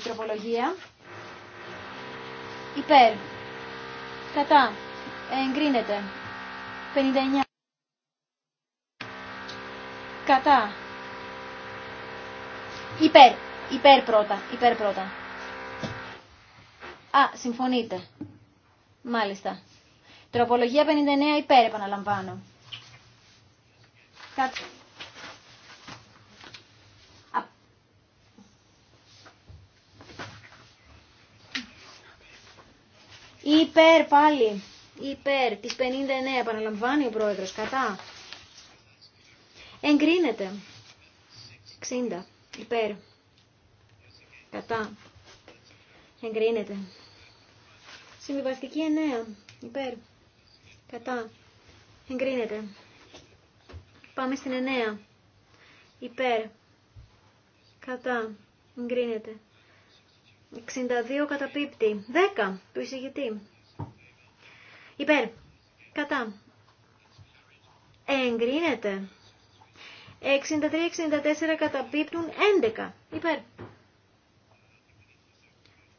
τροπολογία. Υπέρ. Κατά. Εγκρίνεται. 59. Κατά. Υπέρ. Υπέρ πρώτα. Υπέρ πρώτα. Α, συμφωνείτε. Μάλιστα. Τροπολογία 59 υπέρ, επαναλαμβάνω. Κάτω. Υπέρ πάλι. Υπέρ Τις 59 επαναλαμβάνει ο πρόεδρος. Κατά. Εγκρίνεται. 60. Υπέρ. Κατά. Εγκρίνεται. Συμβιβαστική 9. Υπέρ. Κατά. Εγκρίνεται. Πάμε στην 9. Υπέρ. Κατά. Εγκρίνεται. 62 καταπίπτει. 10 του εισηγητή. Υπέρ. Κατά. Εγκρίνεται. 63-64 καταπίπτουν 11. Υπέρ.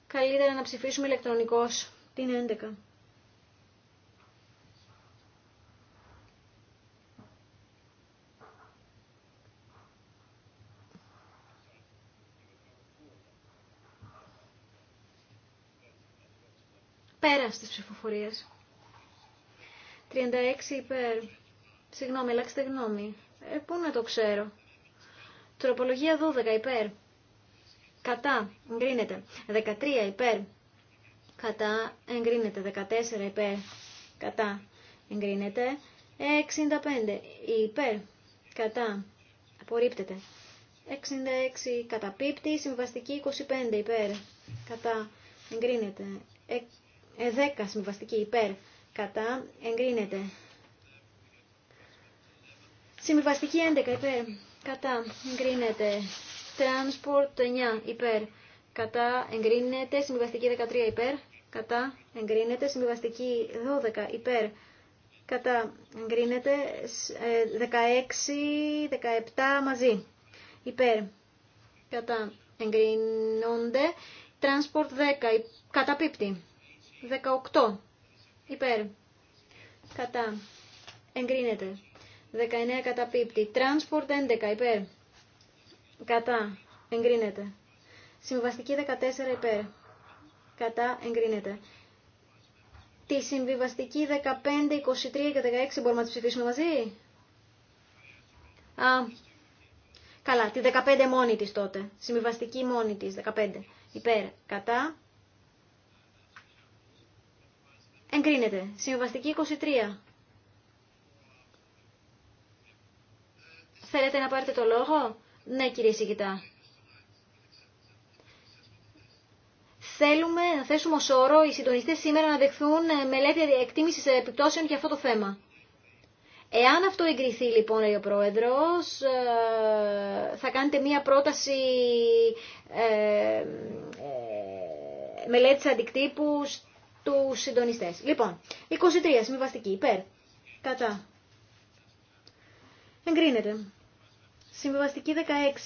Καλύτερα να ψηφίσουμε ηλεκτρονικός. Την 11. Πέρα στις ψηφοφορίες. 36 υπέρ. Συγγνώμη, αλλάξτε γνώμη. Ε, πού να το ξέρω. Τροπολογία 12 υπέρ. Κατά. Γκρίνεται. 13 υπέρ κατά εγκρίνεται. 14 υπέρ κατά εγκρίνεται. 65 υπέρ κατά απορρίπτεται. 66 καταπίπτει. Συμβαστική 25 υπέρ κατά εγκρίνεται. 10 ε, ε, συμβαστική υπέρ κατά εγκρίνεται. Συμβαστική 11 υπέρ, κατά, εγκρίνεται. Transport 9 υπέρ, κατά, εγκρίνεται. Συμβιβαστική 13 υπέρ, κατά εγκρίνεται, συμβιβαστική 12 υπέρ κατά εγκρίνεται, 16, 17 ε, μαζί υπέρ κατά εγκρίνονται, transport 10 κατά πίπτη, 18 υπέρ κατά εγκρίνεται, 19 κατά πίπτη, 11 υπέρ κατά εγκρίνεται, συμβαστική 14 υπέρ κατά εγκρίνεται. Τη συμβιβαστική 15, 23 και 16 μπορούμε να τις ψηφίσουμε μαζί. Α, καλά, τη 15 μόνη της τότε. Συμβιβαστική μόνη της, 15. Υπέρ, κατά. Εγκρίνεται. Συμβιβαστική 23. Θέλετε να πάρετε το λόγο. Ναι, κύριε Σιγητά. θέλουμε να θέσουμε ως όρο οι συντονιστές σήμερα να δεχθούν ε, μελέτη εκτίμησης επιπτώσεων για αυτό το θέμα. Εάν αυτό εγκριθεί λοιπόν, λέει ο Πρόεδρος, ε, θα κάνετε μία πρόταση ε, μελέτης αντικτύπου στους συντονιστές. Λοιπόν, 23, συμβαστική. υπέρ, κατά. Εγκρίνεται. Συμβιβαστική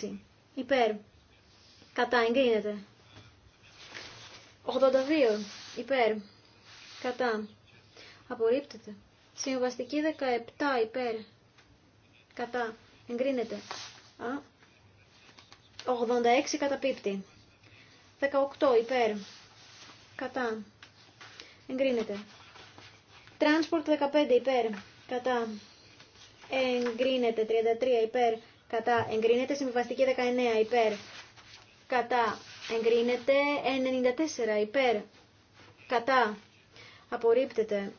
16, υπέρ, κατά, εγκρίνεται. 82 υπέρ. Κατά. Απορρίπτεται. Συμβαστική 17 υπέρ. Κατά. Εγκρίνεται. Α. 86 καταπίπτει. 18 υπέρ. Κατά. Εγκρίνεται. Τρανσπορτ 15 υπέρ. Κατά. Εγκρίνεται. 33 υπέρ. Κατά. Εγκρίνεται. συμβαστική 19 υπέρ. Κατά. Εγκρίνεται 94 υπέρ. Κατά. Απορρίπτεται.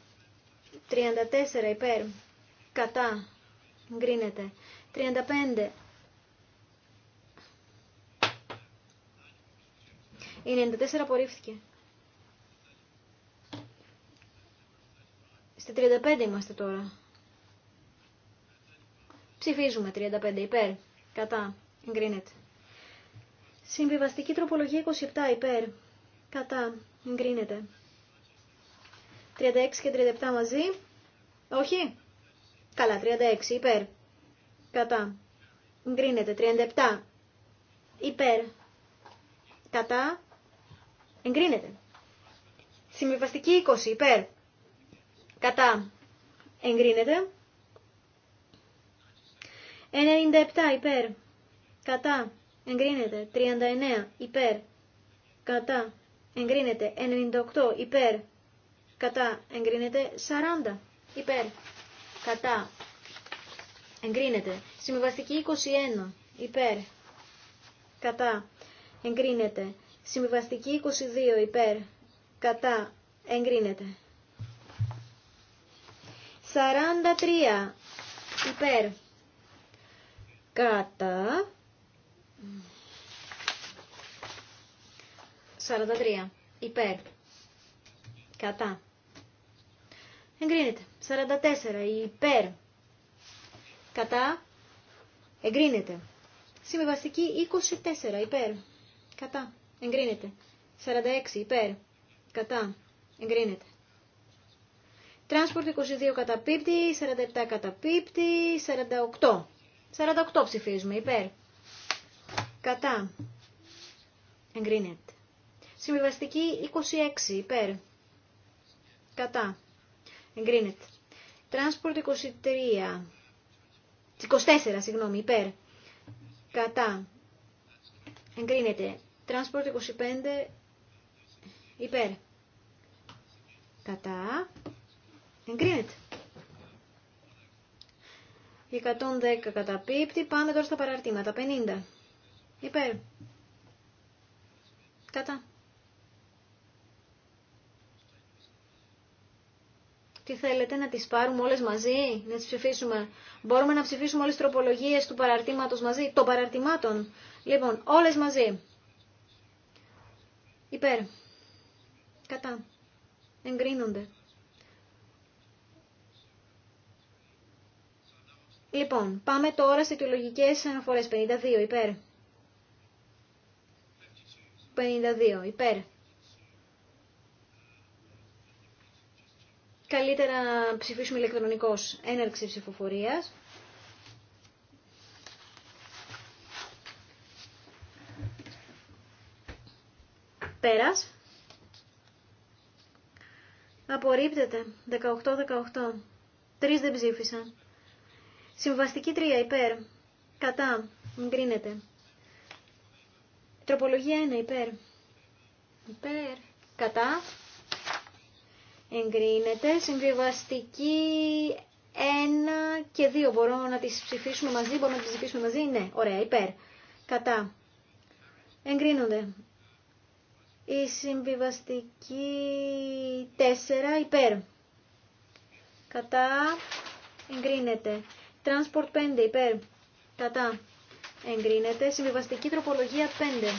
34 υπέρ. Κατά. Εγκρίνεται. 35. Η 94 απορρίφθηκε. Στη 35 είμαστε τώρα. Ψηφίζουμε 35 υπέρ. Κατά. Εγκρίνεται. Συμβιβαστική τροπολογία 27 υπέρ. Κατά. Εγκρίνεται. 36 και 37 μαζί. Όχι. Καλά. 36 υπέρ. Κατά. Εγκρίνεται. 37 υπέρ. Κατά. Εγκρίνεται. Συμβιβαστική 20 υπέρ. Κατά. Εγκρίνεται. 97 υπέρ. Κατά εγκρίνεται. 39 υπέρ, κατά, εγκρίνεται. 98 υπέρ, κατά, εγκρίνεται. 40 υπέρ, κατά, εγκρίνεται. Συμβιβαστική 21 υπέρ, κατά, εγκρίνεται. Συμβιβαστική 22 υπέρ, κατά, εγκρίνεται. 43 υπέρ, κατά, 43. Υπέρ. Κατά. Εγκρίνεται. 44. Υπέρ. Κατά. Εγκρίνεται. Συμβιβαστική 24. Υπέρ. Κατά. Εγκρίνεται. 46. Υπέρ. Κατά. Εγκρίνεται. Τράνσπορτ 22 καταπίπτει, 47 καταπίπτει, 48. 48 ψηφίζουμε, υπέρ. Κατά. Εγκρίνεται. Συμβιβαστική 26 υπέρ. Κατά. Εγκρίνεται. Τρανσπορτ 23. 24, συγγνώμη, υπέρ. Κατά. Εγκρίνεται. Τρανσπορτ 25 υπέρ. Κατά. Εγκρίνεται. 110 καταπίπτει. Πάμε τώρα στα παραρτήματα. 50. Υπέρ. Κατά. Τι θέλετε, να τις πάρουμε όλες μαζί, να τις ψηφίσουμε. Μπορούμε να ψηφίσουμε όλες τις τροπολογίες του παραρτήματος μαζί, των παραρτημάτων. Λοιπόν, όλες μαζί. Υπέρ. Κατά. Εγκρίνονται. Λοιπόν, πάμε τώρα σε αιτιολογικές αναφορές. 52, υπέρ. 52 υπέρ. Καλύτερα να ψηφίσουμε ηλεκτρονικώς έναρξη ψηφοφορίας. Πέρας. Απορρίπτεται. 18-18. Τρεις δεν ψήφισαν. Συμβαστική 3 υπέρ. Κατά. Γκρίνεται. Τροπολογία 1 υπέρ. Υπέρ. Κατά. Εγκρίνεται. Συμβιβαστική 1 και 2. Μπορούμε να τις ψηφίσουμε μαζί. Μπορούμε να τις ψηφίσουμε μαζί. Ναι. Ωραία. Υπέρ. Κατά. Εγκρίνονται. Η συμβιβαστική 4 υπέρ. Κατά. Εγκρίνεται. Transport 5 υπέρ. Κατά εγκρίνεται. Συμβιβαστική τροπολογία 5.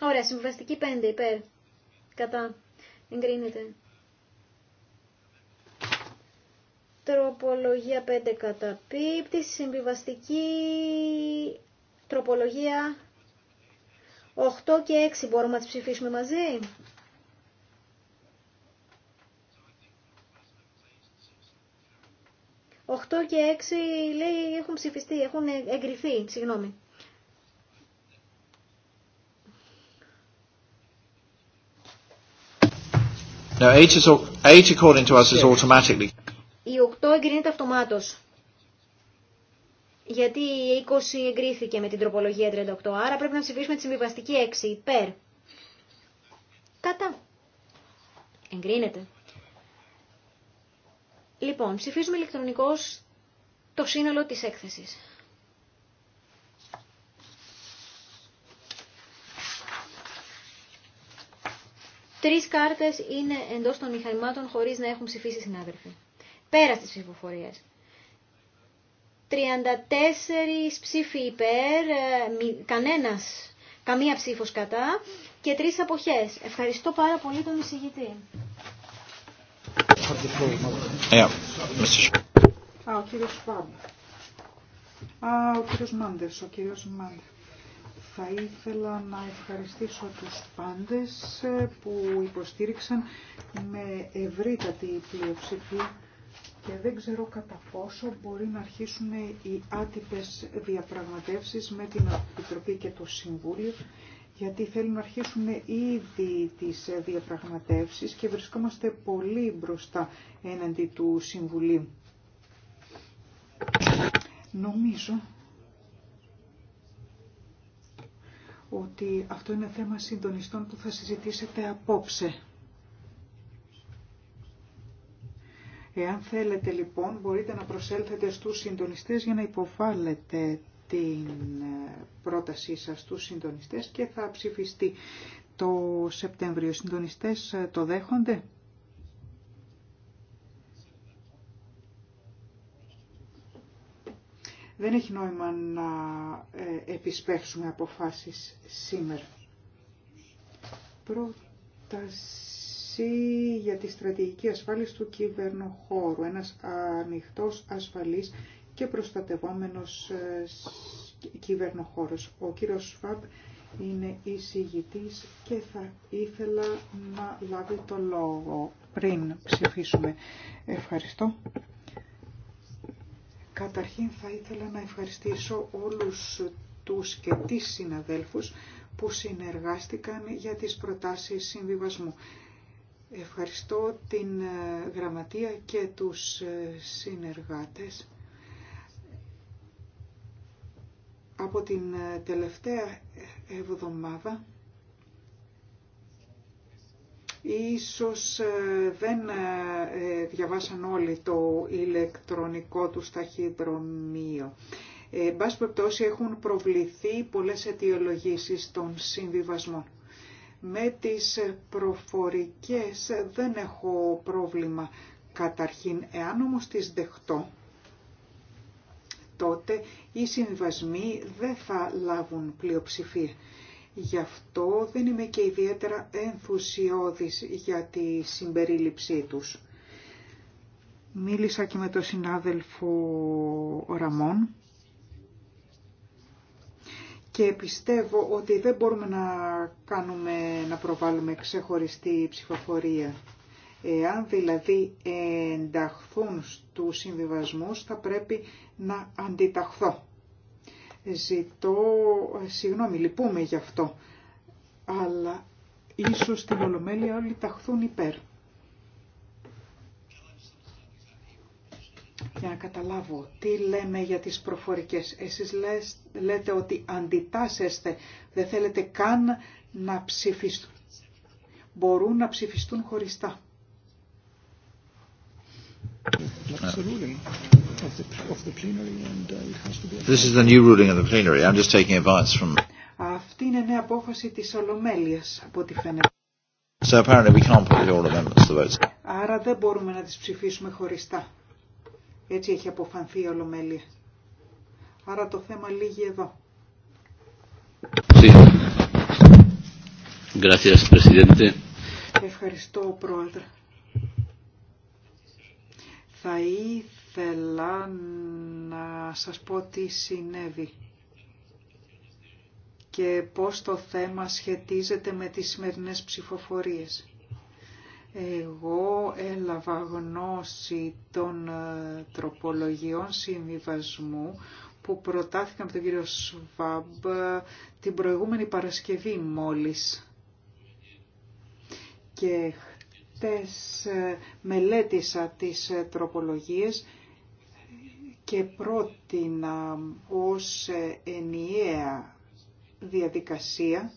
Ωραία, συμβιβαστική 5 υπέρ. Κατά. Εγκρίνεται. Τροπολογία 5 πίπτη. Συμβιβαστική τροπολογία 8 και 6 μπορούμε να τις ψηφίσουμε μαζί. 8 και 6 λέει έχουν ψηφιστεί, έχουν εγκριθεί, συγγνώμη. Now, eight is, eight according to us is automatically. Η 8 εγκρίνεται αυτομάτως γιατί η 20 εγκρίθηκε με την τροπολογία 38, άρα πρέπει να ψηφίσουμε τη συμβιβαστική 6 υπέρ. Κατά. Εγκρίνεται. Λοιπόν, ψηφίζουμε ηλεκτρονικώς το σύνολο της έκθεσης. Τρεις κάρτες είναι εντός των μηχανημάτων χωρίς να έχουν ψηφίσει συνάδελφοι. Πέρα στις ψηφοφορίες. 34 ψήφοι υπέρ, ε, κανένας, καμία ψήφος κατά και τρεις αποχές. Ευχαριστώ πάρα πολύ τον εισηγητή. Α, ο κύριος Α, ο Μάντες, ο κύριος Μάντες. Θα ήθελα να ευχαριστήσω τους πάντες ε, που υποστήριξαν με ευρύτατη πλειοψηφία και δεν ξέρω κατά πόσο μπορεί να αρχίσουν οι άτυπες διαπραγματεύσεις με την Επιτροπή και το Συμβούλιο γιατί θέλουν να αρχίσουν ήδη τις διαπραγματεύσεις και βρισκόμαστε πολύ μπροστά έναντι του Συμβουλίου. Νομίζω ότι αυτό είναι θέμα συντονιστών που θα συζητήσετε απόψε. Εάν θέλετε λοιπόν μπορείτε να προσέλθετε στους συντονιστές για να υποβάλλετε την ε, πρότασή σας στους συντονιστές και θα ψηφιστεί το Σεπτέμβριο. Οι συντονιστές ε, το δέχονται. Δεν έχει νόημα να ε, επισπεύσουμε αποφάσεις σήμερα. Πρόταση για τη στρατηγική ασφάλεια του χωρου ένας ανοιχτός, ασφαλής και προστατευόμενος ε, κυβερνοχώρος. Ο κύριος Σφάπ είναι εισηγητής και θα ήθελα να λάβει το λόγο πριν ψηφίσουμε. Ευχαριστώ. Καταρχήν θα ήθελα να ευχαριστήσω όλους τους και τις συναδέλφους που συνεργάστηκαν για τις προτάσεις συμβιβασμού. Ευχαριστώ την ε, γραμματεία και τους ε, συνεργάτες. Από την ε, τελευταία εβδομάδα ίσως δεν διαβάσαν όλοι το ηλεκτρονικό του ταχυδρομείο. εν πάση περιπτώσει έχουν προβληθεί πολλές αιτιολογήσεις των συμβιβασμών. Με τις προφορικές δεν έχω πρόβλημα. Καταρχήν, εάν όμως τις δεχτώ, τότε οι συμβασμοί δεν θα λάβουν πλειοψηφία. Γι' αυτό δεν είμαι και ιδιαίτερα ενθουσιώδης για τη συμπερίληψή τους. Μίλησα και με τον συνάδελφο Ραμόν και πιστεύω ότι δεν μπορούμε να κάνουμε, να προβάλλουμε ξεχωριστή ψηφοφορία. Εάν δηλαδή ενταχθούν στους συμβιβασμούς θα πρέπει να αντιταχθώ. Ζητώ, συγγνώμη, λυπούμε γι' αυτό, αλλά ίσως στην Ολομέλεια όλοι ταχθούν υπέρ. για να καταλάβω τι λέμε για τις προφορικές. Εσείς λέτε ότι αντιτάσσεστε, δεν θέλετε καν να ψηφίσουν. Μπορούν να ψηφιστούν χωριστά. Αυτή είναι νέα απόφαση της Ολομέλειας, από ό,τι φαίνεται. So apparently Άρα δεν μπορούμε να τις ψηφίσουμε χωριστά. Έτσι έχει αποφανθεί η Ολομέλεια. Άρα το θέμα λύγει εδώ. Ευχαριστώ, Πρόεδρε. Θα ήθελα να σας πω τι συνέβη και πώς το θέμα σχετίζεται με τις σημερινές ψηφοφορίες. Εγώ έλαβα γνώση των ε, τροπολογιών συμβιβασμού που προτάθηκαν από τον κύριο Σβάμπ ε, την προηγούμενη Παρασκευή μόλις. Και χτες ε, μελέτησα τις τροπολογίες και πρότεινα ως ενιαία διαδικασία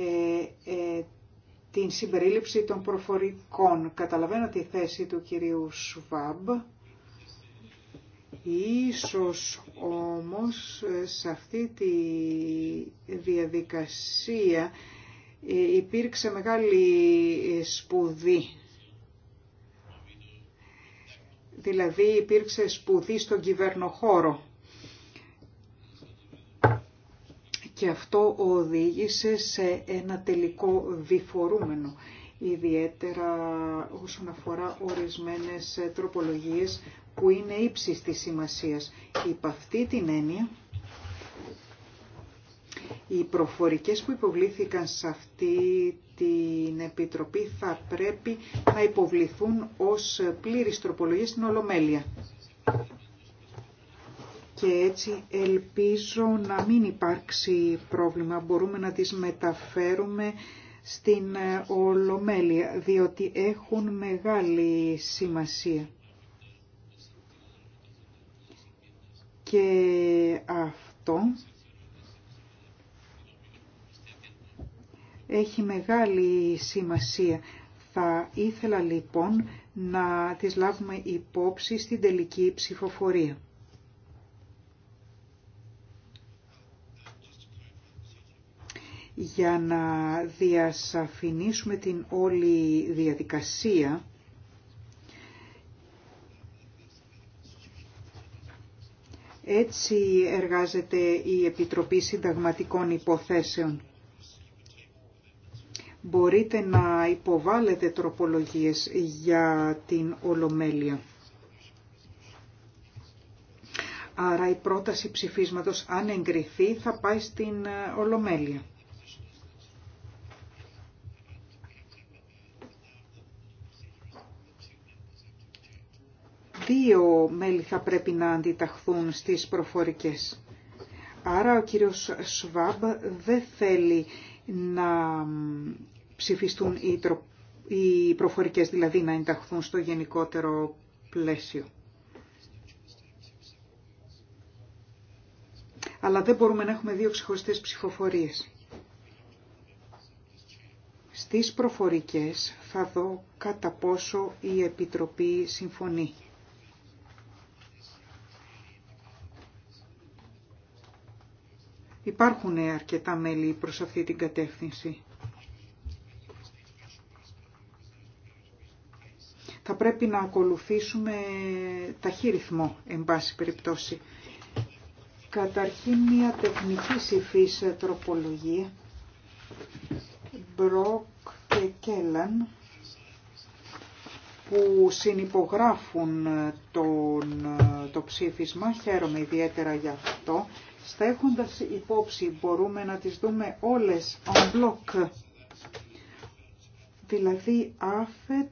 Ε, ε, την συμπερίληψη των προφορικών. Καταλαβαίνω τη θέση του κυρίου Σουβάμπ. Ίσως όμως ε, σε αυτή τη διαδικασία υπήρξε μεγάλη σπουδή. Δηλαδή υπήρξε σπουδή στον κυβερνοχώρο. και αυτό οδήγησε σε ένα τελικό διφορούμενο, ιδιαίτερα όσον αφορά ορισμένες τροπολογίες που είναι ύψης της σημασίας. Υπ' αυτή την έννοια, οι προφορικές που υποβλήθηκαν σε αυτή την Επιτροπή θα πρέπει να υποβληθούν ως πλήρης τροπολογία στην Ολομέλεια και έτσι ελπίζω να μην υπάρξει πρόβλημα. Μπορούμε να τις μεταφέρουμε στην ε, Ολομέλεια, διότι έχουν μεγάλη σημασία. Και αυτό έχει μεγάλη σημασία. Θα ήθελα λοιπόν να τις λάβουμε υπόψη στην τελική ψηφοφορία. για να διασαφηνίσουμε την όλη διαδικασία Έτσι εργάζεται η Επιτροπή Συνταγματικών Υποθέσεων. Μπορείτε να υποβάλλετε τροπολογίες για την Ολομέλεια. Άρα η πρόταση ψηφίσματος αν εγκριθεί θα πάει στην Ολομέλεια. δύο μέλη θα πρέπει να αντιταχθούν στις προφορικές. Άρα ο κύριος Σβάμπ δεν θέλει να ψηφιστούν οι, τρο... οι προφορικές, δηλαδή να ενταχθούν στο γενικότερο πλαίσιο. Αλλά δεν μπορούμε να έχουμε δύο ξεχωριστές ψηφοφορίες. Στις προφορικές θα δω κατά πόσο η Επιτροπή συμφωνεί. Υπάρχουν αρκετά μέλη προς αυτή την κατεύθυνση. Θα πρέπει να ακολουθήσουμε ταχύ ρυθμό, εν πάση περιπτώσει. Καταρχήν μια τεχνική υφής τροπολογία. Μπροκ και Κέλλαν που συνυπογράφουν τον, το ψήφισμα. Χαίρομαι ιδιαίτερα για αυτό. Στα στέχοντας υπόψη μπορούμε να τις δούμε όλες on block. Δηλαδή άφετ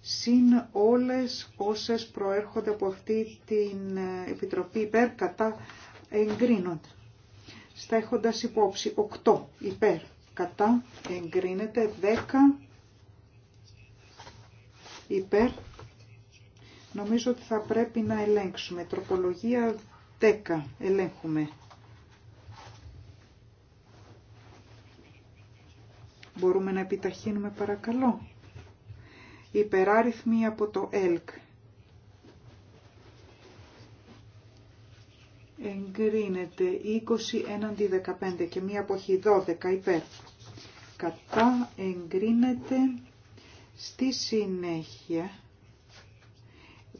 συν όλες όσες προέρχονται από αυτή την ε, Επιτροπή υπέρ κατά εγκρίνονται. Στέχοντας υπόψη 8 υπέρ κατά εγκρίνεται 10 υπέρ Νομίζω ότι θα πρέπει να ελέγξουμε. Τροπολογία 10. Ελέγχουμε. Μπορούμε να επιταχύνουμε παρακαλώ. Υπεράριθμοι από το ΕΛΚ. Εγκρίνεται 20 έναντι 15 και μία αποχή 12 υπέρ. Κατά εγκρίνεται στη συνέχεια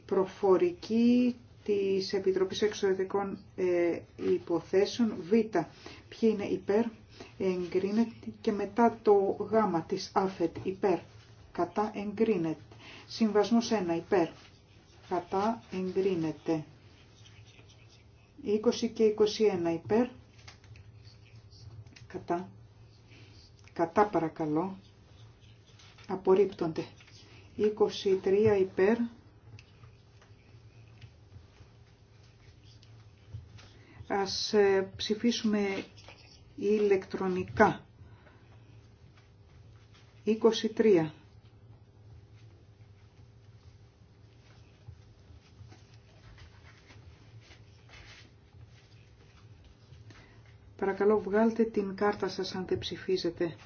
προφορική της Επιτροπής Εξωτερικών ε, Υποθέσεων Β. Ποιοι είναι υπέρ, εγκρίνεται και μετά το Γ της ΑΦΕΤ υπέρ, κατά εγκρίνεται. Συμβασμός 1 υπέρ, κατά εγκρίνεται. 20 και 21 υπέρ, κατά, κατά παρακαλώ, απορρίπτονται. 23 υπέρ, Ας ε, ψηφίσουμε ηλεκτρονικά. 23. Παρακαλώ βγάλτε την κάρτα σας αν δεν ψηφίζετε.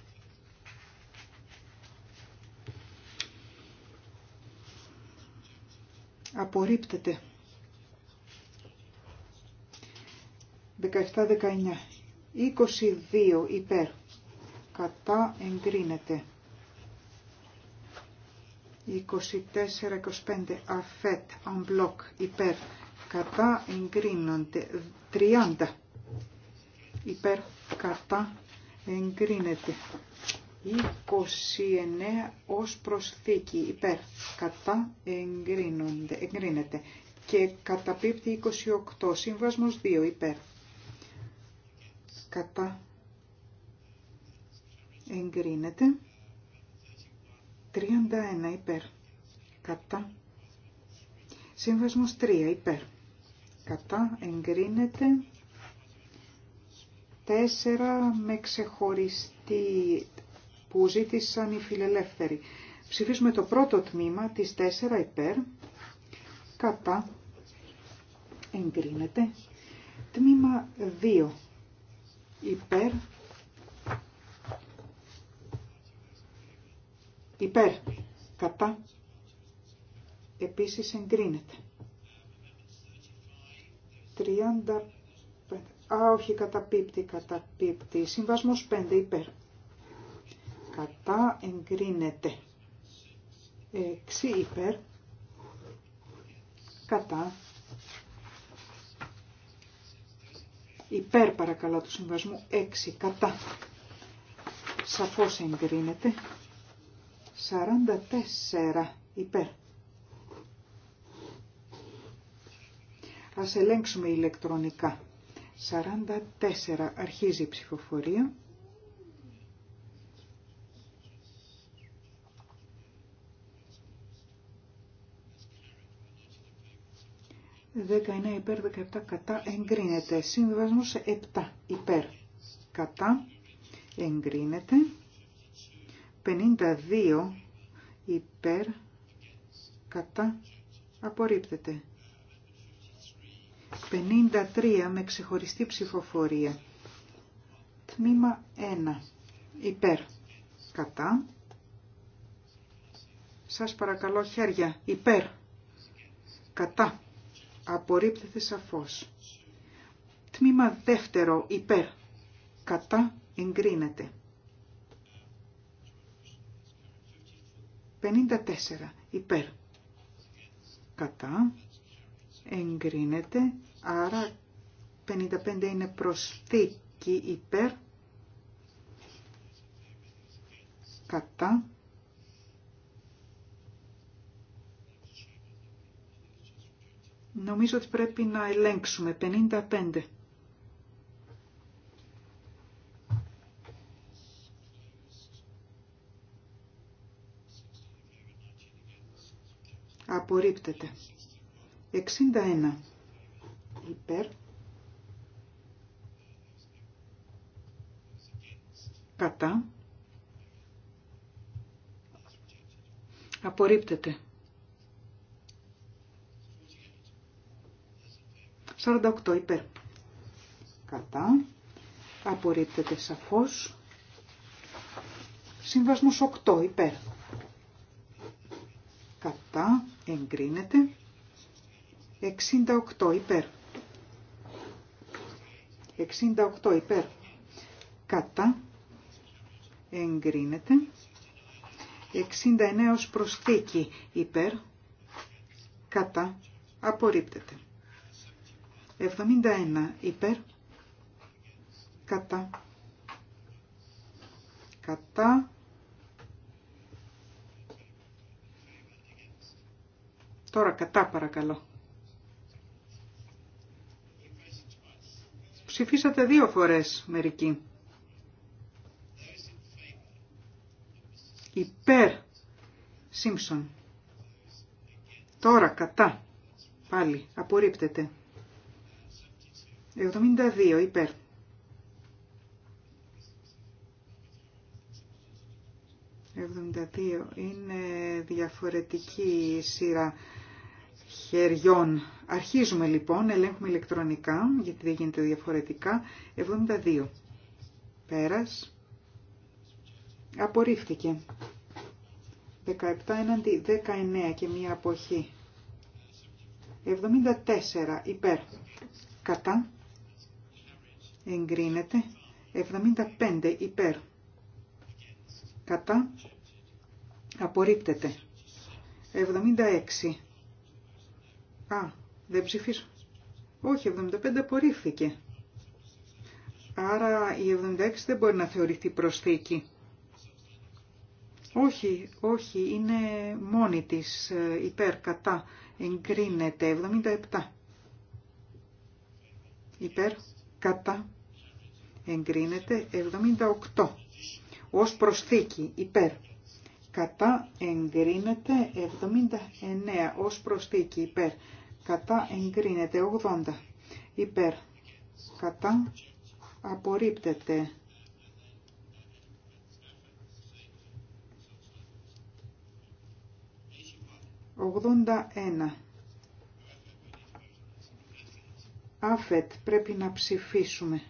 Απορρίπτεται. 17-19. 22 υπέρ. Κατά εγκρίνεται. 24-25 αφέτ αμπλοκ υπέρ. Κατά εγκρίνονται. 30 υπέρ. Κατά εγκρίνεται. 29 ως προσθήκη υπέρ. Κατά εγκρίνονται. εγκρίνεται. Και καταπίπτει 28. Σύμβασμος 2 υπέρ κατά εγκρίνεται 31 υπέρ κατά Σύμβασμος 3 υπέρ κατά εγκρίνεται 4 με ξεχωριστή που ζήτησαν οι φιλελεύθεροι. Ψηφίσουμε το πρώτο τμήμα της 4 υπέρ κατά εγκρίνεται τμήμα 2 υπέρ, υπέρ, κατά, επίσης εγκρίνεται. 35, α όχι κατά καταπίπτει, συμβασμός 5 υπέρ, κατά εγκρίνεται. 6 υπέρ, κατά Υπέρ παρακαλώ του συμβασμού 6 κατά. Σαφώς εγκρίνεται. 44 υπέρ. Ας ελέγξουμε ηλεκτρονικά. 44 αρχίζει η ψηφοφορία. 19 υπέρ, 17 κατά, εγκρίνεται. σε 7 υπέρ, κατά, εγκρίνεται. 52 υπέρ, κατά, απορρίπτεται. 53 με ξεχωριστή ψηφοφορία. Τμήμα 1 υπέρ, κατά. Σας παρακαλώ χέρια, υπέρ, κατά Απορρίπτεται σαφώς. Τμήμα δεύτερο υπέρ. Κατά εγκρίνεται. 54 υπέρ. Κατά εγκρίνεται. Άρα 55 είναι προσθήκη υπέρ. Κατά Νομίζω ότι πρέπει να ελέγξουμε. 55. Απορρίπτεται. 61. Υπέρ. Κατά. Απορρίπτεται. 48 υπέρ. Κατά. Απορρίπτεται σαφώς. Συμβασμός 8 υπέρ. Κατά. Εγκρίνεται. 68 υπέρ. 68 υπέρ. Κατά. Εγκρίνεται. 69 ως προσθήκη υπέρ. Κατά. Απορρίπτεται. 71 υπέρ κατά κατά τώρα κατά παρακαλώ ψηφίσατε δύο φορές μερικοί υπέρ Σίμψον τώρα κατά πάλι απορρίπτεται 72 υπέρ. Είναι διαφορετική σειρά χεριών. Αρχίζουμε λοιπόν, ελέγχουμε ηλεκτρονικά, γιατί δεν γίνεται διαφορετικά. 72. Πέρας. Απορρίφθηκε. 17 έναντι 19 και μία αποχή. 74 υπέρ. Κατά εγκρίνεται 75 υπέρ κατά απορρίπτεται 76 α δεν ψηφίσω όχι 75 απορρίφθηκε άρα η 76 δεν μπορεί να θεωρηθεί προσθήκη όχι, όχι, είναι μόνη της ε, υπέρ κατά εγκρίνεται 77 υπέρ κατά εγκρίνεται 78 ως προσθήκη υπέρ. Κατά εγκρίνεται 79 ως προσθήκη υπέρ. Κατά εγκρίνεται 80 υπέρ. Κατά απορρίπτεται. 81. ένα. Άφετ πρέπει να ψηφίσουμε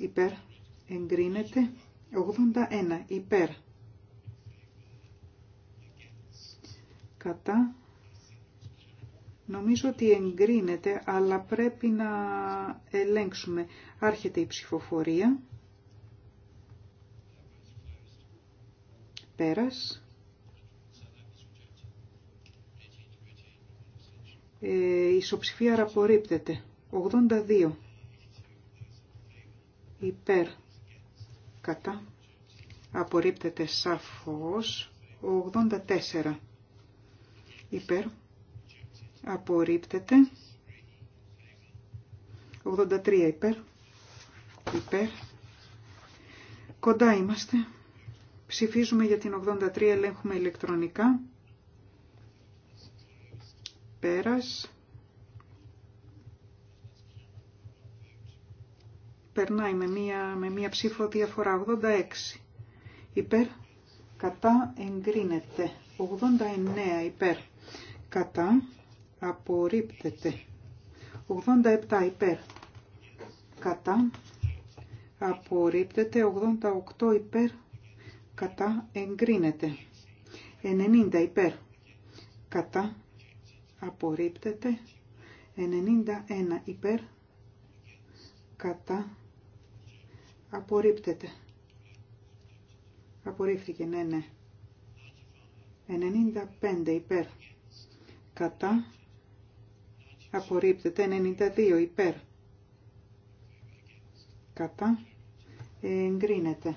υπέρ εγκρίνεται 81 υπέρ κατά νομίζω ότι εγκρίνεται αλλά πρέπει να ελέγξουμε άρχεται η ψηφοφορία πέρας ε, η ισοψηφία απορρίπτεται 82 υπέρ κατά απορρίπτεται σαφώς 84 υπέρ απορρίπτεται 83 υπέρ υπέρ κοντά είμαστε ψηφίζουμε για την 83 ελέγχουμε ηλεκτρονικά πέρας περνάει με μία, με μία ψήφο διαφορά 86 υπέρ κατά εγκρίνεται 89 υπέρ κατά απορρίπτεται 87 υπέρ κατά απορρίπτεται 88 υπέρ κατά εγκρίνεται 90 υπέρ κατά απορρίπτεται 91 υπέρ κατά Απορρίπτεται. Απορρίφθηκε, ναι, ναι. 95 υπέρ. Κατά. Απορρίπτεται. 92 υπέρ. Κατά. Εγκρίνεται.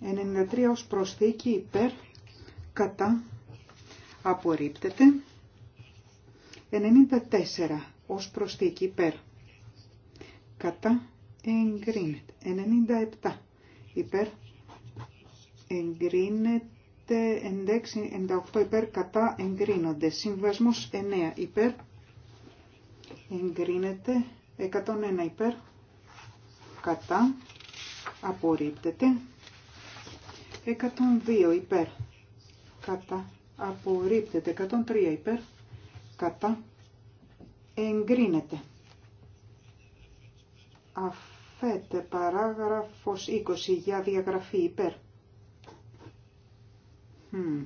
93 ως προσθήκη υπέρ. Κατά. Απορρίπτεται. 94 ως προσθήκη υπέρ κατά εγκρίνεται. 97 υπέρ εγκρίνεται. 96-98 υπέρ κατά εγκρίνονται. Συμβασμό 9 υπέρ εγκρίνεται. 101 υπέρ κατά απορρίπτεται. 102 υπέρ κατά απορρίπτεται. 103 υπέρ κατά εγκρίνεται. Αφέτε παράγραφος 20 για διαγραφή υπέρ. Hm.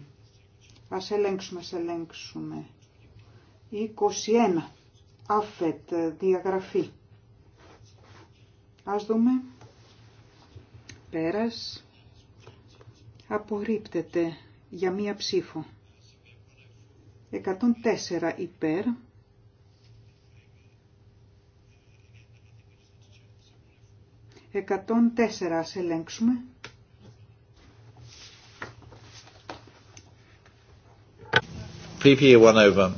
Ας ελέγξουμε, ας ελέγξουμε. 21. Αφέτε διαγραφή. Ας δούμε. Πέρας. Απορρίπτεται για μία ψήφο. 104 υπέρ. 104 ας ελέγξουμε. pp 1 over.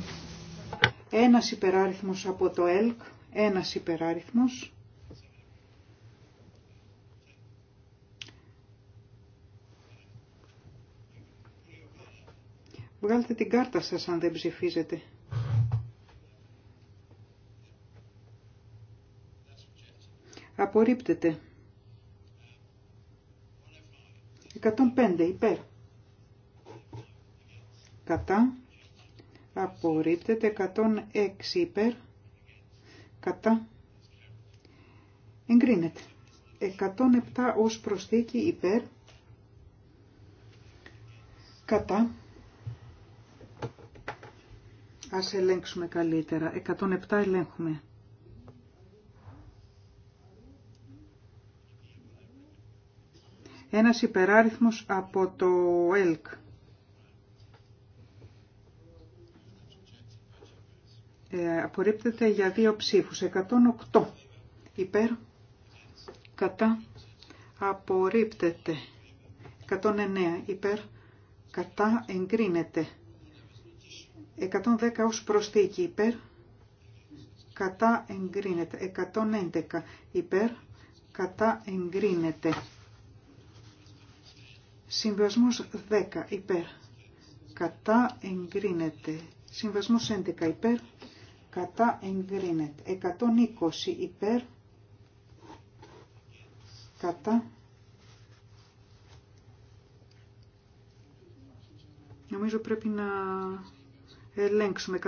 Ένας υπεράριθμος από το ΕΛΚ, ένας υπεράριθμος. Βγάλτε την κάρτα σας αν δεν ψηφίζετε. απορρίπτεται. 105 υπέρ. Κατά. Απορρίπτεται. 106 υπέρ. Κατά. Εγκρίνεται. 107 ως προσθήκη υπέρ. Κατά. Ας ελέγξουμε καλύτερα. 107 ελέγχουμε. Ένας υπεράριθμος από το ΕΛΚ. Ε, απορρίπτεται για δύο ψήφους. 108 υπέρ, κατά, απορρίπτεται. 109 υπέρ, κατά, εγκρίνεται. 110 ως προσθήκη υπέρ, κατά εγκρίνεται. 111 υπέρ, κατά εγκρίνεται. Συμβασμός 10 υπέρ. Κατά εγκρίνεται. Συμβασμός 11 υπέρ. Κατά εγκρίνεται. 120 υπέρ. Κατά. Νομίζω πρέπει να ελέγξουμε.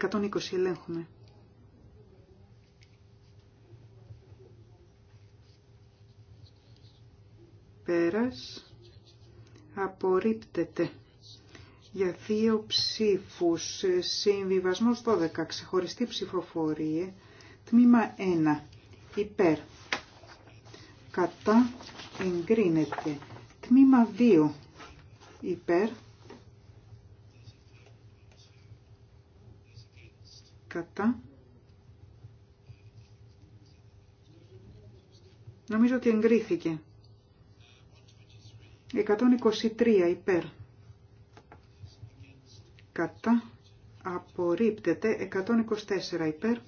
120 ελέγχουμε. Πέρας απορρίπτεται για δύο ψήφους, ε, συμβιβασμός 12, ξεχωριστή ψηφοφορία, τμήμα 1, υπέρ, κατά, εγκρίνεται, τμήμα 2, υπέρ, κατά, νομίζω ότι εγκρίθηκε. 123 υπέρ. Κατά απορρίπτεται 124 υπέρ.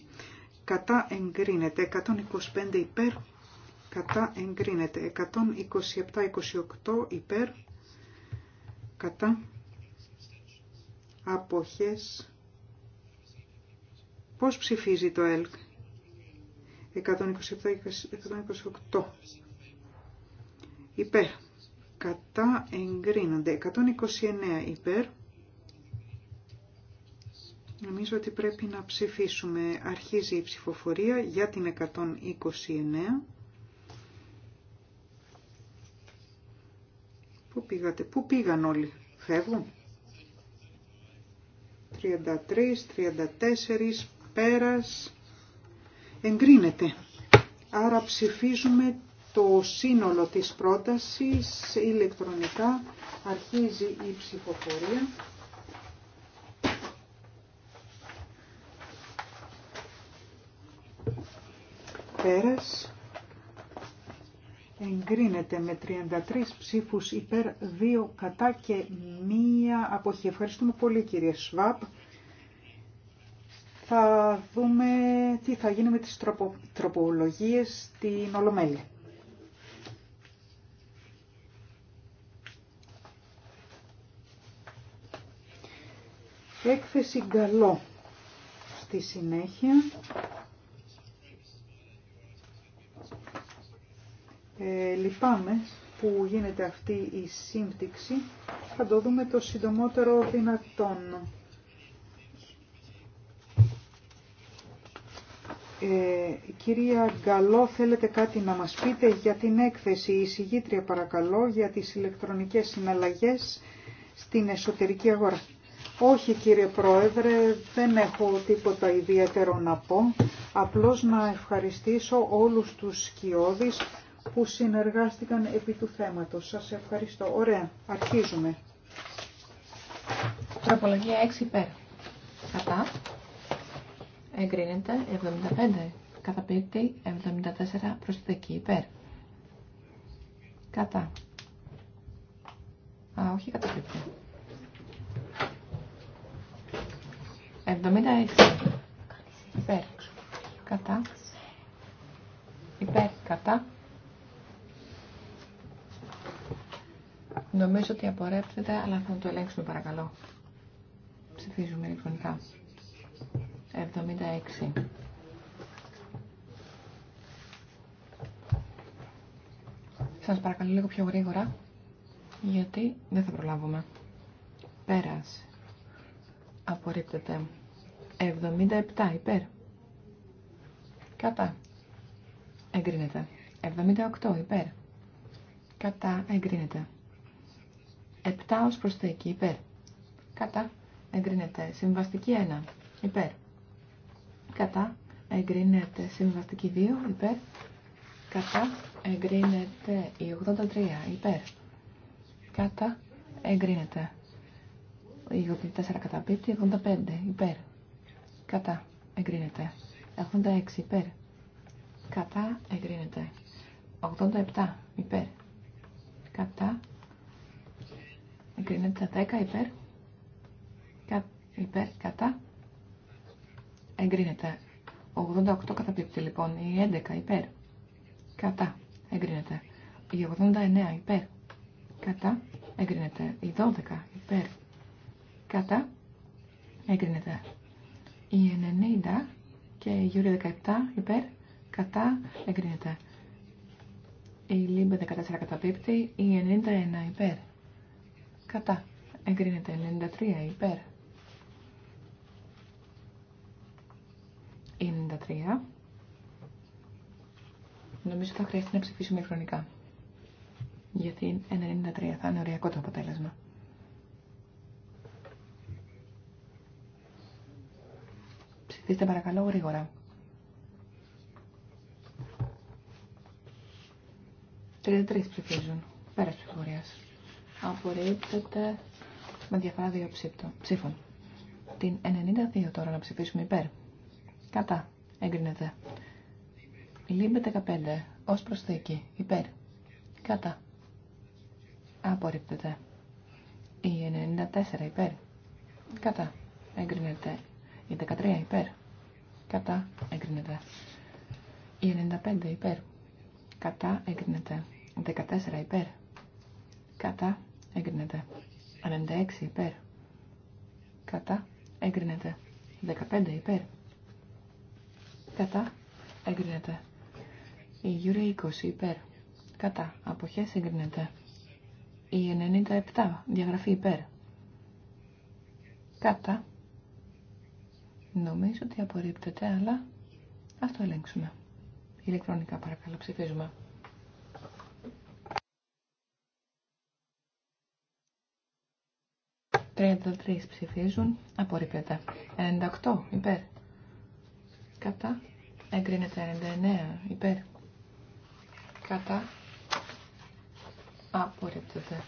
Κατά εγκρίνεται 125 υπέρ. Κατά εγκρίνεται 127-28 υπέρ. Κατά αποχές. Πώς ψηφίζει το ΕΛΚ. 127-128 υπέρ κατά εγκρίνονται. 129 υπέρ. Νομίζω ότι πρέπει να ψηφίσουμε. Αρχίζει η ψηφοφορία για την 129. Πού πήγατε, πού πήγαν όλοι, φεύγουν. 33, 34, πέρας, εγκρίνεται. Άρα ψηφίζουμε το σύνολο της πρότασης ηλεκτρονικά. Αρχίζει η ψηφοφορία. Πέρας εγκρίνεται με 33 ψήφους υπέρ 2 κατά και μία αποχή. Ευχαριστούμε πολύ κύριε Σβάπ. Θα δούμε τι θα γίνει με τις τροπο, τροπολογίες στην Ολομέλεια. Έκθεση Γκαλό. Στη συνέχεια ε, λυπάμαι που γίνεται αυτή η σύμπτυξη. Θα το δούμε το συντομότερο δυνατόν. Ε, κυρία Γκαλό, θέλετε κάτι να μας πείτε για την έκθεση η συγγήτρια παρακαλώ για τις ηλεκτρονικές συναλλαγές στην εσωτερική αγορά. Όχι κύριε Πρόεδρε, δεν έχω τίποτα ιδιαίτερο να πω. Απλώς να ευχαριστήσω όλους τους σκιώδεις που συνεργάστηκαν επί του θέματος. Σας ευχαριστώ. Ωραία, αρχίζουμε. Τροπολογία 6 υπέρ. Κατά. Εγκρίνεται 75. Καταπίπτει 74 προσθετική υπέρ. Κατά. Α, όχι καταπίπτει. 76. Υπέρ. Κατά. Υπέρ. Κατά. Νομίζω ότι απορρέπτεται, αλλά θα το ελέγξουμε παρακαλώ. Ψηφίζουμε ηλεκτρονικά. 76. Σας παρακαλώ λίγο πιο γρήγορα, γιατί δεν θα προλάβουμε. Πέρας. Απορρίπτεται. 77 υπέρ. Κατά. Εγκρίνεται. 78 υπέρ. Κατά. Εγκρίνεται. 7 ως προσθέκη υπέρ. Κατά. Εγκρίνεται. Συμβαστική 1 υπέρ. Κατά. Εγκρίνεται. Συμβαστική 2 υπέρ. Κατά. Εγκρίνεται. Η 83 υπέρ. Κατά. Εγκρίνεται. Η 84 καταπίπτει. 85 υπέρ Κατά. Εγκρίνεται. 86 υπέρ. Κατά. Εγκρίνεται. 87 υπέρ. Κατά. Εγκρίνεται. 10 υπέρ. Κα, Κατά. Εγκρίνεται. 88 καταπίπτει λοιπόν. Η 11 υπέρ. Κατά. Εγκρίνεται. Η 89 υπέρ. Κατά. Εγκρίνεται. Η 12 υπέρ. Κατά. Εγκρίνεται. Η 90 και η Γιούρια 17 υπέρ, κατά, εγκρίνεται. Η Λίμπε 14 καταπίπτει, η 91 υπέρ, κατά, εγκρίνεται. Η 93 υπέρ. Η 93. Νομίζω θα χρειαστεί να ψηφίσουμε χρονικά. Γιατί 93 θα είναι οριακό το αποτέλεσμα. Είστε, παρακαλώ γρήγορα. 33 ψηφίζουν. Πέρα ψηφορίας. Απορρίπτεται με διαφορά δύο ψήφων. Την 92 τώρα να ψηφίσουμε υπέρ. Κατά. Εγκρίνεται. Λίμπε 15. Ως προσθήκη. Υπέρ. Κατά. Απορρίπτεται. Η 94 υπέρ. Κατά. Εγκρίνεται. Η 13 υπέρ. Κατά. Εγκρίνεται. Η 95 υπέρ. Κατά. Εγκρίνεται. 14 υπέρ. Κατά. Εγκρίνεται. 96 υπέρ. Κατά. Εγκρίνεται. 15 υπέρ. Κατά. Εγκρίνεται. Η γύρω 20 υπέρ. Κατά. Αποχές εγκρίνεται. Η 97 διαγραφή υπέρ. Κατά. Νομίζω ότι απορρίπτεται, αλλά ας το ελέγξουμε. Ηλεκτρονικά παρακαλώ ψηφίζουμε. 33 ψηφίζουν, απορρίπτεται. 98 υπέρ. Κατά. Εγκρίνεται 99 υπέρ. Κατά. Απορρίπτεται.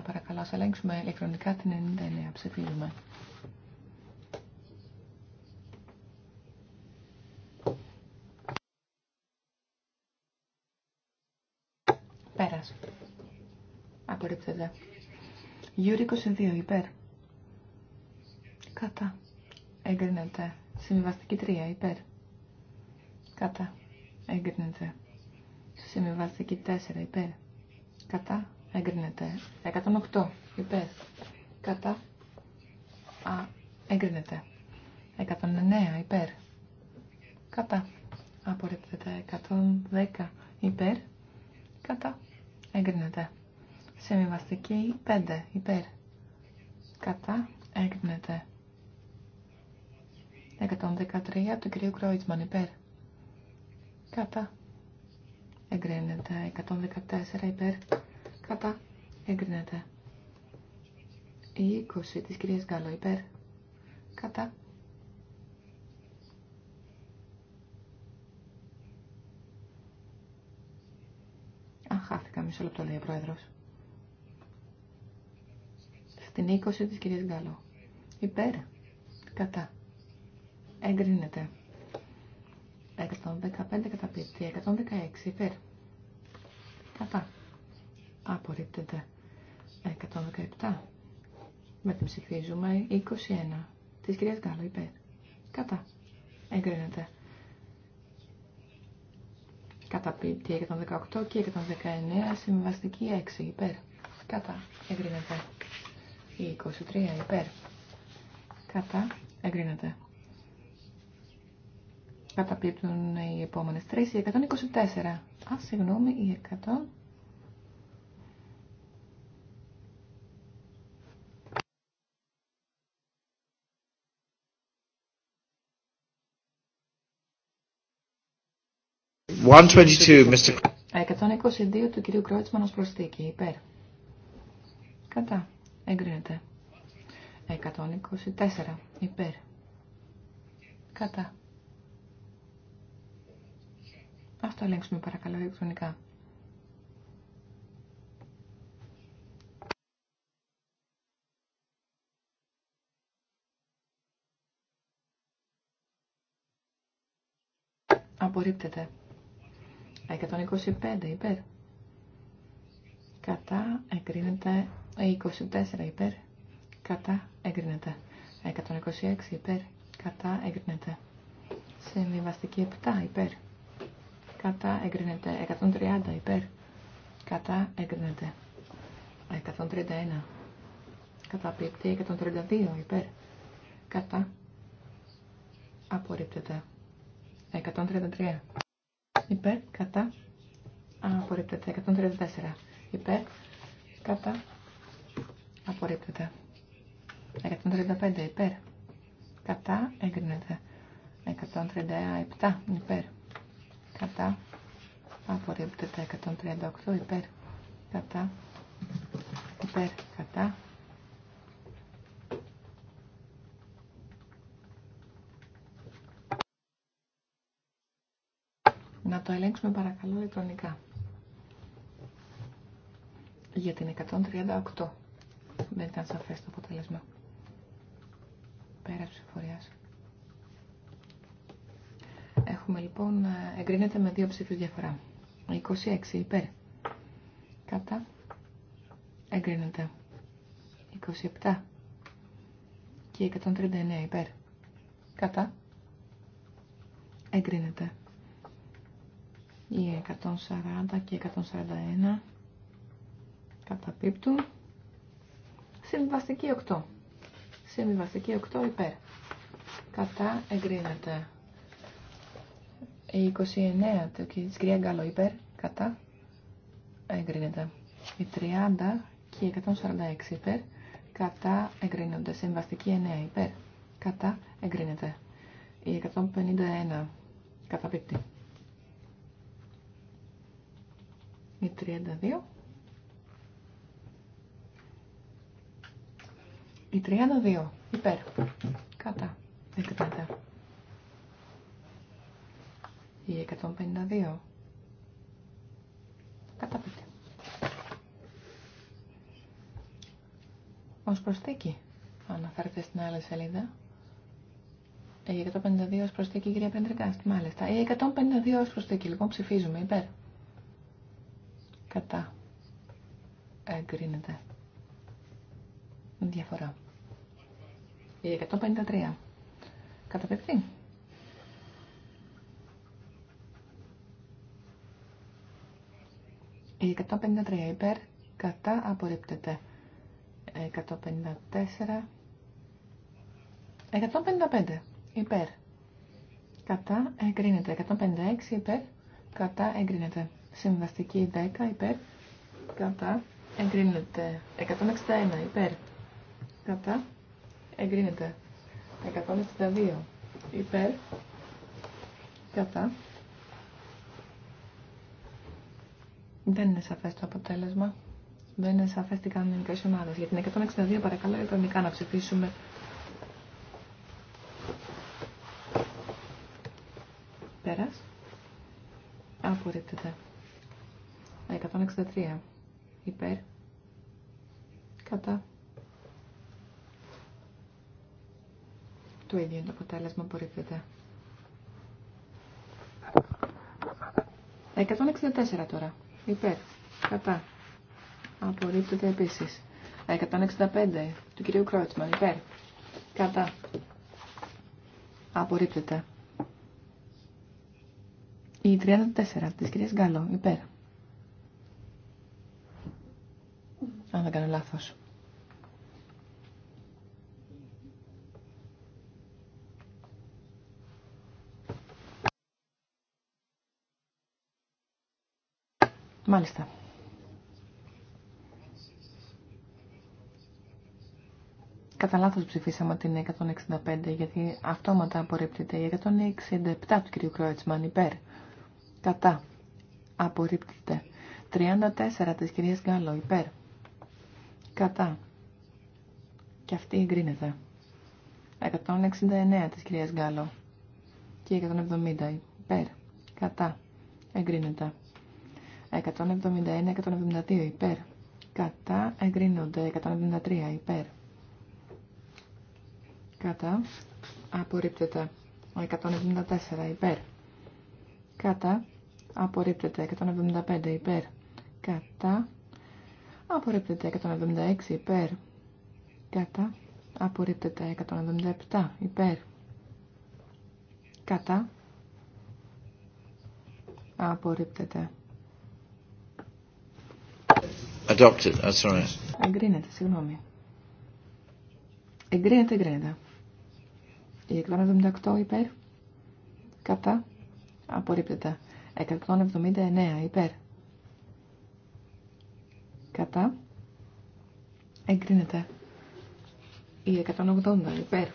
παρακαλώ. Ας ελέγξουμε ηλεκτρονικά την 99. Ψηφίζουμε. Πέρας. Απορρίπτεται. Γιούρι 22 υπέρ. Κατά. Εγκρίνεται. Συμβιβαστική 3 υπέρ. Κατά. Εγκρίνεται. Συμβιβαστική 4 υπέρ. Κατά. Εγκρίνεται. 108. Υπέρ. Κατά. Α. Εγκρίνεται. 109. Υπέρ. Κατά. Απορρίπτεται. 110. Υπέρ. Κατά. Εγκρίνεται. Σεμιβαστική 5. Υπέρ. Κατά. Εγκρίνεται. 113 του κυρίου Κρόιτσμαν. Υπέρ. Κατά. Εγκρίνεται. 114 υπέρ Κατά. Εγκρίνεται. Η 20 της κυρίας Γκάλο υπέρ. Κατά. Αχάθηκα μισό λεπτό λέει ο πρόεδρος. Στην 20 της κυρίας Γκάλο. Υπέρ. Κατά. Εγκρίνεται. 115 καταπίπτει. 116 υπέρ. Κατά απορρίπτεται 117. Με την ψηφίζουμε 21. Της κυρίας Γκάλο υπέρ. Κατά. Εγκρίνεται. Καταπίπτει 118 και 119 συμβαστική 6 υπέρ. Κατά. Εγκρίνεται. Η 23 υπέρ. Κατά. Εγκρίνεται. Καταπίπτουν οι επόμενες 3. Η 124. Α, συγγνώμη, η 100. 122, Mr. του κυρίου Κρότσμαν ως προσθήκη. Υπέρ. Κατά. Εγκρίνεται. 124. Υπέρ. Κατά. Ας το ελέγξουμε παρακαλώ ηλεκτρονικά. Απορρίπτεται. 125 υπέρ. Κατά εγκρίνεται 24 υπέρ. Κατά εγκρίνεται 126 υπέρ. Κατά εγκρίνεται. Συμβιβαστική 7 υπέρ. Κατά εγκρίνεται 130 υπέρ. Κατά εγκρίνεται 131. Καταπίπτει 132 υπέρ. Κατά απορρίπτεται 133 υπέρ, κατά, απορρίπτεται. 134 υπέρ, κατά, απορρίπτεται. 135 υπέρ, κατά, έγκρινεται. 137 υπέρ, κατά, απορρίπτεται. 138 υπέρ, κατά, υπέρ, κατά, το ελέγξουμε παρακαλώ ηλεκτρονικά. Για την 138. Δεν ήταν σαφέ το αποτέλεσμα. Πέρα ψηφοφορία. Έχουμε λοιπόν, ε, εγκρίνεται με δύο ψήφους διαφορά. 26 υπέρ. Κατά. Εγκρίνεται. 27 και 139 υπέρ. Κατά. Εγκρίνεται. Η 140 και 141 καταπίπτουν. Συμβιβαστική 8. Συμβιβαστική 8 υπέρ. Κατά εγκρίνεται. Η 29 το κυρία Γκάλο υπέρ. Κατά εγκρίνεται. Η 30 και 146 υπέρ. Κατά εγκρίνονται. Συμβαστική 9 υπέρ. Κατά εγκρίνεται. Η 151 καταπίπτει. Η 32. Η 32. Υπέρ. Κατά. Εγκρίνεται. Η 152. Καταπίτη. Ως προσθήκη. Αναφέρεται στην άλλη σελίδα. Η 152 ως προσθήκη, κυρία Πεντρικάστη, μάλιστα. Η 152 ως προσθήκη, λοιπόν, ψηφίζουμε υπέρ κατά εγκρίνεται διαφορά. Η 153 καταπληκτή. Η 153 υπέρ κατά απορρίπτεται. 154 155 υπέρ κατά εγκρίνεται. 156 υπέρ κατά εγκρίνεται. Συμβαστική 10 υπέρ. Κατά. Εγκρίνεται. 161 υπέρ. Κατά. Εγκρίνεται. 162 υπέρ. Κατά. Δεν είναι σαφές το αποτέλεσμα. Δεν είναι σαφέ τι κάνουν οι ελληνικέ ομάδε. Για την 162 παρακαλώ ηλεκτρονικά να ψηφίσουμε. Πέρα. Απορρίπτεται. 163 υπέρ κατά το ίδιο είναι το αποτέλεσμα απορρίπτεται 164 τώρα υπέρ κατά απορρίπτεται επίση. 165 του κυρίου Κρότσμαν υπέρ κατά απορρίπτεται η 34 της κυρίας Γκάλο υπέρ δεν κάνω λάθος. Μάλιστα. Κατά λάθος ψηφίσαμε την 165 γιατί αυτόματα απορρίπτεται η 167 του κ. Κρόιτσμαν υπέρ. Κατά. Απορρίπτεται. 34 της κυρίας Γκάλο υπέρ. Κατά. Και αυτή εγκρίνεται. 169 της κυρίας Γκάλο. Και 170 υπέρ. Κατά. Εγκρίνεται. 171-172 υπέρ. Κατά. Εγκρίνονται. 173 υπέρ. Κατά. Απορρίπτεται. 174 υπέρ. Κατά. Απορρίπτεται. 175 υπέρ. Κατά. Απορρίπτεται 176 υπέρ. Κατά. Απορρίπτεται 177 υπέρ. Κατά. Απορρίπτεται. Adopted, that's oh, right. Εγκρίνεται, συγγνώμη. Εγκρίνεται, εγκρίνεται. Η 178 υπέρ. Κατά. Απορρίπτεται. 179 υπέρ. Κατά. Εγκρίνεται. Η 180 υπέρ.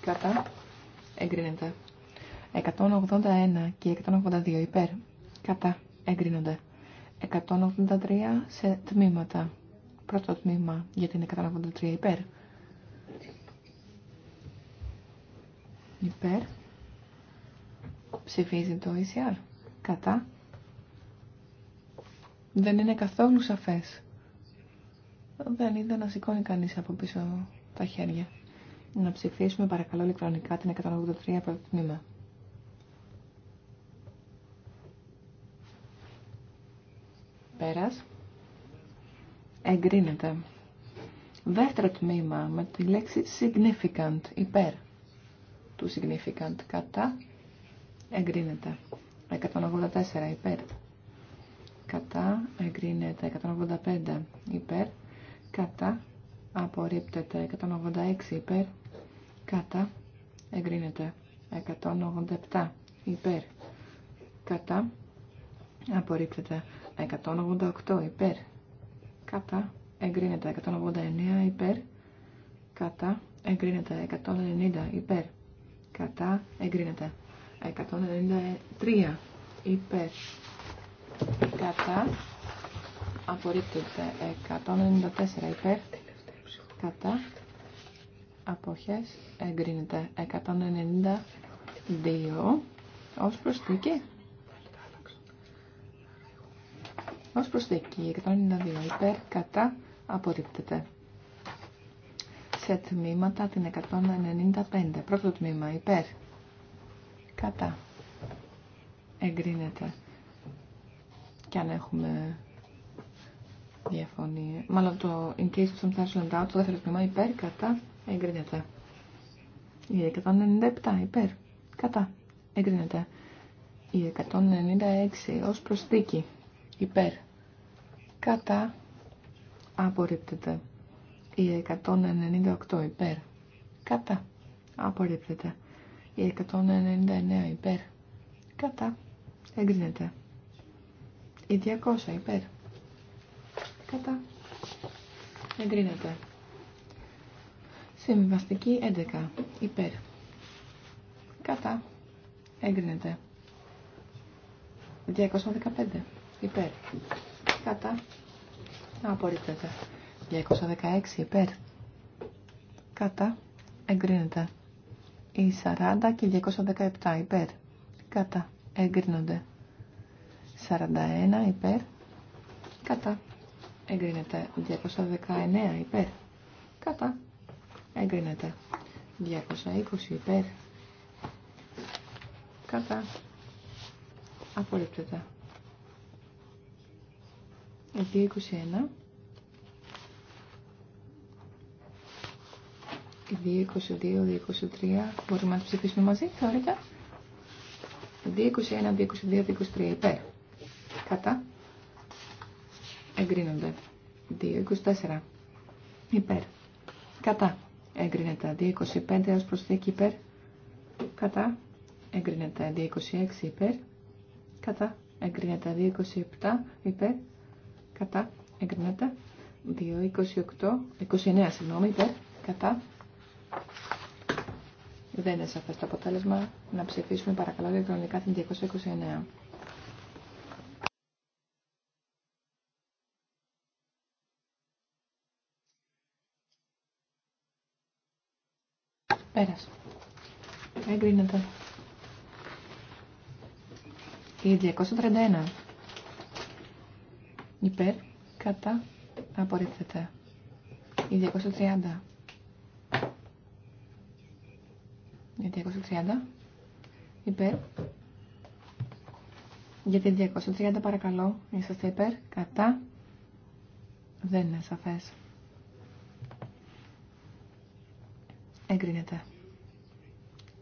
Κατά. Εγκρίνεται. 181 και 182 υπέρ. Κατά. Εγκρίνονται. 183 σε τμήματα. Πρώτο τμήμα για την 183 υπέρ. Υπέρ. Ψηφίζει το ECR. Κατά δεν είναι καθόλου σαφές. Δεν είδα να σηκώνει κανείς από πίσω τα χέρια. Να ψηφίσουμε παρακαλώ ηλεκτρονικά την 183 πρώτο τμήμα. Πέρας. Εγκρίνεται. Δεύτερο τμήμα με τη λέξη significant, υπέρ του significant, κατά, εγκρίνεται. 184 υπέρ κατά εγκρίνεται 185 υπέρ κατά απορρίπτεται 186 υπέρ κατά εγκρίνεται 187 υπέρ κατά απορρίπτεται 188 υπέρ κατά εγκρίνεται 189 υπέρ κατά εγκρίνεται 190 υπέρ κατά εγκρίνεται 193 υπέρ κατά απορρίπτεται 194 υπέρ κατά αποχές εγκρίνεται 192 ως προσθήκη ως προσθήκη 192 υπέρ κατά απορρίπτεται σε τμήματα την 195 πρώτο τμήμα υπέρ κατά εγκρίνεται και αν έχουμε διαφωνία. Μάλλον το in case of some national doubt, το δεύτερο τμήμα υπέρ, κατά, εγκρίνεται. Η 197 υπέρ, κατά, εγκρίνεται. Η 196 ως προσθήκη υπέρ, κατά, απορρίπτεται. Η 198 υπέρ, κατά, απορρίπτεται. Η 199 υπέρ, κατά, εγκρίνεται. Η 200 υπέρ. Κατά. Εγκρίνεται. Συμβιβαστική 11 υπέρ. Κατά. Εγκρίνεται. 215 υπέρ. Κατά. Απορρίπτεται. 216 υπέρ. Κατά. Εγκρίνεται. Η 40 και 217 υπέρ. Κατά. Εγκρίνονται. 41 υπέρ κατά εγκρίνεται 219 υπέρ κατά εγκρίνεται 220 υπέρ κατά απορρίπτεται 221 222-223 23, μπορούμε να τις ψηφίσουμε μαζί, θεωρείτε. 2, 21, 22, 23, υπέρ. Κατά. Εγκρίνονται. 2.24. Υπέρ. Κατά. Εγκρίνεται. 2.25 ως προσθήκη υπέρ. Κατά. Εγκρίνεται. 2.26 υπέρ. Κατά. Εγκρίνεται. 27 υπέρ. Κατά. Εγκρίνεται. 2.28. 29 συγγνώμη υπέρ. Κατά. Δεν είναι σαφές το αποτέλεσμα. Να ψηφίσουμε παρακαλώ ηλεκτρονικά την 229. Πέρασε. Εγκρίνεται. Η 231. Υπέρ, κατά, απορρίπτεται. Η 230. Η 230. Υπέρ. Για τη 230 παρακαλώ, είσαστε υπέρ, κατά, δεν είναι σαφές. Εγκρίνεται.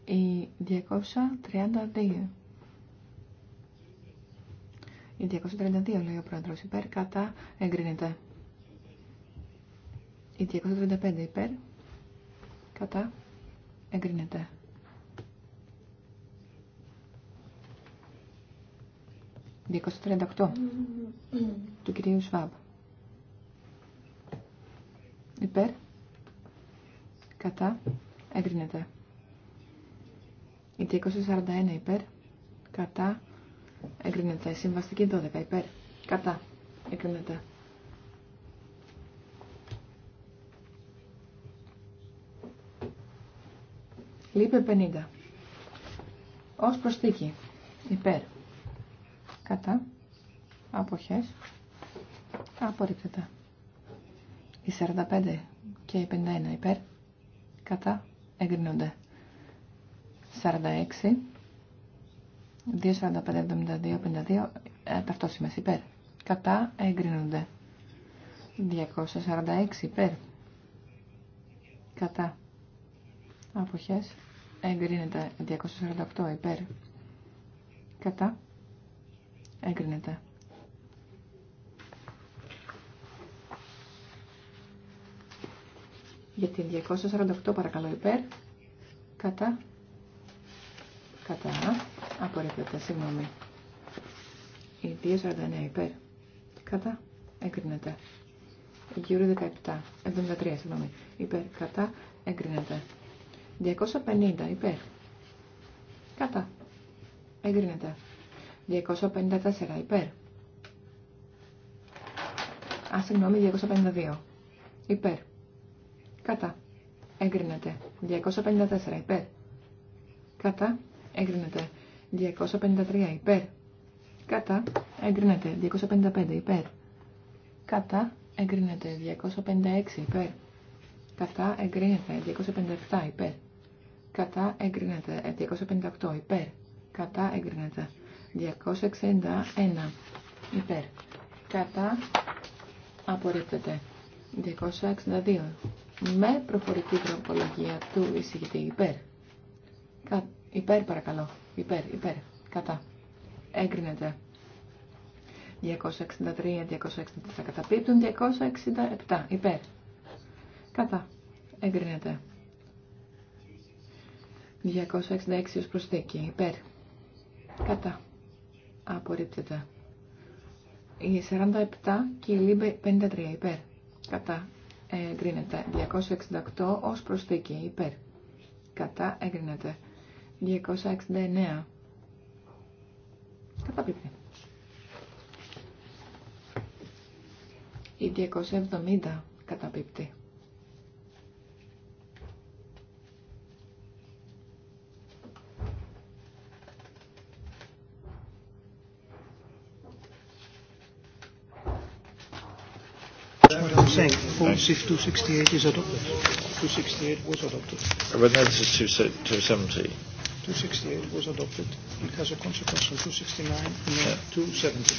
Η 232. Η 232 λέει ο πρόεδρος υπέρ, κατά εγκρίνεται. Η 235 υπέρ, κατά εγκρίνεται. Η 238 του κυρίου Σβάμπ. Υπέρ, κατά, εγκρίνεται. Η 241 υπέρ, κατά, εγκρίνεται. Η συμβαστική 12 υπέρ, κατά, εγκρίνεται. Λείπε 50. Ως προστίκη. Υπέρ. Κατά. Αποχές. Απορρίπτεται. Η 45 και η 51 υπέρ κατά εγκρίνονται. 46, 245, 72, 52, υπέρ. Κατά εγκρίνονται. 246 υπέρ. Κατά. Αποχές. Εγκρίνεται. 248 υπέρ. Κατά. Εγκρίνεται. Για την 248 παρακαλώ υπέρ. Κατά. Κατά. Απορρίπτεται, συγγνώμη. Η 249 υπέρ. Κατά. Εγκρίνεται. Γύρω 17. 73, συγγνώμη. Υπέρ. Κατά. Εγκρίνεται. 250 υπέρ. Κατά. Εγκρίνεται. 254 υπέρ. Α, συγγνώμη, 252. Υπέρ. Κατά. Εγκρίνεται. 254 υπέρ. Κατά. Εγκρίνεται. 253 υπέρ. Κατά. Εγκρίνεται. 255 υπέρ. Κατά. Εγκρίνεται. 256 υπέρ. Κατά. Εγκρίνεται. 257 υπέρ. Κατά. Εγκρίνεται. 258 υπέρ. Κατά. Εγκρίνεται. 261 υπέρ. Κατά. Απορρίπτεται. 262 με προφορική τροπολογία του εισηγητή υπέρ. Κα... Υπέρ παρακαλώ. Υπέρ, υπέρ. Κατά. Έγκρινεται. 263, 264 καταπίπτουν, 267 υπέρ. Κατά. Έγκρινεται. 266 ως προσθήκη υπέρ. Κατά. Απορρίπτεται. Η 47 και η λίμπε 53 υπέρ. Κατά εγκρίνεται. 268 ως προσθήκη υπέρ. Κατά εγκρίνεται. 269. καταπιπτει Η 270 καταπίπτει. falls if 268 is adopted. 268 was adopted. But no, is 270. 268 was adopted. It has a consequence on 269 and 270,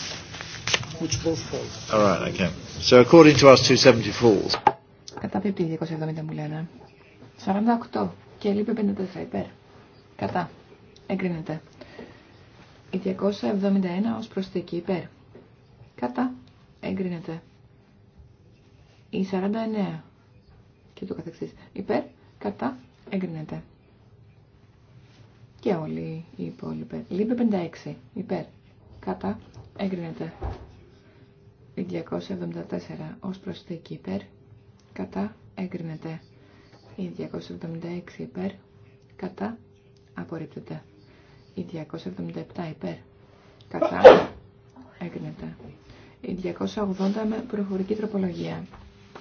which both fall. All right, okay. So according to us, 270 falls. Καταπίπτει η 270 μου λένε. 48 και λείπει 54 υπέρ. Κατά. Εγκρίνεται. Η 271 ως προσθήκη υπέρ. Κατά. Εγκρίνεται. Η 49 και το καθεξής. Υπέρ, κατά, εγκρίνεται. Και όλοι οι υπόλοιποι. λιπε 56. Υπέρ, κατά, εγκρίνεται. 274 ως προσθήκη υπέρ, κατά, εγκρίνεται. 276 υπέρ, κατά, απορρίπτεται. Η 277 υπέρ, κατά, εγκρίνεται. Η 280 με προφορική τροπολογία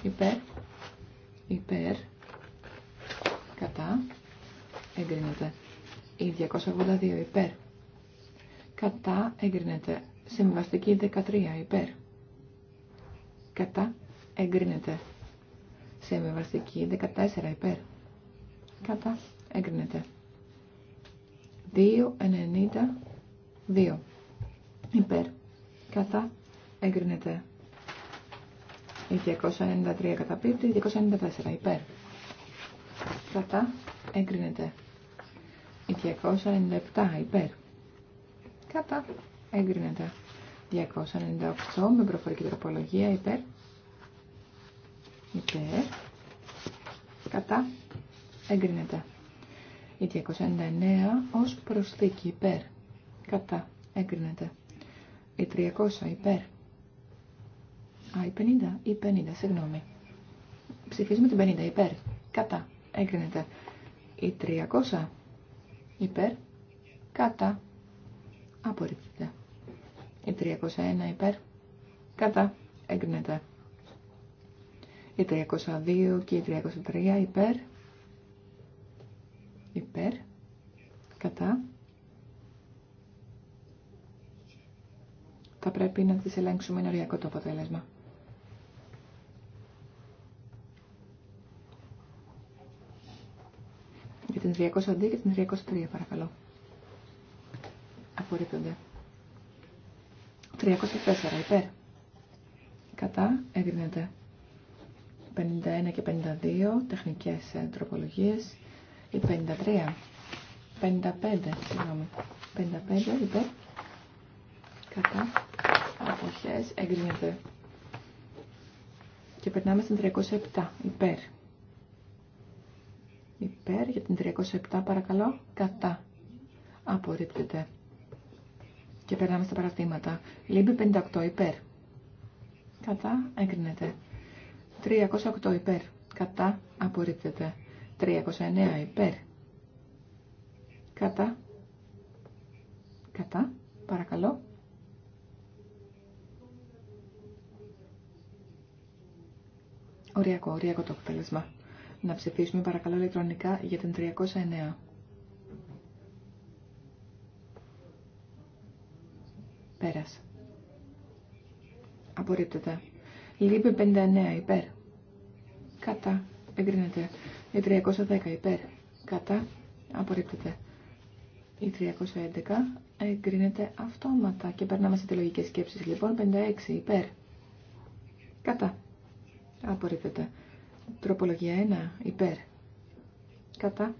υπέρ, υπέρ, κατά, εγκρίνεται. Η 282 υπέρ, κατά, εγκρίνεται. Συμβαστική 13 υπέρ, κατά, εγκρίνεται. Συμβαστική 14 υπέρ, κατά, εγκρίνεται. 292 υπέρ, κατά, εγκρίνεται. Η 293 καταπίπτει, 294 υπέρ. Κατά εγκρίνεται. Η 297 υπέρ. Κατά εγκρίνεται. 298 με προφορική τροπολογία υπέρ. Υπέρ. Κατά εγκρίνεται. Η 299 ως προσθήκη υπέρ. Κατά εγκρίνεται. Η 300 υπέρ. Α, η 50, η 50, συγγνώμη. Ψηφίζουμε την 50, υπέρ. Κατά. Έγκρινεται. Η 300, υπέρ. Κατά. Απορρίπτεται. Η 301, υπέρ. Κατά. Έγκρινεται. Η 302 και η 303, υπέρ. Υπέρ. Κατά. θα πρέπει να τις ελέγξουμε ενωριακό το αποτέλεσμα. Για την 302 και την 303 παρακαλώ. Απορρίπτονται. 304 υπέρ. Κατά εγκρίνεται. 51 και 52 τεχνικές ε, τροπολογίες. Η 53. 55, συγγνώμη. 55 υπέρ. Κατά αποχές εγκρίνεται. Και περνάμε στην 307 υπέρ Υπέρ για την 307 παρακαλώ. Κατά. Απορρίπτεται. Και περνάμε στα παραθύματα. Λίμπη 58 υπέρ. Κατά. Έγκρινεται. 308 υπέρ. Κατά. Απορρίπτεται. 309 υπέρ. Κατά. Κατά. Παρακαλώ. Οριακό, οριακό το αποτέλεσμα. Να ψηφίσουμε παρακαλώ ηλεκτρονικά για την 309. Πέρασε. Απορρίπτεται. Λείπει 59 υπέρ. Κατά. Εγκρίνεται. Η 310 υπέρ. Κατά. Απορρίπτεται. Η 311 εγκρίνεται αυτόματα. Και περνάμε σε τελογικές σκέψεις λοιπόν. 56 υπέρ. Κατά. Απορρίπτεται. Τροπολογία 1. Υπέρ. Κατά.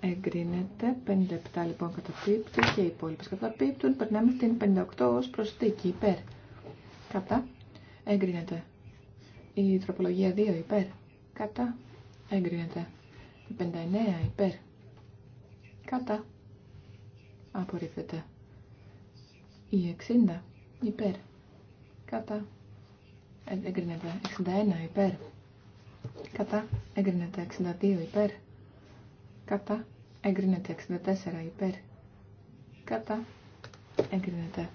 Εγκρίνεται. 57 λοιπόν καταπίπτει και οι υπόλοιπε καταπίπτουν. Περνάμε στην 58 ω προσθήκη. Υπέρ. Κατά. Εγκρίνεται. Η τροπολογία 2 υπέρ. Κατά. Εγκρίνεται. Η 59 υπέρ. Κατά. Απορρίφεται. Η 60 υπέρ. Κατά. Ε, εγκρίνεται. 61 υπέρ. Κατά εγκρίνεται 62 υπέρ. Κατά εγκρίνεται 64 υπέρ. Κατά εγκρίνεται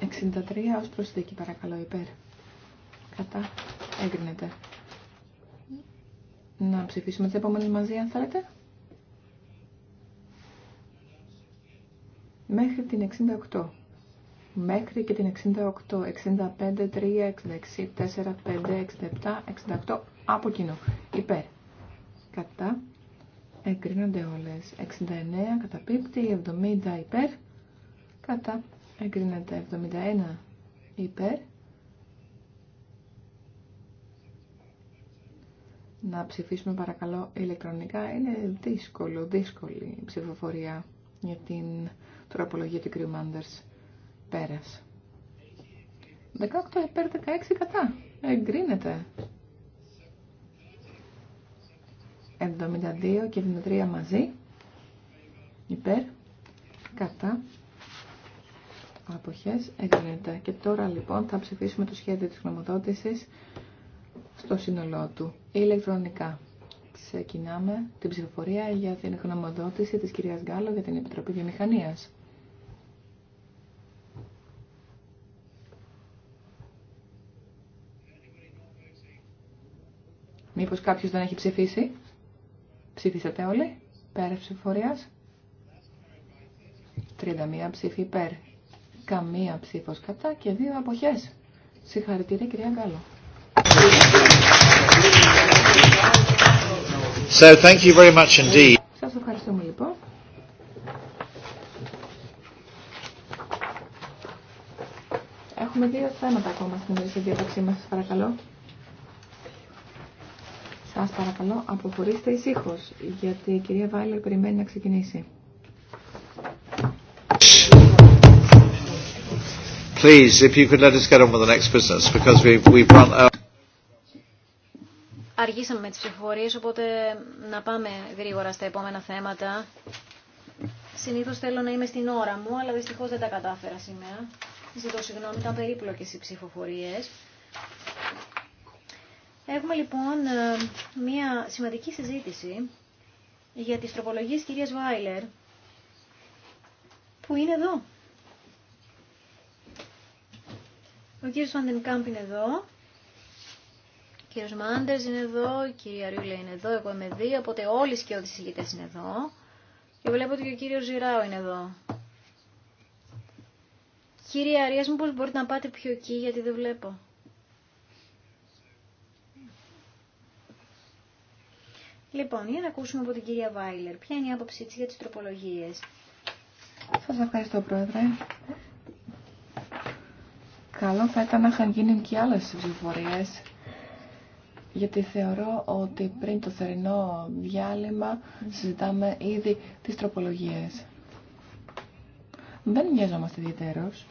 63 ως προσθήκη παρακαλώ υπέρ. Κατά εγκρίνεται. Να ψηφίσουμε τις επόμενες μαζί αν θέλετε. Μέχρι την 68 μέχρι και την 68, 65, 3, 66, 4, 5, 67, 68 από κοινού. Υπέρ. Κατά. Εγκρίνονται όλες. 69 καταπίπτει, 70 υπέρ. Κατά. Εγκρίνεται 71 υπέρ. Να ψηφίσουμε παρακαλώ ηλεκτρονικά. Είναι δύσκολο, δύσκολη η ψηφοφορία για την τροπολογία του κ. Πέρας. 18 υπέρ 16 κατά. Εγκρίνεται. 72 και 73 μαζί. Υπέρ. Κατά. Αποχές. Εγκρίνεται. Και τώρα λοιπόν θα ψηφίσουμε το σχέδιο της γνωμοδότησης στο σύνολό του. Ηλεκτρονικά. Ξεκινάμε την ψηφοφορία για την γνωμοδότηση της κυρίας Γκάλο για την Επιτροπή Βιομηχανίας. Μήπως κάποιος δεν έχει ψηφίσει. Ψήφισατε όλοι. Πέρα ψηφορίας. 31 ψήφοι υπέρ. Καμία ψήφος κατά και δύο αποχές. Συγχαρητήρια κυρία Γκάλο. So, thank you very much indeed. ευχαριστούμε λοιπόν. Έχουμε δύο θέματα ακόμα στην διαδικασία διάταξή μας, παρακαλώ. Σας παρακαλώ, αποχωρήστε ήσυχω. γιατί η κυρία Βάιλερ περιμένει να ξεκινήσει. Please, if you could let us get on with the next business, because we, we Αργήσαμε με τις ψηφοφορίες, οπότε να πάμε γρήγορα στα επόμενα θέματα. Συνήθως θέλω να είμαι στην ώρα μου, αλλά δυστυχώς δεν τα κατάφερα σήμερα. Ζητώ συγγνώμη, ήταν περίπλοκες οι ψηφοφορίες. Έχουμε λοιπόν ε, μια σημαντική συζήτηση για τις τροπολογίες κυρίας Βάιλερ που είναι εδώ. Ο κύριος Φαντενκάμπ είναι εδώ. Ο κύριος Μάντερς είναι εδώ, η κυρία Ριούλα είναι εδώ, εγώ είμαι δύο, οπότε όλοι οι σκιώδεις είναι εδώ. Και βλέπω ότι και ο κύριος Ζηράου είναι εδώ. Κύριε Αρίας, μήπως μπορείτε να πάτε πιο εκεί γιατί δεν βλέπω. Λοιπόν, για να ακούσουμε από την κυρία Βάιλερ, ποια είναι η άποψή της για τις τροπολογίες. Σας ευχαριστώ, Πρόεδρε. Καλό θα ήταν να είχαν γίνει και άλλες ψηφοφορίες, γιατί θεωρώ ότι πριν το θερινό διάλειμμα συζητάμε ήδη τις τροπολογίες. Δεν μοιάζομαστε ιδιαίτερως,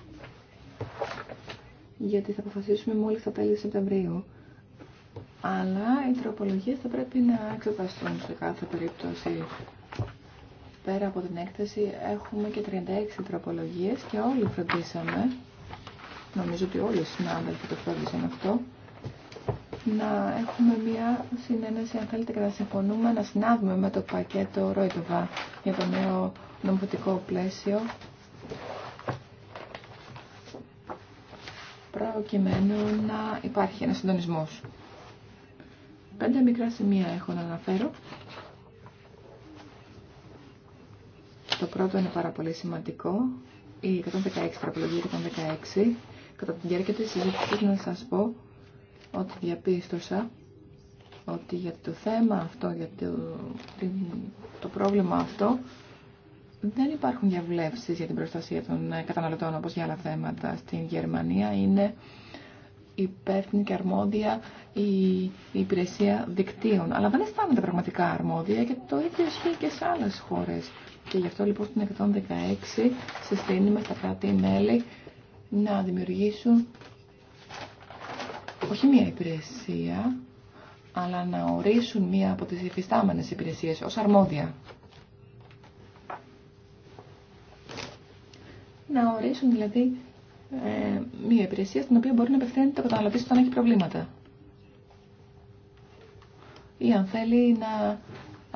γιατί θα αποφασίσουμε μόλις τα τέλη Σεπτεμβρίου αλλά οι τροπολογίε θα πρέπει να εξεταστούν σε κάθε περίπτωση. Πέρα από την έκθεση έχουμε και 36 τροπολογίε και όλοι φροντίσαμε, νομίζω ότι όλοι οι συνάδελφοι το φρόντισαν αυτό, να έχουμε μια συνένεση, αν θέλετε, και να συμφωνούμε, να συνάδουμε με το πακέτο Ρόιτοβα για το νέο νομοθετικό πλαίσιο. Προκειμένου να υπάρχει ένα συντονισμός. Πέντε μικρά σημεία έχω να αναφέρω. Το πρώτο είναι πάρα πολύ σημαντικό. Η 116, τραπολογία 116. Κατά τη διάρκεια της συζήτησης να σας πω ότι διαπίστωσα ότι για το θέμα αυτό, για το, το πρόβλημα αυτό, δεν υπάρχουν διαβλέψεις για την προστασία των καταναλωτών όπως για άλλα θέματα στην Γερμανία. Είναι υπεύθυνη και αρμόδια η υπηρεσία δικτύων. Αλλά δεν αισθάνονται πραγματικά αρμόδια και το ίδιο ισχύει και σε άλλες χώρες. Και γι' αυτό λοιπόν στην 116 συστήνουμε στα κράτη-μέλη να δημιουργήσουν όχι μία υπηρεσία, αλλά να ορίσουν μία από τις υφιστάμενες υπηρεσίες ως αρμόδια. Να ορίσουν δηλαδή ε, μια υπηρεσία στην οποία μπορεί να απευθύνεται το καταναλωτή όταν έχει προβλήματα. Ή αν θέλει να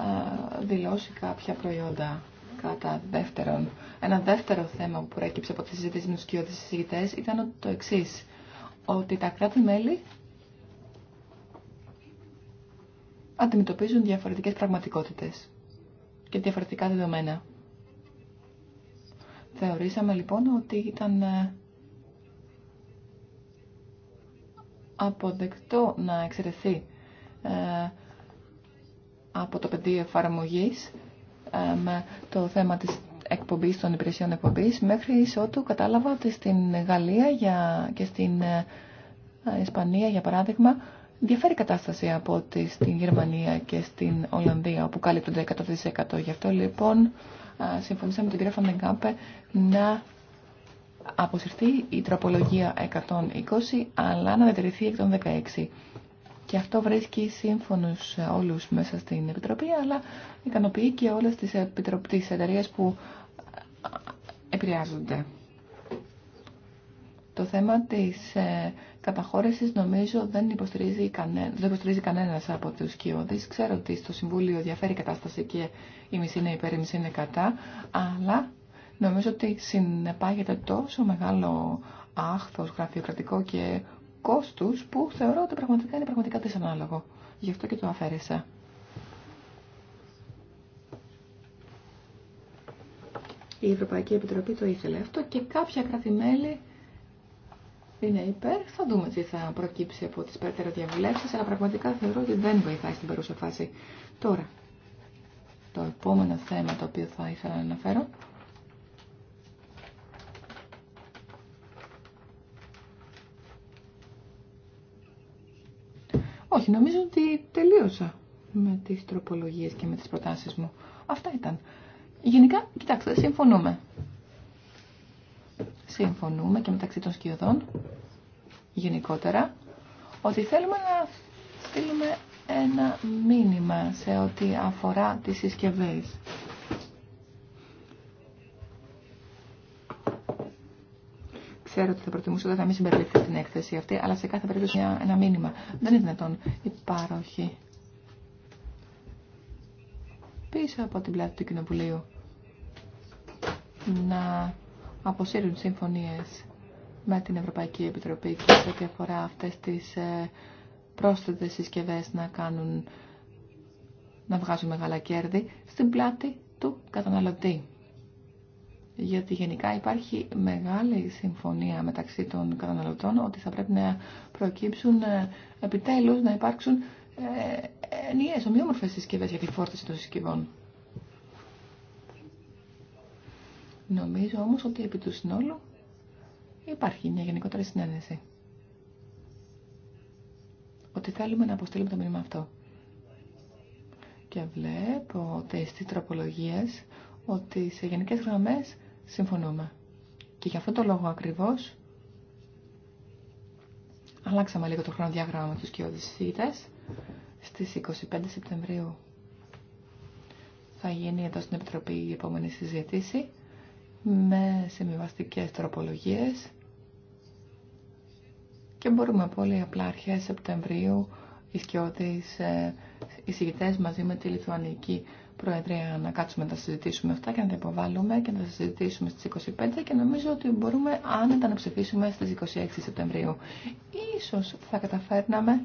α, δηλώσει κάποια προϊόντα κατά δεύτερον. Ένα δεύτερο θέμα που προέκυψε από τη συζήτηση με του κοιότητε συζητητέ ήταν το εξή. Ότι τα κράτη-μέλη αντιμετωπίζουν διαφορετικές πραγματικότητες και διαφορετικά δεδομένα. Θεωρήσαμε λοιπόν ότι ήταν ε, αποδεκτό να εξαιρεθεί ε, από το πεδίο εφαρμογή ε, με το θέμα της εκπομπής των υπηρεσιών εκπομπής μέχρι ότου κατάλαβα ότι στην Γαλλία για, και στην ε, Ισπανία για παράδειγμα διαφέρει κατάσταση από ότι στην Γερμανία και στην Ολλανδία όπου κάλυπτονται 100% γι' αυτό λοιπόν συμφωνήσαμε με την κυρία Φαντεγκάμπε να αποσυρθεί η τροπολογία 120 αλλά να διατηρηθεί εκ 16. Και αυτό βρίσκει σύμφωνους όλους μέσα στην Επιτροπή αλλά ικανοποιεί και όλες τις, επιτροπ... τις εταιρείε που επηρεάζονται. Το θέμα της ε, καταχώρησης νομίζω δεν υποστηρίζει, κανένα δεν υποστηρίζει κανένας από τους κοιόδης. Ξέρω ότι στο Συμβούλιο διαφέρει η κατάσταση και η μισή είναι υπέρ, η μισή είναι κατά, αλλά νομίζω ότι συνεπάγεται τόσο μεγάλο άχθος γραφειοκρατικό και κόστους που θεωρώ ότι πραγματικά είναι πραγματικά δυσανάλογο. Γι' αυτό και το αφαίρεσα. Η Ευρωπαϊκή Επιτροπή το ήθελε αυτό και κάποια κράτη-μέλη είναι υπέρ. Θα δούμε τι θα προκύψει από τις περαιτέρω διαβουλεύσεις, αλλά πραγματικά θεωρώ ότι δεν βοηθάει στην παρούσα φάση. Τώρα, το επόμενο θέμα το οποίο θα ήθελα να αναφέρω Όχι, νομίζω ότι τελείωσα με τις τροπολογίες και με τις προτάσεις μου. Αυτά ήταν. Γενικά, κοιτάξτε, συμφωνούμε. Συμφωνούμε και μεταξύ των σκιωδών, γενικότερα, ότι θέλουμε να στείλουμε ένα μήνυμα σε ό,τι αφορά τις συσκευές. Ξέρω ότι θα προτιμούσα να μην συμπεριληφθεί στην έκθεση αυτή, αλλά σε κάθε περίπτωση ένα μήνυμα. Δεν είναι δυνατόν η παροχή πίσω από την πλάτη του Κοινοβουλίου να αποσύρουν συμφωνίες με την Ευρωπαϊκή Επιτροπή και σε ό,τι αφορά αυτές τις ε, πρόσθετες συσκευές να κάνουν να βγάζουν μεγάλα κέρδη στην πλάτη του καταναλωτή γιατί γενικά υπάρχει μεγάλη συμφωνία μεταξύ των καταναλωτών ότι θα πρέπει να προκύψουν ε, επιτέλους να υπάρξουν ε, ενιαίες ομοιόμορφες συσκευές για τη φόρτιση των συσκευών. Νομίζω όμως ότι επί του συνόλου υπάρχει μια γενικότερη συνένεση. Ότι θέλουμε να αποστείλουμε το μήνυμα αυτό. Και βλέπω ότι στις τροπολογίες ότι σε γενικές γραμμές Συμφωνούμε. Και για αυτό το λόγο ακριβώς αλλάξαμε λίγο το χρονοδιάγραμμα με τους κοιόδησίτες. Στις 25 Σεπτεμβρίου θα γίνει εδώ στην Επιτροπή η επόμενη συζήτηση με συμβιβαστικές τροπολογίες και μπορούμε πολύ απλά αρχές Σεπτεμβρίου οι σκιώδεις ε, μαζί με τη Λιθουανική Προεδρία να κάτσουμε να συζητήσουμε αυτά και να τα υποβάλουμε και να τα συζητήσουμε στις 25 και νομίζω ότι μπορούμε άνετα να ψηφίσουμε στις 26 Σεπτεμβρίου. Ίσως θα καταφέρναμε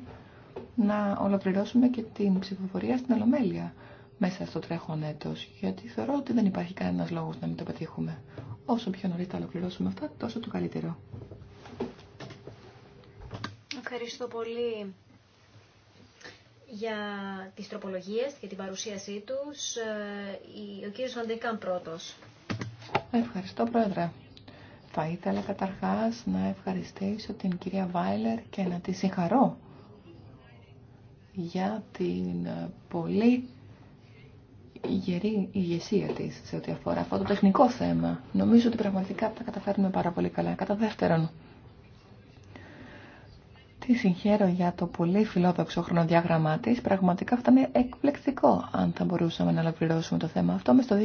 να ολοκληρώσουμε και την ψηφοφορία στην Ολομέλεια μέσα στο τρέχον έτος, γιατί θεωρώ ότι δεν υπάρχει κανένας λόγος να μην το πετύχουμε. Όσο πιο νωρίς τα ολοκληρώσουμε αυτά, τόσο το καλύτερο. Ευχαριστώ πολύ για τις τροπολογίες και την παρουσίασή τους. Ε, ο κύριος Βαντεκάν πρώτος. Ευχαριστώ Πρόεδρε. Θα ήθελα καταρχάς να ευχαριστήσω την κυρία Βάιλερ και να τη συγχαρώ για την ε, πολύ γερή ηγεσία της σε ό,τι αφορά αυτό το τεχνικό θέμα. Νομίζω ότι πραγματικά θα καταφέρουμε πάρα πολύ καλά. Κατά δεύτερον, Τη συγχαίρω για το πολύ φιλόδοξο χρονοδιάγραμμά τη. Πραγματικά θα ήταν εκπληκτικό αν θα μπορούσαμε να ολοκληρώσουμε το θέμα αυτό με στο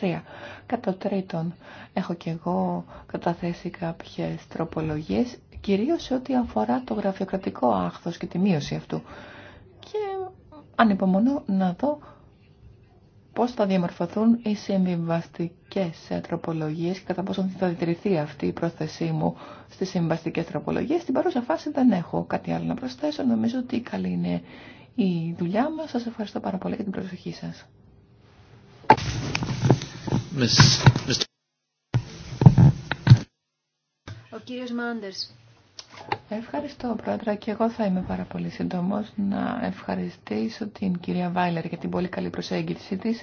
2013. Κατά τρίτον, έχω και εγώ καταθέσει κάποιε τροπολογίε, κυρίω σε ό,τι αφορά το γραφειοκρατικό άχθο και τη μείωση αυτού. Και ανυπομονώ να δω πώς θα διαμορφωθούν οι συμβιβαστικές τροπολογίες και κατά πόσο θα διτηρηθεί αυτή η πρόθεσή μου στις συμβιβαστικές τροπολογίες. Στην παρούσα φάση δεν έχω κάτι άλλο να προσθέσω. Νομίζω ότι καλή είναι η δουλειά μας. Σας ευχαριστώ πάρα πολύ για την προσοχή σας. Ο κύριος Ευχαριστώ, Πρόεδρε, και εγώ θα είμαι πάρα πολύ σύντομο να ευχαριστήσω την κυρία Βάιλερ για την πολύ καλή προσέγγιση της.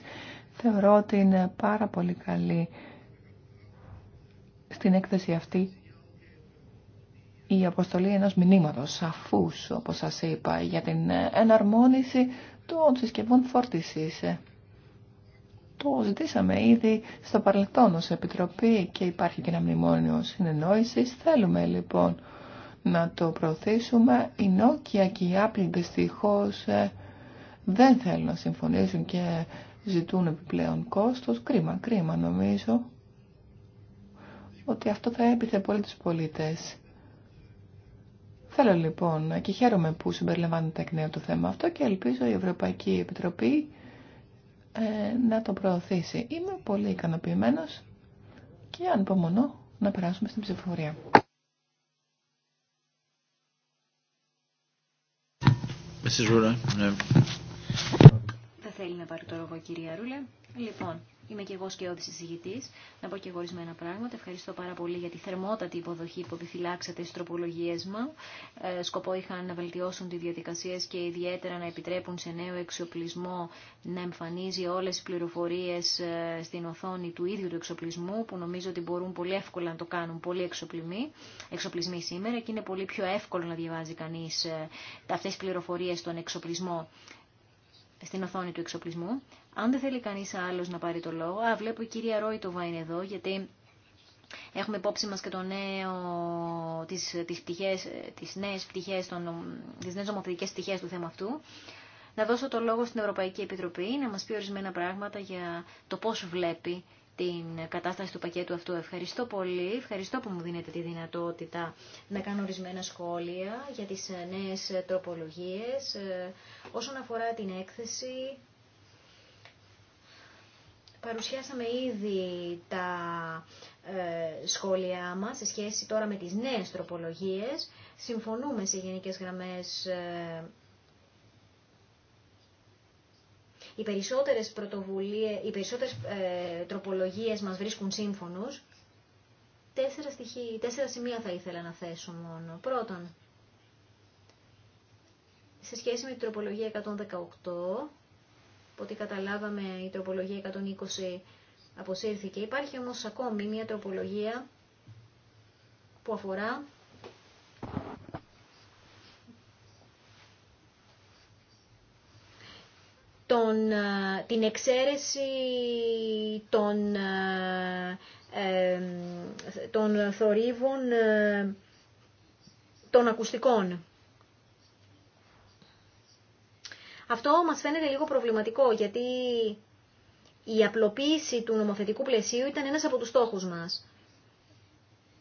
Θεωρώ ότι είναι πάρα πολύ καλή στην έκθεση αυτή η αποστολή ενός μηνύματος σαφούς, όπως σας είπα, για την εναρμόνιση των συσκευών φόρτισης. Το ζητήσαμε ήδη στο παρελθόν ως Επιτροπή και υπάρχει και ένα μνημόνιο συνεννόησης. Θέλουμε λοιπόν να το προωθήσουμε. Η Nokia και η Apple δυστυχώ ε, δεν θέλουν να συμφωνήσουν και ζητούν επιπλέον κόστος. Κρίμα, κρίμα νομίζω ότι αυτό θα έπιθε πολύ τους πολίτες. Θέλω λοιπόν και χαίρομαι που συμπεριλαμβάνεται εκ νέου το θέμα αυτό και ελπίζω η Ευρωπαϊκή Επιτροπή ε, να το προωθήσει. Είμαι πολύ ικανοποιημένος και ανυπομονώ να περάσουμε στην ψηφοφορία. Mrs. Ρούλα. Ναι. Δεν θέλει να πάρει το λόγο η κυρία Ρούλε. Λοιπόν, Είμαι και εγώ σκιώδης συζητητή, Να πω και εγώ ορισμένα πράγματα. Ευχαριστώ πάρα πολύ για τη θερμότατη υποδοχή που επιφυλάξατε στι τροπολογίες μου. Ε, σκοπό είχαν να βελτιώσουν τι διαδικασίε και ιδιαίτερα να επιτρέπουν σε νέο εξοπλισμό να εμφανίζει όλες τις πληροφορίες ε, στην οθόνη του ίδιου του εξοπλισμού που νομίζω ότι μπορούν πολύ εύκολα να το κάνουν πολύ εξοπλισμοί, εξοπλισμοί σήμερα και είναι πολύ πιο εύκολο να διαβάζει κανεί ε, αυτέ τι πληροφορίε, στον εξοπλισμό στην οθόνη του εξοπλισμού. Αν δεν θέλει κανείς άλλος να πάρει το λόγο, α, βλέπω η κυρία Ρόιτοβα είναι εδώ, γιατί Έχουμε υπόψη μας και το νέο, τις, τις, πτυχές, τις νέες πτυχές, των, τις νέες νομοθετικές πτυχές του θέμα αυτού. Να δώσω το λόγο στην Ευρωπαϊκή Επιτροπή να μας πει ορισμένα πράγματα για το πώς βλέπει την κατάσταση του πακέτου αυτού. Ευχαριστώ πολύ. Ευχαριστώ που μου δίνετε τη δυνατότητα να κάνω ορισμένα σχόλια για τις νέες τροπολογίες. Ε, όσον αφορά την έκθεση, Παρουσιάσαμε ήδη τα ε, σχόλιά μας σε σχέση τώρα με τις νέες τροπολογίες. Συμφωνούμε σε γενικές γραμμές ε, οι περισσότερες, οι περισσότερες ε, τροπολογίες μας βρίσκουν σύμφωνους. Τέσσερα, τέσσερα σημεία θα ήθελα να θέσω μόνο. Πρώτον, σε σχέση με την τροπολογία 118, από ό,τι καταλάβαμε η τροπολογία 120 αποσύρθηκε. Υπάρχει όμως ακόμη μια τροπολογία που αφορά τον, ε, την εξαίρεση των, ε, ε, των θορύβων των ακουστικών. Αυτό μας φαίνεται λίγο προβληματικό, γιατί η απλοποίηση του νομοθετικού πλαισίου ήταν ένας από τους στόχους μας.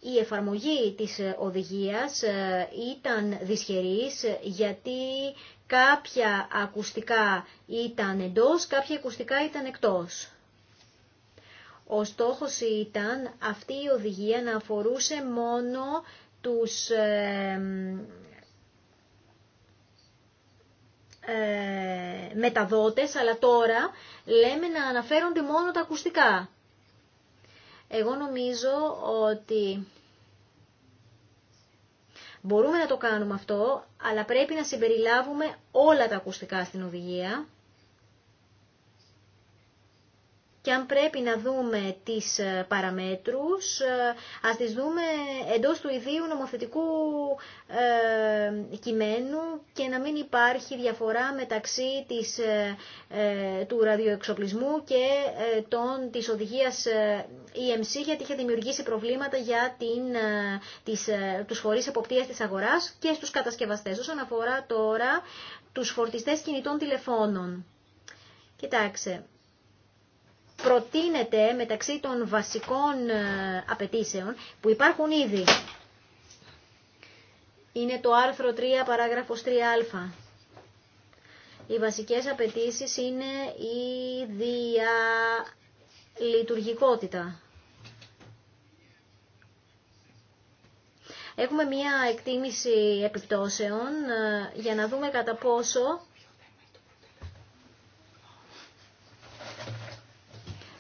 Η εφαρμογή της οδηγίας ε, ήταν δυσχερής γιατί κάποια ακουστικά ήταν εντός, κάποια ακουστικά ήταν εκτός. Ο στόχος ήταν αυτή η οδηγία να αφορούσε μόνο τους ε, ε, μεταδότες, αλλά τώρα λέμε να αναφέρονται μόνο τα ακουστικά. Εγώ νομίζω ότι μπορούμε να το κάνουμε αυτό, αλλά πρέπει να συμπεριλάβουμε όλα τα ακουστικά στην οδηγία. και αν πρέπει να δούμε τις ε, παραμέτρους, ε, ας τις δούμε εντός του ιδίου νομοθετικού ε, κειμένου και να μην υπάρχει διαφορά μεταξύ της, του ραδιοεξοπλισμού και ε, των, της οδηγίας EMC, γιατί είχε δημιουργήσει προβλήματα για την, τις, τους φορείς εποπτείας της αγοράς και στους κατασκευαστές. Όσον αφορά τώρα τους φορτιστές κινητών τηλεφώνων. Κοιτάξτε, προτείνεται μεταξύ των βασικών ε, απαιτήσεων που υπάρχουν ήδη. Είναι το άρθρο 3 παράγραφος 3α. Οι βασικές απαιτήσεις είναι η διαλειτουργικότητα. Έχουμε μία εκτίμηση επιπτώσεων ε, για να δούμε κατά πόσο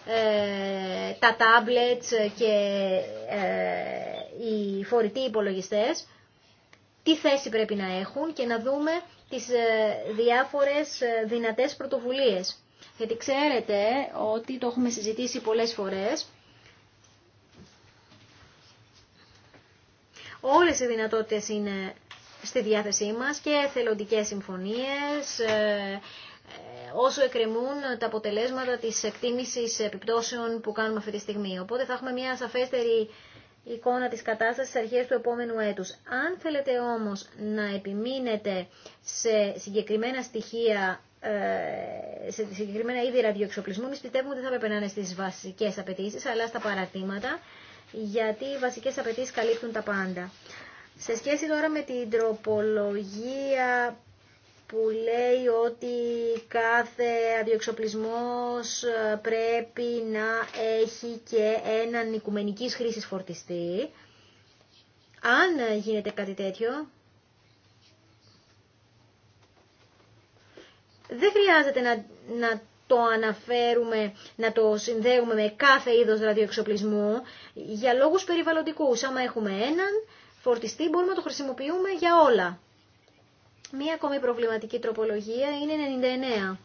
Ε, τα tablets και ε, οι φορητοί υπολογιστές, τι θέση πρέπει να έχουν και να δούμε τις ε, διάφορες δυνατές πρωτοβουλίες. Γιατί ξέρετε ότι το έχουμε συζητήσει πολλές φορές, όλες οι δυνατότητες είναι στη διάθεσή μας και θελοντικές συμφωνίες όσο εκκρεμούν τα αποτελέσματα της εκτίμησης επιπτώσεων που κάνουμε αυτή τη στιγμή. Οπότε θα έχουμε μια σαφέστερη εικόνα της κατάστασης στις αρχές του επόμενου έτους. Αν θέλετε όμως να επιμείνετε σε συγκεκριμένα στοιχεία ε, σε συγκεκριμένα είδη ραδιοεξοπλισμού, εμείς πιστεύουμε ότι θα έπρεπε να είναι στι βασικέ απαιτήσει, αλλά στα παρατήματα, γιατί οι βασικές απαιτήσει καλύπτουν τα πάντα. Σε σχέση τώρα με την τροπολογία που λέει ότι κάθε αδιοεξοπλισμός ε, πρέπει να έχει και έναν οικουμενικής χρήσης φορτιστή. Αν γίνεται κάτι τέτοιο, δεν χρειάζεται να, το αναφέρουμε, να το συνδέουμε με κάθε είδος ραδιοεξοπλισμού για λόγους περιβαλλοντικούς. Άμα έχουμε έναν φορτιστή μπορούμε να το χρησιμοποιούμε για όλα. Μία ακόμη προβληματική τροπολογία είναι 99.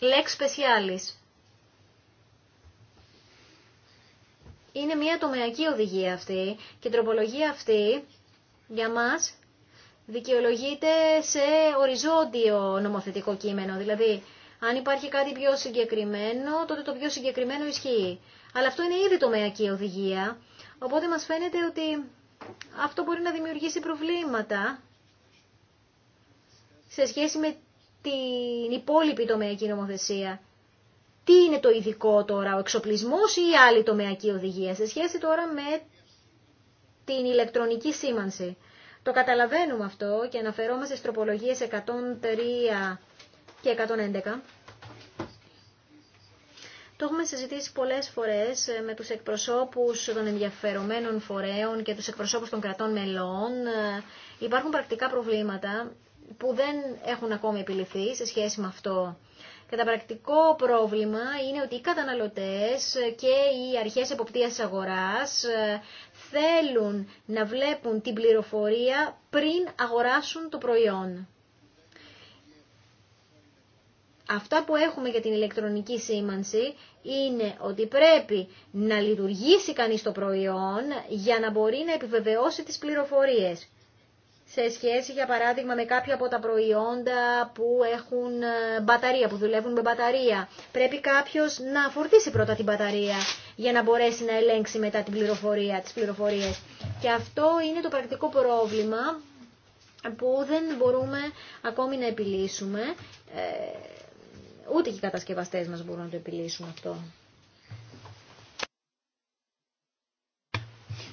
Lex Specialis. Είναι μια τομεακή οδηγία αυτή και η τροπολογία αυτή για μας δικαιολογείται σε οριζόντιο νομοθετικό κείμενο. Δηλαδή, αν υπάρχει κάτι πιο συγκεκριμένο, τότε το πιο συγκεκριμένο ισχύει. Αλλά αυτό είναι ήδη τομεακή οδηγία, οπότε μας φαίνεται ότι αυτό μπορεί να δημιουργήσει προβλήματα σε σχέση με την υπόλοιπη τομεακή νομοθεσία. Τι είναι το ειδικό τώρα, ο εξοπλισμός ή η άλλη τομεακή οδηγία σε σχέση τώρα με την ηλεκτρονική σήμανση. Το καταλαβαίνουμε αυτό και αναφερόμαστε στις τροπολογίες 103 και 111 το έχουμε συζητήσει πολλές φορές ε, με τους εκπροσώπους των ενδιαφερομένων φορέων και τους εκπροσώπους των κρατών μελών. Ε, υπάρχουν πρακτικά προβλήματα που δεν έχουν ακόμη επιληθεί σε σχέση με αυτό. Και το πρακτικό πρόβλημα είναι ότι οι καταναλωτές και οι αρχές εποπτείας αγοράς ε, θέλουν να βλέπουν την πληροφορία πριν αγοράσουν το προϊόν αυτά που έχουμε για την ηλεκτρονική σήμανση είναι ότι πρέπει να λειτουργήσει κανείς το προϊόν για να μπορεί να επιβεβαιώσει τις πληροφορίες. Σε σχέση, για παράδειγμα, με κάποια από τα προϊόντα που έχουν ε, μπαταρία, που δουλεύουν με μπαταρία. Πρέπει κάποιος να φορτίσει πρώτα την μπαταρία για να μπορέσει να ελέγξει μετά την πληροφορία, τις πληροφορίες. Και αυτό είναι το πρακτικό πρόβλημα που δεν μπορούμε ακόμη να επιλύσουμε ε, ούτε και οι κατασκευαστές μας μπορούν να το επιλύσουν αυτό.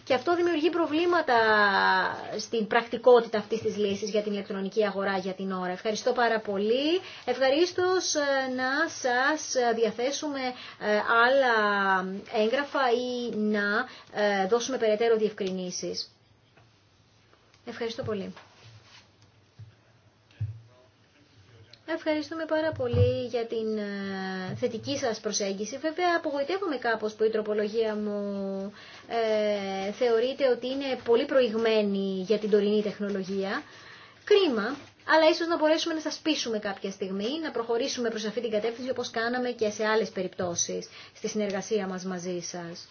Και αυτό δημιουργεί προβλήματα στην πρακτικότητα αυτή τη λύση για την ηλεκτρονική αγορά για την ώρα. Ευχαριστώ πάρα πολύ. Ευχαρίστω ε, να σα διαθέσουμε ε, άλλα έγγραφα ή να ε, δώσουμε περαιτέρω διευκρινήσει. Ευχαριστώ πολύ. Ευχαριστούμε πάρα πολύ για την ε, θετική σας προσέγγιση. Βέβαια, απογοητεύομαι κάπως που η τροπολογία μου ε, θεωρείται ότι είναι πολύ προηγμένη για την τωρινή τεχνολογία. Κρίμα, αλλά ίσως να μπορέσουμε να σας πείσουμε κάποια στιγμή, να προχωρήσουμε προς αυτή την κατεύθυνση όπως κάναμε και σε άλλες περιπτώσεις στη συνεργασία μας μαζί σας.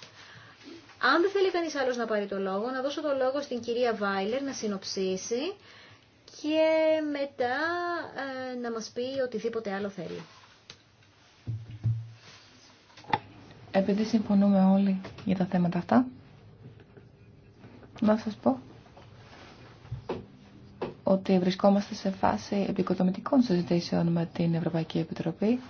Αν δεν θέλει κανείς άλλος να πάρει το λόγο, να δώσω το λόγο στην κυρία Βάιλερ να συνοψίσει και μετά ε, να μας πει οτιδήποτε άλλο θέλει. Επειδή συμφωνούμε όλοι για τα θέματα αυτά, να σας πω ότι βρισκόμαστε σε φάση επικοδομητικών συζητήσεων με την Ευρωπαϊκή Επιτροπή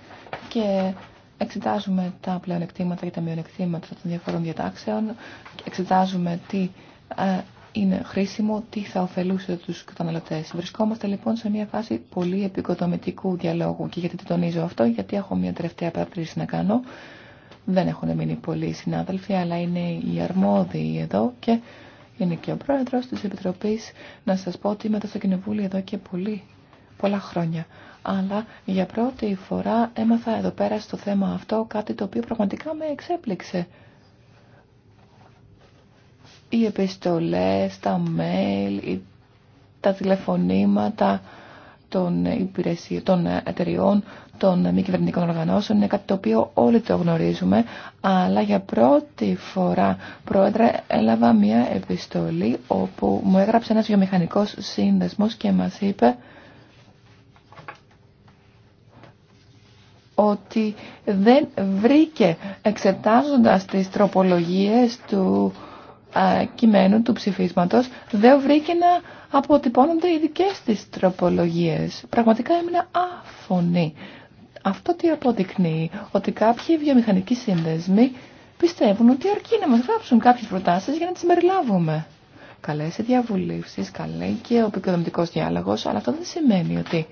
και εξετάζουμε τα πλεονεκτήματα και τα μειονεκτήματα των διαφορών διατάξεων, εξετάζουμε τι ε, είναι χρήσιμο, τι θα ωφελούσε του καταναλωτέ. Βρισκόμαστε λοιπόν σε μια φάση πολύ επικοδομητικού διαλόγου και γιατί το τονίζω αυτό, γιατί έχω μια τελευταία παρατήρηση να κάνω. Δεν έχουν μείνει πολλοί συνάδελφοι, αλλά είναι οι αρμόδιοι εδώ και είναι και ο πρόεδρο τη Επιτροπή να σα πω ότι είμαι στο Κοινοβούλιο εδώ και πολύ, πολλά χρόνια. Αλλά για πρώτη φορά έμαθα εδώ πέρα στο θέμα αυτό κάτι το οποίο πραγματικά με εξέπληξε οι επιστολές, τα mail, τα τηλεφωνήματα των, υπηρεσιών, των εταιριών, των μη κυβερνητικών οργανώσεων. Είναι κάτι το οποίο όλοι το γνωρίζουμε, αλλά για πρώτη φορά, Πρόεδρε, έλαβα μία επιστολή όπου μου έγραψε ένας βιομηχανικός σύνδεσμος και μας είπε ότι δεν βρήκε εξετάζοντας τις τροπολογίες του ε, κειμένου του ψηφίσματος δεν βρήκε να αποτυπώνονται οι δικές της τροπολογίες. Πραγματικά έμεινα άφωνη. Αυτό τι αποδεικνύει, ότι κάποιοι βιομηχανικοί σύνδεσμοι πιστεύουν ότι αρκεί να μας γράψουν κάποιες προτάσεις για να τις μεριλάβουμε. Καλέ οι διαβουλεύσει, καλέ και ο επικοδομητικό διάλογο, αλλά αυτό δεν σημαίνει ότι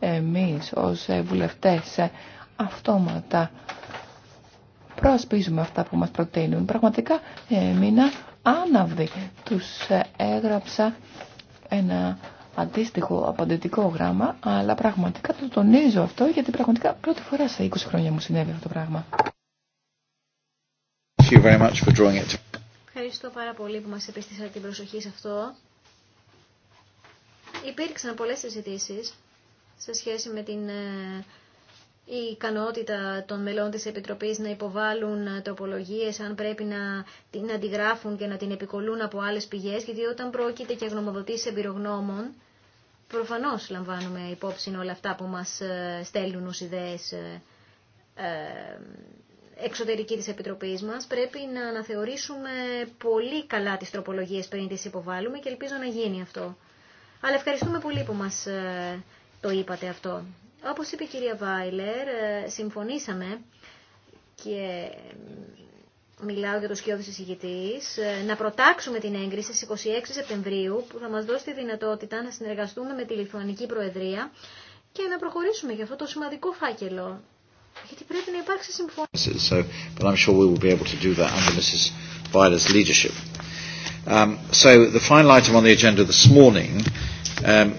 εμείς ως ε, βουλευτές ε, αυτόματα προασπίζουμε αυτά που μα προτείνουν. Πραγματικά έμεινα άναυδη. Τους ε, έγραψα ένα αντίστοιχο απαντητικό γράμμα, αλλά πραγματικά το τονίζω αυτό, γιατί πραγματικά πρώτη φορά σε 20 χρόνια μου συνέβη αυτό το πράγμα. Ευχαριστώ πάρα πολύ που μας επίστησατε την προσοχή σε αυτό. Υπήρξαν πολλές συζητήσεις σε σχέση με την ε, η ικανότητα των μελών της Επιτροπής να υποβάλουν ε, τοπολογίες αν πρέπει να την αντιγράφουν και να την επικολούν από άλλες πηγές, γιατί όταν πρόκειται και γνωμοδοτήσεις εμπειρογνώμων, προφανώς λαμβάνουμε υπόψη όλα αυτά που μας ε, στέλνουν ως ιδέες ε, εξωτερική της Επιτροπής μας. Πρέπει να αναθεωρήσουμε πολύ καλά τις τροπολογίες πριν τις υποβάλουμε και ελπίζω να γίνει αυτό. Αλλά ευχαριστούμε πολύ που μας το είπατε αυτό. Όπως είπε η κυρία Βάιλερ, ε, συμφωνήσαμε και μιλάω για το σκιώδης ηγητής ε, να προτάξουμε την έγκριση στις 26 Σεπτεμβρίου που θα μας δώσει τη δυνατότητα να συνεργαστούμε με τη Λιθουανική Προεδρία και να προχωρήσουμε για αυτό το σημαντικό φάκελο. Γιατί πρέπει να υπάρξει συμφωνία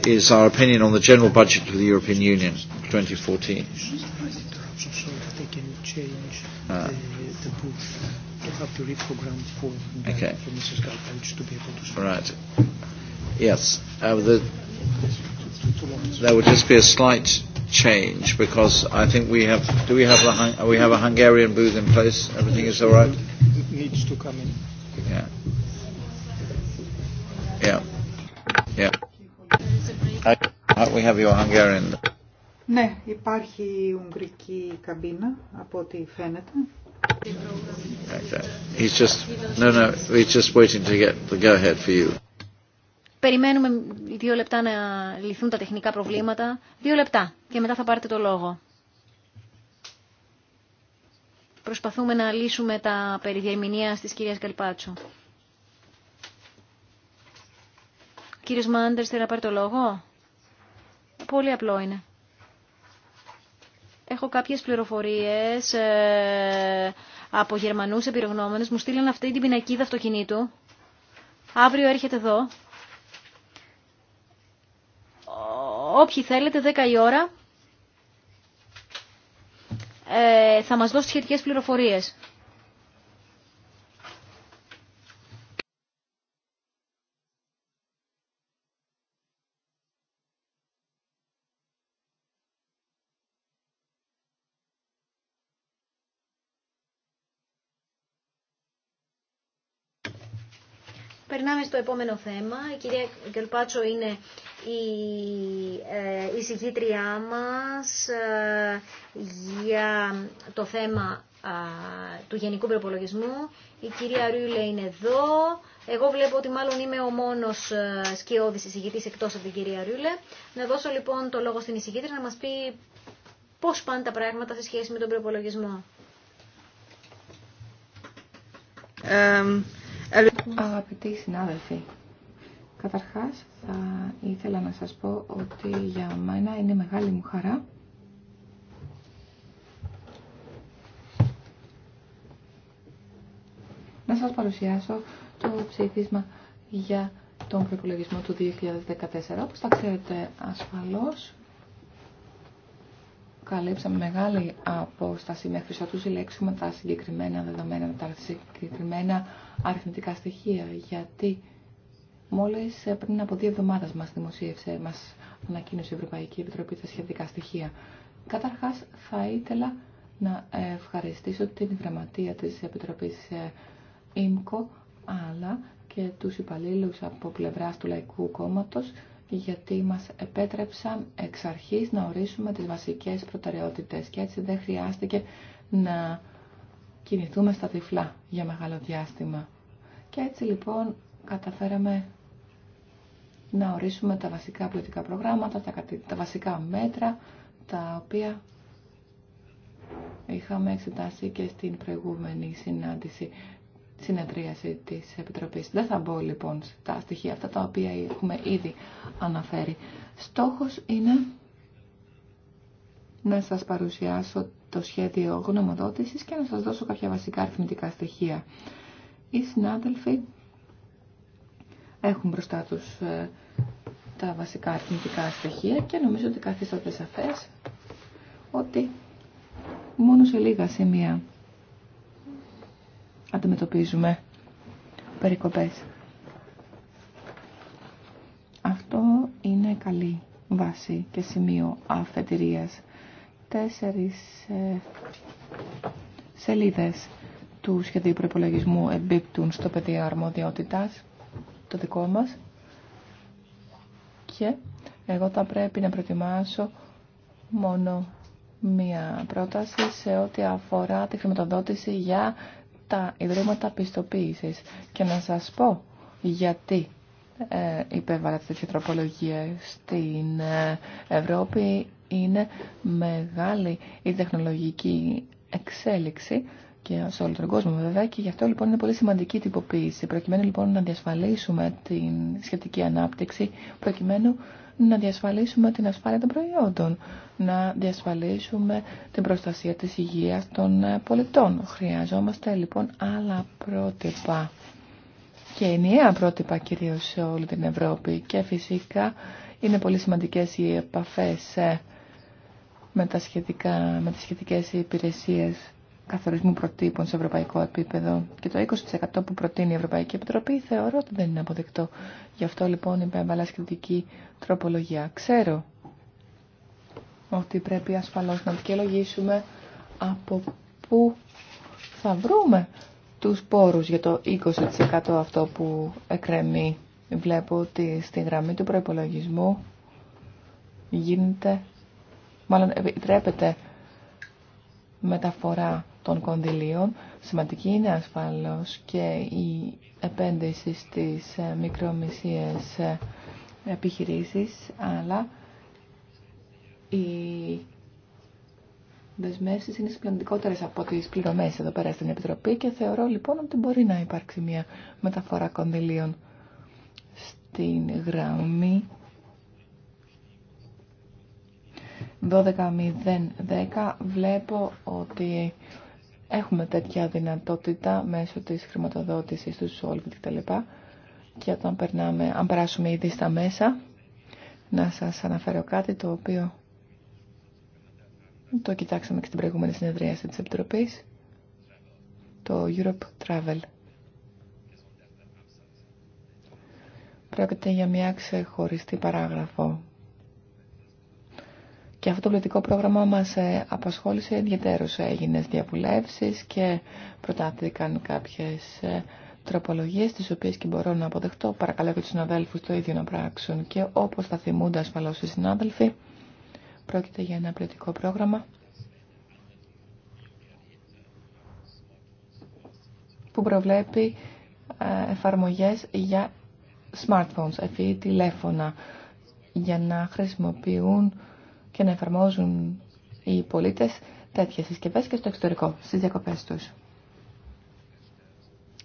is our opinion on the general budget of the European Union 2014. Okay. Right. Yes. There would just be a slight change because I think we have. Do we have a we have a Hungarian booth in place? Everything is all right. Needs to come in. Yeah. Yeah. Yeah. We have your Ναι, υπάρχει ουγγρική καμπίνα από ό,τι φαίνεται. He's just, no, no, just waiting to get the go ahead for you. Περιμένουμε δύο λεπτά να λυθούν τα τεχνικά προβλήματα. Δύο λεπτά και μετά θα πάρετε το λόγο. Προσπαθούμε να λύσουμε τα περιδιαμηνία στις της κυρίας Καλπάτσου. Κύριος Μάντερς θέλει να πάρει το λόγο. Πολύ απλό είναι. Έχω κάποιες πληροφορίες ε, από Γερμανούς επιρρογνώμενες. Μου στείλαν αυτή την πινακίδα αυτοκινήτου. Αύριο έρχεται εδώ. Όποιοι θέλετε, 10 η ώρα, ε, θα μας δώσει σχετικές πληροφορίες. Περνάμε στο επόμενο θέμα. Η κυρία Γκελπάτσο είναι η εισηγήτριά μας ε, για το θέμα του Γενικού Προπολογισμού. Η κυρία Ρούλε είναι εδώ. Εγώ βλέπω ότι μάλλον είμαι ο μόνος ε, σκιώδης εισηγητής εκτός από την κυρία Ρούλε. Να δώσω λοιπόν το λόγο στην εισηγήτρια να μας πει πώς πάνε τα πράγματα σε σχέση με τον προπολογισμό. Αγαπητοί συνάδελφοι, καταρχάς θα ήθελα να σας πω ότι για μένα είναι μεγάλη μου χαρά να σας παρουσιάσω το ψήφισμα για τον προπολογισμό του 2014. Όπως τα ξέρετε ασφαλώς, καλύψαμε μεγάλη απόσταση μέχρι ότου συλλέξουμε τα συγκεκριμένα δεδομένα, τα συγκεκριμένα αριθμητικά στοιχεία, γιατί μόλις ε, πριν από δύο εβδομάδες μας δημοσίευσε, μας ανακοίνωσε η Ευρωπαϊκή Επιτροπή τα σχετικά στοιχεία. Καταρχάς θα ήθελα να ευχαριστήσω την γραμματεία της Επιτροπής ε, ΙΜΚΟ, αλλά και τους υπαλλήλους από πλευράς του Λαϊκού Κόμματος, γιατί μας επέτρεψαν εξ αρχής να ορίσουμε τις βασικές προτεραιότητες και έτσι δεν χρειάστηκε να κινηθούμε στα τυφλά για μεγάλο διάστημα. Και έτσι λοιπόν καταφέραμε να ορίσουμε τα βασικά πολιτικά προγράμματα, τα, τα βασικά μέτρα, τα οποία είχαμε εξετάσει και στην προηγούμενη συνάντηση συνεδρίαση της Επιτροπής. Δεν θα μπω λοιπόν στα στοιχεία αυτά τα οποία έχουμε ήδη αναφέρει. Στόχος είναι να σας παρουσιάσω το σχέδιο γνωμοδότησης και να σας δώσω κάποια βασικά αριθμητικά στοιχεία. Οι συνάδελφοι έχουν μπροστά τους ε, τα βασικά αριθμητικά στοιχεία και νομίζω ότι καθίσταται σαφές ότι μόνο σε λίγα σημεία αντιμετωπίζουμε περικοπές. Αυτό είναι καλή βάση και σημείο αφετηρίας. Τέσσερις ε, σελίδες του σχεδίου προπολογισμού εμπίπτουν στο πεδίο αρμοδιότητας, το δικό μας. Και εγώ θα πρέπει να προετοιμάσω μόνο μία πρόταση σε ό,τι αφορά τη χρηματοδότηση για τα ιδρύματα πιστοποίησης και να σας πω γιατί ε, υπέβαλα τέτοια τροπολογία στην ε, Ευρώπη είναι μεγάλη η τεχνολογική εξέλιξη και σε όλο τον κόσμο βέβαια και γι' αυτό λοιπόν είναι πολύ σημαντική η τυποποίηση προκειμένου λοιπόν να διασφαλίσουμε την σχετική ανάπτυξη προκειμένου να διασφαλίσουμε την ασφάλεια των προϊόντων, να διασφαλίσουμε την προστασία της υγείας των ε, πολιτών. Χρειαζόμαστε λοιπόν άλλα πρότυπα και ενιαία πρότυπα κυρίως σε όλη την Ευρώπη και φυσικά είναι πολύ σημαντικές οι επαφές ε, με, τα σχετικά, με τις σχετικές υπηρεσίες καθορισμού προτύπων σε ευρωπαϊκό επίπεδο και το 20% που προτείνει η Ευρωπαϊκή Επιτροπή θεωρώ ότι δεν είναι αποδεκτό. Γι' αυτό λοιπόν υπέβαλα σχετική τροπολογία. Ξέρω ότι πρέπει ασφαλώς να δικαιολογήσουμε από πού θα βρούμε τους πόρους για το 20% αυτό που εκρεμεί. Βλέπω ότι στη γραμμή του προϋπολογισμού γίνεται, μάλλον επιτρέπεται μεταφορά των κονδυλίων. Σημαντική είναι ασφαλώς και η επένδυση στις ε, μικρομεσίες ε, επιχειρήσεις, αλλά οι δεσμεύσει είναι σπλαντικότερες από τις πληρωμές εδώ πέρα στην Επιτροπή και θεωρώ λοιπόν ότι μπορεί να υπάρξει μια μεταφορά κονδυλίων στην γραμμή 12.010 βλέπω ότι Έχουμε τέτοια δυνατότητα μέσω της χρηματοδότησης του Solvit λοιπά. Και όταν περνάμε, αν περάσουμε ήδη στα μέσα, να σας αναφέρω κάτι το οποίο το κοιτάξαμε και στην προηγούμενη συνεδρία της Επιτροπής, το Europe Travel. Πρόκειται για μια ξεχωριστή παράγραφο και αυτό το πολιτικό πρόγραμμα μας ε, απασχόλησε ιδιαίτερως. Έγινε διαβουλεύσεις και προτάθηκαν κάποιες ε, τροπολογίες τις οποίες και μπορώ να αποδεχτώ. Παρακαλώ και τους συναδέλφους το ίδιο να πράξουν. Και όπως θα θυμούνται ασφαλώς οι συνάδελφοι, πρόκειται για ένα πολιτικό πρόγραμμα που προβλέπει ε, εφαρμογές για smartphones, εφή τηλέφωνα, για να χρησιμοποιούν και να εφαρμόζουν οι πολίτε τέτοιες συσκευέ και στο εξωτερικό, στι διακοπέ του.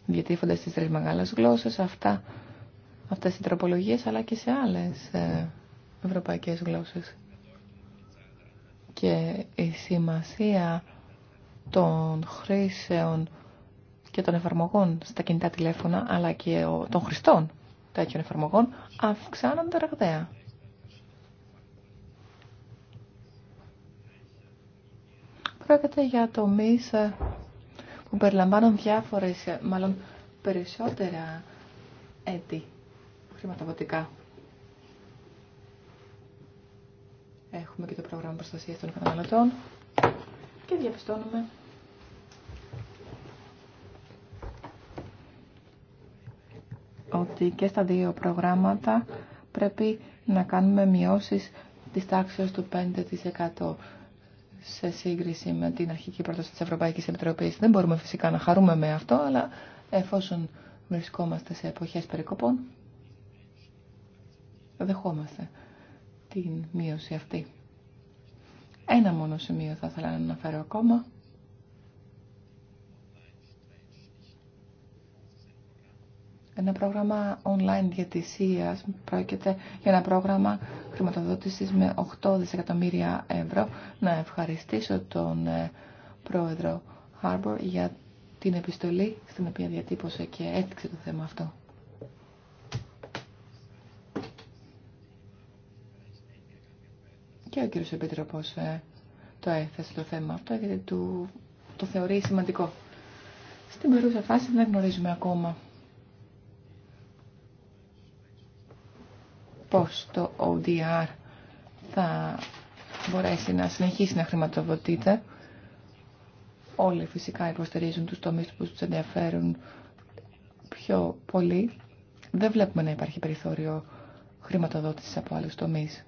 Διατύφοντας τι τρει μεγάλε γλώσσε αυτέ αυτές οι τροπολογίες, αλλά και σε άλλε ευρωπαϊκέ γλώσσε. Και η σημασία των χρήσεων και των εφαρμογών στα κινητά τηλέφωνα, αλλά και των χρηστών τέτοιων εφαρμογών, αυξάνονται ραγδαία. πρόκειται για τομεί ε, που περιλαμβάνουν διάφορες, ε, μάλλον περισσότερα έτη χρηματοδοτικά. Έχουμε και το πρόγραμμα προστασία των καταναλωτών και διαπιστώνουμε ότι και στα δύο προγράμματα πρέπει να κάνουμε μειώσεις της τάξης του 5% σε σύγκριση με την αρχική πρόταση της Ευρωπαϊκής Επιτροπής. Δεν μπορούμε φυσικά να χαρούμε με αυτό, αλλά εφόσον βρισκόμαστε σε εποχές περικοπών, δεχόμαστε την μείωση αυτή. Ένα μόνο σημείο θα ήθελα να αναφέρω ακόμα. Ένα πρόγραμμα online διατησία. πρόκειται για ένα πρόγραμμα χρηματοδότησης με 8 δισεκατομμύρια ευρώ. Να ευχαριστήσω τον ε, πρόεδρο Harbour για την επιστολή στην οποία διατύπωσε και έδειξε το θέμα αυτό. Και ο κύριος Επίτροπος ε, το έθεσε το θέμα αυτό γιατί το θεωρεί σημαντικό. Στην παρούσα φάση δεν γνωρίζουμε ακόμα πώς το ODR θα μπορέσει να συνεχίσει να χρηματοδοτείται. Όλοι φυσικά υποστηρίζουν τους τομείς που τους ενδιαφέρουν πιο πολύ. Δεν βλέπουμε να υπάρχει περιθώριο χρηματοδότησης από άλλους τομείς.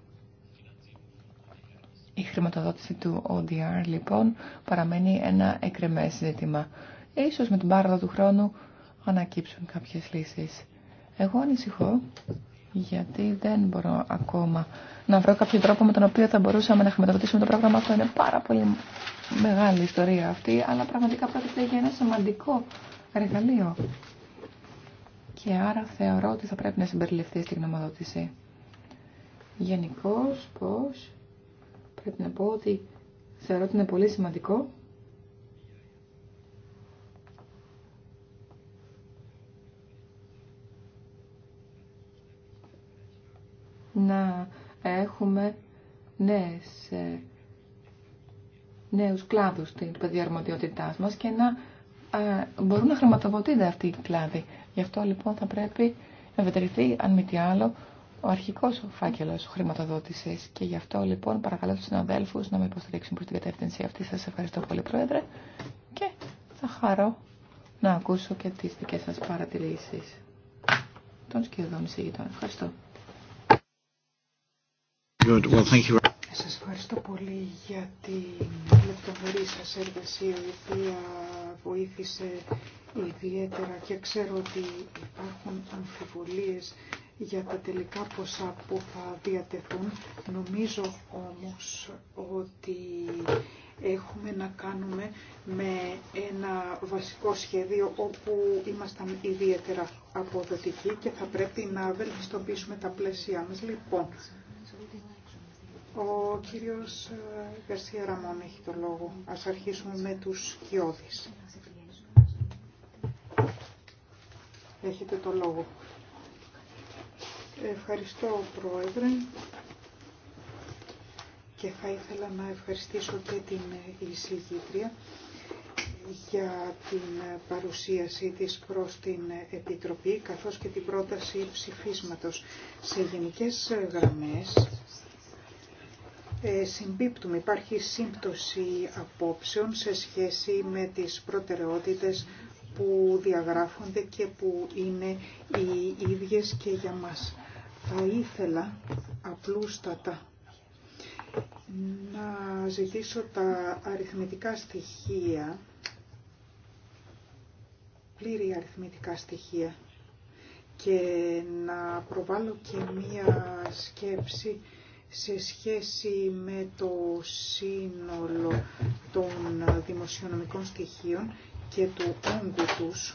Η χρηματοδότηση του ODR λοιπόν παραμένει ένα εκρεμές ζήτημα. Ίσως με την πάροδο του χρόνου ανακύψουν κάποιες λύσεις. Εγώ ανησυχώ γιατί δεν μπορώ ακόμα να βρω κάποιο τρόπο με τον οποίο θα μπορούσαμε να χρηματοδοτήσουμε το πρόγραμμα αυτό. Είναι πάρα πολύ μεγάλη ιστορία αυτή, αλλά πραγματικά πρόκειται για ένα σημαντικό εργαλείο. Και άρα θεωρώ ότι θα πρέπει να συμπεριληφθεί στη γνωμοδότηση. Γενικώ, πώς πρέπει να πω ότι θεωρώ ότι είναι πολύ σημαντικό να έχουμε νέες, ε, νέους κλάδους στην παιδιαρμοδιότητά μας και να μπορούν να χρηματοδοτείται αυτή οι κλάδοι. Γι' αυτό λοιπόν θα πρέπει να βετερηθεί, αν μη τι άλλο, ο αρχικός φάκελος χρηματοδότησης. Και γι' αυτό λοιπόν παρακαλώ τους συναδέλφους να με υποστηρίξουν προς την κατεύθυνση αυτή. Σας ευχαριστώ πολύ Πρόεδρε και θα χαρώ να ακούσω και τις δικές σας παρατηρήσεις των σκιωδών εισηγητών. Ευχαριστώ. Good. Well, Σας ευχαριστώ πολύ για την λεπτομερή σας εργασία η οποία βοήθησε ιδιαίτερα και ξέρω ότι υπάρχουν αμφιβολίες για τα τελικά ποσά που θα διατεθούν. Νομίζω όμως ότι έχουμε να κάνουμε με ένα βασικό σχέδιο όπου ήμασταν ιδιαίτερα αποδοτικοί και θα πρέπει να βελτιστοποιήσουμε τα πλαίσια μας. Λοιπόν, ο κύριος ε, Γκαρσία Ραμών έχει το λόγο. Ας αρχίσουμε με τους κοιόδης. Έχετε το λόγο. Ευχαριστώ, Πρόεδρε. Και θα ήθελα να ευχαριστήσω και την ε, εισηγήτρια για την ε, παρουσίασή της προς την Επιτροπή καθώς και την πρόταση ψηφίσματος. Σε γενικές γραμμές ε, συμπίπτουμε, υπάρχει σύμπτωση απόψεων σε σχέση με τις προτεραιότητες που διαγράφονται και που είναι οι ίδιες και για μας. Θα ήθελα απλούστατα να ζητήσω τα αριθμητικά στοιχεία, πλήρη αριθμητικά στοιχεία και να προβάλλω και μία σκέψη σε σχέση με το σύνολο των δημοσιονομικών στοιχείων και του όγκου τους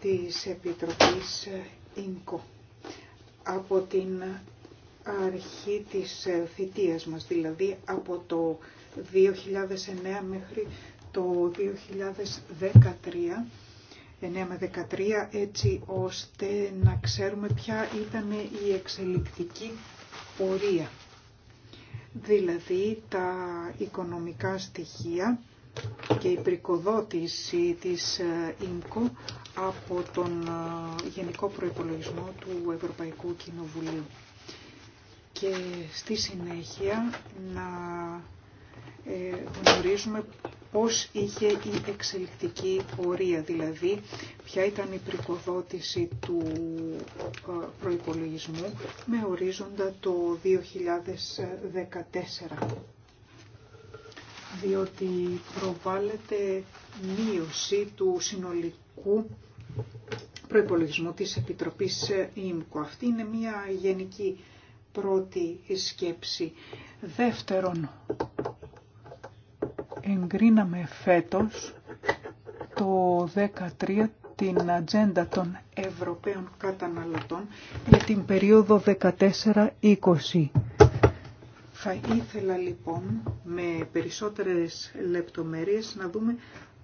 της Επιτροπής ε, ΙΝΚΟ από την αρχή της ε, θητείας μας, δηλαδή από το 2009 μέχρι το 2013 9 με 13 έτσι ώστε να ξέρουμε ποια ήταν η εξελικτική πορεία. Δηλαδή τα οικονομικά στοιχεία και η πρικοδότηση της ε, ΙΜΚΟ από τον ε, Γενικό Προϋπολογισμό του Ευρωπαϊκού Κοινοβουλίου. Και στη συνέχεια να ε, γνωρίζουμε πώς είχε η εξελικτική πορεία, δηλαδή ποια ήταν η πρικοδότηση του ε, προϋπολογισμού με ορίζοντα το 2014 διότι προβάλλεται μείωση του συνολικού προϋπολογισμού της Επιτροπής ΙΜΚΟ. Αυτή είναι μια γενική πρώτη σκέψη. Δεύτερον, εγκρίναμε φέτος το 13 την ατζέντα των Ευρωπαίων καταναλωτών για την περίοδο 14-20. Θα ήθελα λοιπόν με περισσότερες λεπτομέρειες να δούμε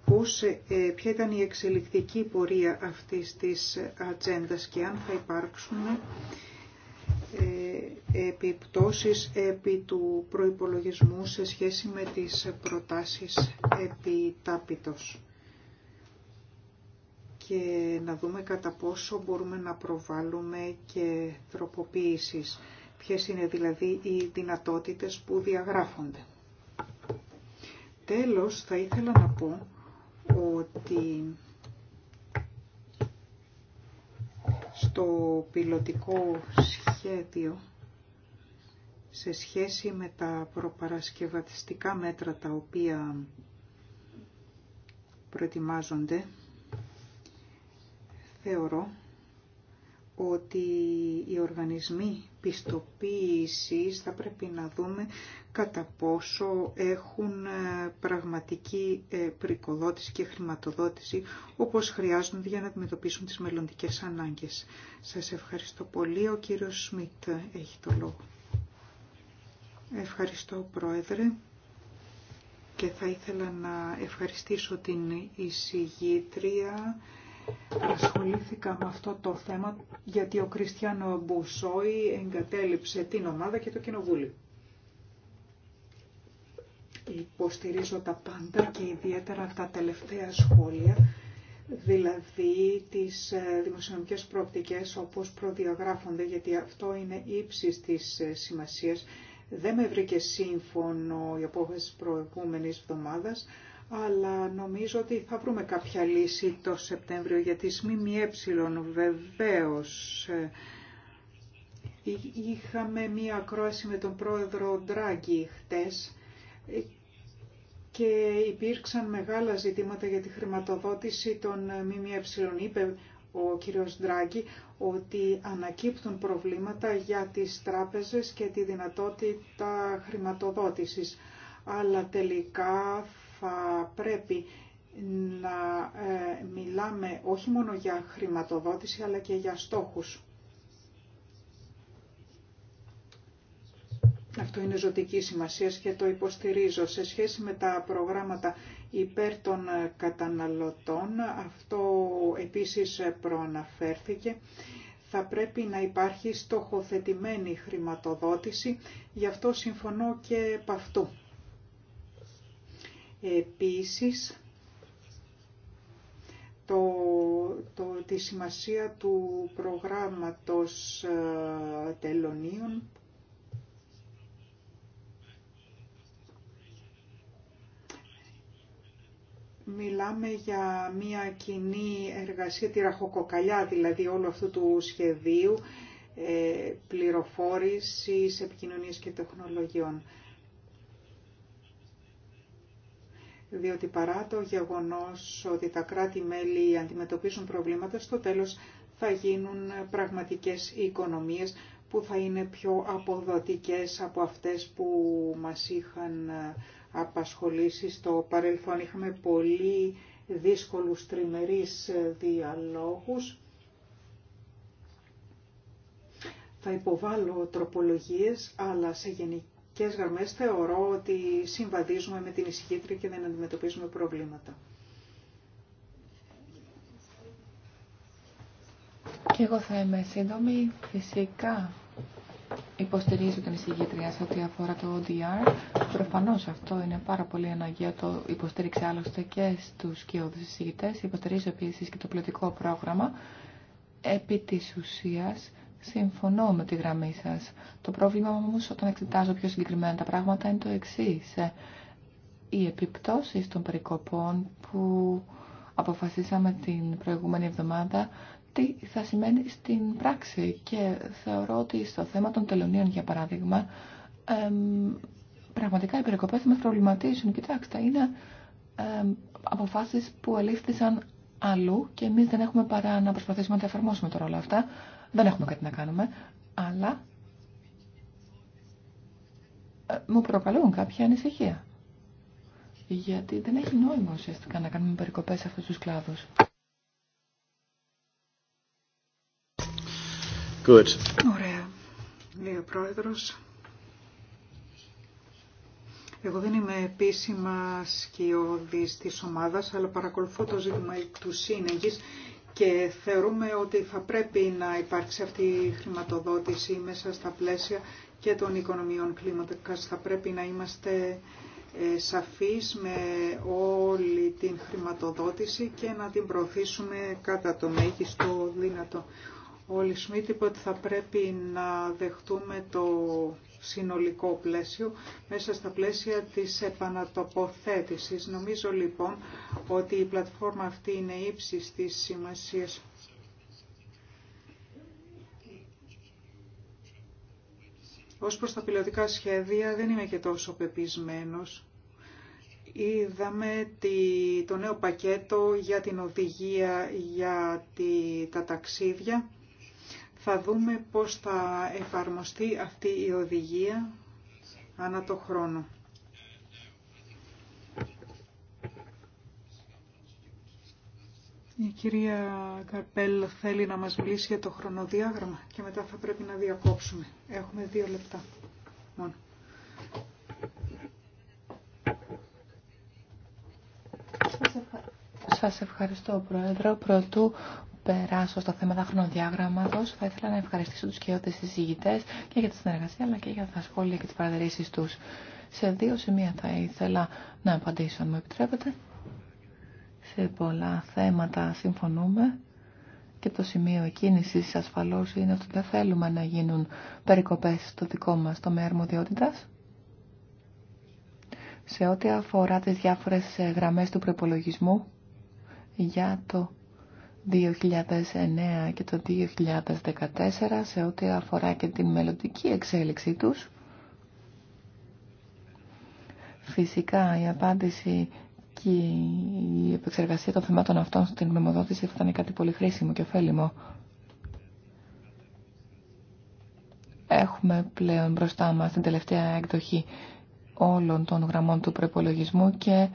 πώς, ε, ποια ήταν η εξελικτική πορεία αυτής της ατζέντα και αν θα υπάρξουν ε, επιπτώσεις επί του προϋπολογισμού σε σχέση με τις προτάσεις επί τάπητος. και να δούμε κατά πόσο μπορούμε να προβάλλουμε και τροποποίησεις. Ποιες είναι δηλαδή οι δυνατότητες που διαγράφονται. Τέλος, θα ήθελα να πω ότι στο πιλωτικό σχέδιο σχέδιο σε σχέση με τα προπαρασκευαστικά μέτρα τα οποία προετοιμάζονται, θεωρώ ότι οι οργανισμοί πιστοποίησης θα πρέπει να δούμε κατά πόσο έχουν ε, πραγματική ε, πρικοδότηση και χρηματοδότηση όπως χρειάζονται για να αντιμετωπίσουν τις μελλοντικές ανάγκες. Σας ευχαριστώ πολύ. Ο κύριος Σμιτ έχει το λόγο. Ευχαριστώ Πρόεδρε και θα ήθελα να ευχαριστήσω την εισηγήτρια ασχολήθηκα με αυτό το θέμα γιατί ο Κριστιανό Μπουσόη εγκατέλειψε την ομάδα και το κοινοβούλιο υποστηρίζω τα πάντα και ιδιαίτερα τα τελευταία σχόλια, δηλαδή τις ε, δημοσιονομικές προοπτικές όπως προδιαγράφονται, γιατί αυτό είναι ύψης της ε, σημασίας. Δεν με βρήκε σύμφωνο η απόφαση προηγούμενης εβδομάδας, αλλά νομίζω ότι θα βρούμε κάποια λύση το Σεπτέμβριο για τις ΜΜΕ βεβαίως. Ε, είχαμε μία ακρόαση με τον πρόεδρο Ντράγκη χτες και υπήρξαν μεγάλα ζητήματα για τη χρηματοδότηση των ΜΜΕ. Είπε ο κύριος Ντράγκη ότι ανακύπτουν προβλήματα για τις τράπεζες και τη δυνατότητα χρηματοδότησης. Αλλά τελικά θα πρέπει να ε, μιλάμε όχι μόνο για χρηματοδότηση αλλά και για στόχους. Αυτό είναι ζωτική σημασία και το υποστηρίζω. Σε σχέση με τα προγράμματα υπέρ των ε, καταναλωτών, αυτό επίσης ε, προαναφέρθηκε. Θα πρέπει να υπάρχει στοχοθετημένη χρηματοδότηση, γι' αυτό συμφωνώ και επ' αυτού. Επίσης, το, τη σημασία του προγράμματος ε, τελωνίων Μιλάμε για μια κοινή εργασία, τη ραχοκοκαλιά δηλαδή όλου αυτού του σχεδίου ε, πληροφόρησης, επικοινωνίας και τεχνολογιών. Διότι παρά το γεγονός ότι τα κράτη-μέλη αντιμετωπίζουν προβλήματα, στο τέλος θα γίνουν πραγματικές οικονομίες που θα είναι πιο αποδοτικές από αυτές που μας είχαν απασχολήσει. Στο παρελθόν είχαμε πολύ δύσκολους τριμερείς διαλόγους. Θα υποβάλω τροπολογίες, αλλά σε γενικές γραμμές θεωρώ ότι συμβαδίζουμε με την ησυχήτρια και δεν αντιμετωπίζουμε προβλήματα. Και εγώ θα είμαι σύντομη, φυσικά υποστηρίζω την εισηγήτρια σε ό,τι αφορά το ODR. Προφανώ αυτό είναι πάρα πολύ αναγκαίο, το υποστήριξε άλλωστε και στου κοιόδους εισηγητέ. Υποστηρίζω επίση και το πλωτικό πρόγραμμα. Επί τη ουσία, συμφωνώ με τη γραμμή σα. Το πρόβλημα όμω, όταν εξετάζω πιο συγκεκριμένα τα πράγματα είναι το εξή. Οι επιπτώσει των περικοπών που αποφασίσαμε την προηγούμενη εβδομάδα τι θα σημαίνει στην πράξη. Και θεωρώ ότι στο θέμα των τελωνίων, για παράδειγμα, πραγματικά οι περικοπές θα μας προβληματίζουν. Κοιτάξτε, είναι εμ, αποφάσεις που ελήφθησαν αλλού και εμείς δεν έχουμε παρά να προσπαθήσουμε να τα εφαρμόσουμε τώρα όλα αυτά. Δεν έχουμε κάτι να κάνουμε, αλλά ε, μου προκαλούν κάποια ανησυχία. Γιατί δεν έχει νόημα ουσιαστικά να κάνουμε περικοπές σε αυτούς τους κλάδους. Good. Ωραία. Λέει ο πρόεδρος. Εγώ δεν είμαι επίσημα σκιώδης της ομάδας, αλλά παρακολουθώ το ζήτημα του σύνεγγης και θεωρούμε ότι θα πρέπει να υπάρξει αυτή η χρηματοδότηση μέσα στα πλαίσια και των οικονομιών κλίματος. Θα πρέπει να είμαστε ε, σαφείς με όλη την χρηματοδότηση και να την προωθήσουμε κατά το μέγιστο δυνατό. Ο Λισμίτ είπε ότι θα πρέπει να δεχτούμε το συνολικό πλαίσιο μέσα στα πλαίσια της επανατοποθέτησης. Νομίζω λοιπόν ότι η πλατφόρμα αυτή είναι ύψης της σημασίας. Ως προς τα πιλωτικά σχέδια δεν είμαι και τόσο πεπισμένος. Είδαμε τη, το νέο πακέτο για την οδηγία για τη, τα ταξίδια θα δούμε πώς θα εφαρμοστεί αυτή η οδηγία ανά το χρόνο. Η κυρία Καρπέλ θέλει να μας μιλήσει για το χρονοδιάγραμμα και μετά θα πρέπει να διακόψουμε. Έχουμε δύο λεπτά μόνο. Σας ευχαριστώ, Πρόεδρο. Πρωτού περάσω στα θέματα χρονοδιάγραμματο. Θα ήθελα να ευχαριστήσω του και συζητητές και για τη συνεργασία αλλά και για τα σχόλια και τι παρατηρήσει του. Σε δύο σημεία θα ήθελα να απαντήσω αν μου επιτρέπετε. Σε πολλά θέματα συμφωνούμε και το σημείο κίνησης ασφαλώ, είναι ότι δεν θέλουμε να γίνουν περικοπές στο δικό μας τομέα αρμοδιότητα. Σε ό,τι αφορά τι διάφορε ε, γραμμέ του προπολογισμού για το 2009 και το 2014 σε ό,τι αφορά και την μελλοντική εξέλιξή τους. Φυσικά η απάντηση και η επεξεργασία των θεμάτων αυτών στην μεμοδότηση θα ήταν κάτι πολύ χρήσιμο και ωφέλιμο. Έχουμε πλέον μπροστά μας την τελευταία εκδοχή όλων των γραμμών του προπολογισμού και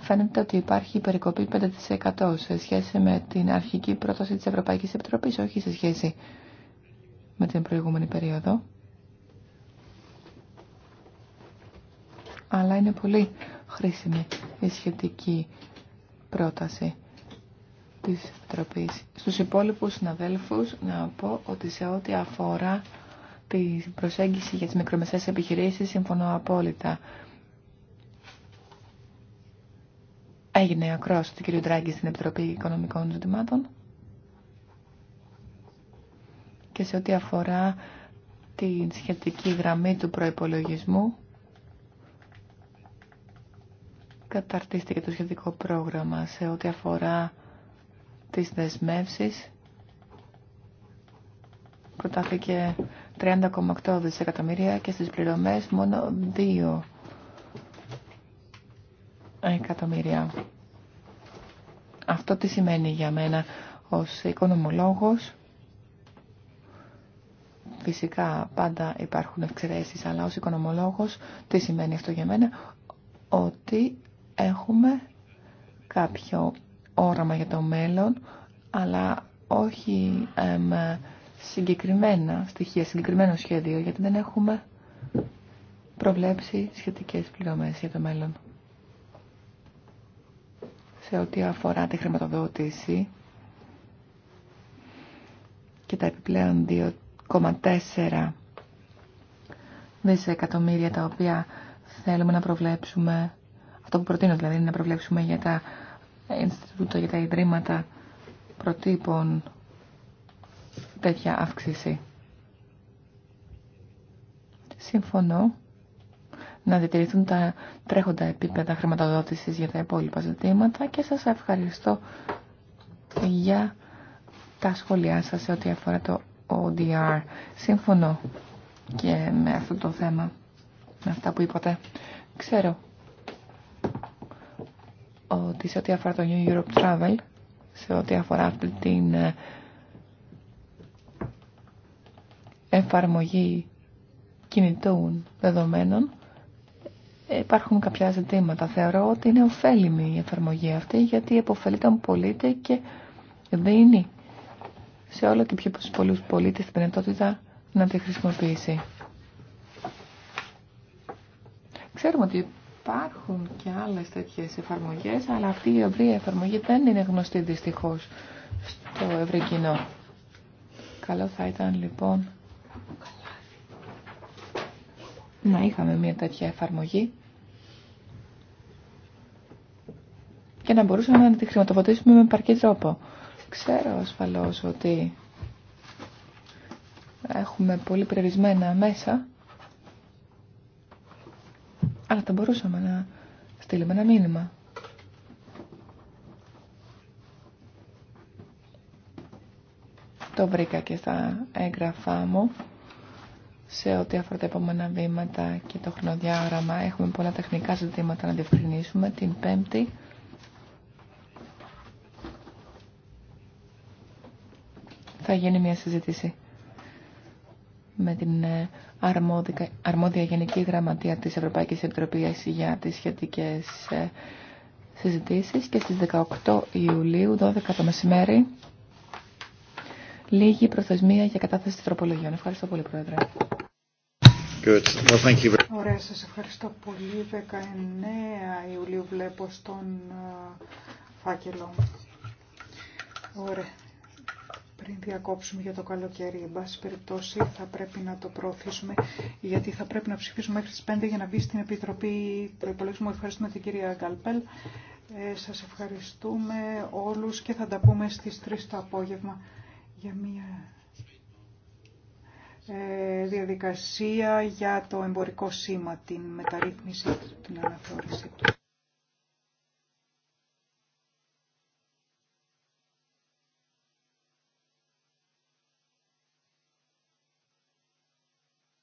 φαίνεται ότι υπάρχει περικοπή 5% σε σχέση με την αρχική πρόταση της Ευρωπαϊκής Επιτροπής, όχι σε σχέση με την προηγούμενη περίοδο. Αλλά είναι πολύ χρήσιμη η σχετική πρόταση της Επιτροπής. Στους υπόλοιπους συναδέλφους να πω ότι σε ό,τι αφορά τη προσέγγιση για τις μικρομεσαίες επιχειρήσεις συμφωνώ απόλυτα. Έγινε ακρόαση του κ. Τράγκη στην Επιτροπή Οικονομικών Ζητημάτων και σε ό,τι αφορά τη σχετική γραμμή του προϋπολογισμού καταρτίστηκε το σχετικό πρόγραμμα σε ό,τι αφορά τις δεσμεύσεις προτάθηκε 30,8 δισεκατομμύρια και στις πληρωμές μόνο 2 εκατομμύρια. Αυτό τι σημαίνει για μένα ως οικονομολόγος. Φυσικά πάντα υπάρχουν εξαιρέσεις, αλλά ως οικονομολόγος τι σημαίνει αυτό για μένα. Ότι έχουμε κάποιο όραμα για το μέλλον, αλλά όχι με συγκεκριμένα στοιχεία, συγκεκριμένο σχέδιο, γιατί δεν έχουμε προβλέψει σχετικές πληρωμές για το μέλλον σε ό,τι αφορά τη χρηματοδότηση και τα επιπλέον 2,4 δισεκατομμύρια τα οποία θέλουμε να προβλέψουμε, αυτό που προτείνω δηλαδή είναι να προβλέψουμε για τα Ινστιτούτα, για τα Ιδρύματα προτύπων τέτοια αύξηση. Συμφωνώ να διατηρηθούν τα τρέχοντα επίπεδα χρηματοδότησης για τα υπόλοιπα ζητήματα και σας ευχαριστώ για τα σχόλιά σας σε ό,τι αφορά το ODR. Σύμφωνο και με αυτό το θέμα, με αυτά που είπατε. Ξέρω ότι σε ό,τι αφορά το New Europe Travel, σε ό,τι αφορά αυτή την ε, εφαρμογή κινητών δεδομένων, υπάρχουν κάποια ζητήματα. Θεωρώ ότι είναι ωφέλιμη η εφαρμογή αυτή γιατί επωφελεί τον πολίτη και δίνει σε όλο και πιο πολλούς πολίτες την δυνατότητα να τη χρησιμοποιήσει. Ξέρουμε ότι υπάρχουν και άλλες τέτοιες εφαρμογές, αλλά αυτή η ευρία εφαρμογή δεν είναι γνωστή δυστυχώς στο ευρύ κοινό. Καλό θα ήταν λοιπόν να είχαμε μια τέτοια εφαρμογή και να μπορούσαμε να τη χρηματοδοτήσουμε με παρκή τρόπο. Ξέρω ασφαλώς ότι έχουμε πολύ περιορισμένα μέσα, αλλά θα μπορούσαμε να στείλουμε ένα μήνυμα. Το βρήκα και στα έγγραφά μου σε ό,τι αφορά τα επόμενα βήματα και το χρονοδιάγραμμα. Έχουμε πολλά τεχνικά ζητήματα να διευκρινίσουμε την Πέμπτη. θα γίνει μια συζήτηση με την ε, αρμόδια Γενική Γραμματεία της Ευρωπαϊκής Επιτροπής για τις σχετικές ε, συζητήσεις και στις 18 Ιουλίου, 12 το μεσημέρι, λίγη προθεσμία για κατάθεση τροπολογιών. Ευχαριστώ πολύ, Πρόεδρε. Ωραία, σας ευχαριστώ πολύ. 19 Ιουλίου βλέπω στον ε, φάκελο. Ωραία πριν διακόψουμε για το καλοκαίρι. Εν πάση περιπτώσει θα πρέπει να το προωθήσουμε γιατί θα πρέπει να ψηφίσουμε μέχρι τις 5 για να μπει στην Επιτροπή Προϋπολογισμού. Ευχαριστούμε την κυρία Γκαλπέλ. Ε, σας ευχαριστούμε όλους και θα τα πούμε στις 3 το απόγευμα για μια ε, διαδικασία για το εμπορικό σήμα, την μεταρρύθμιση, την αναθεώρηση του.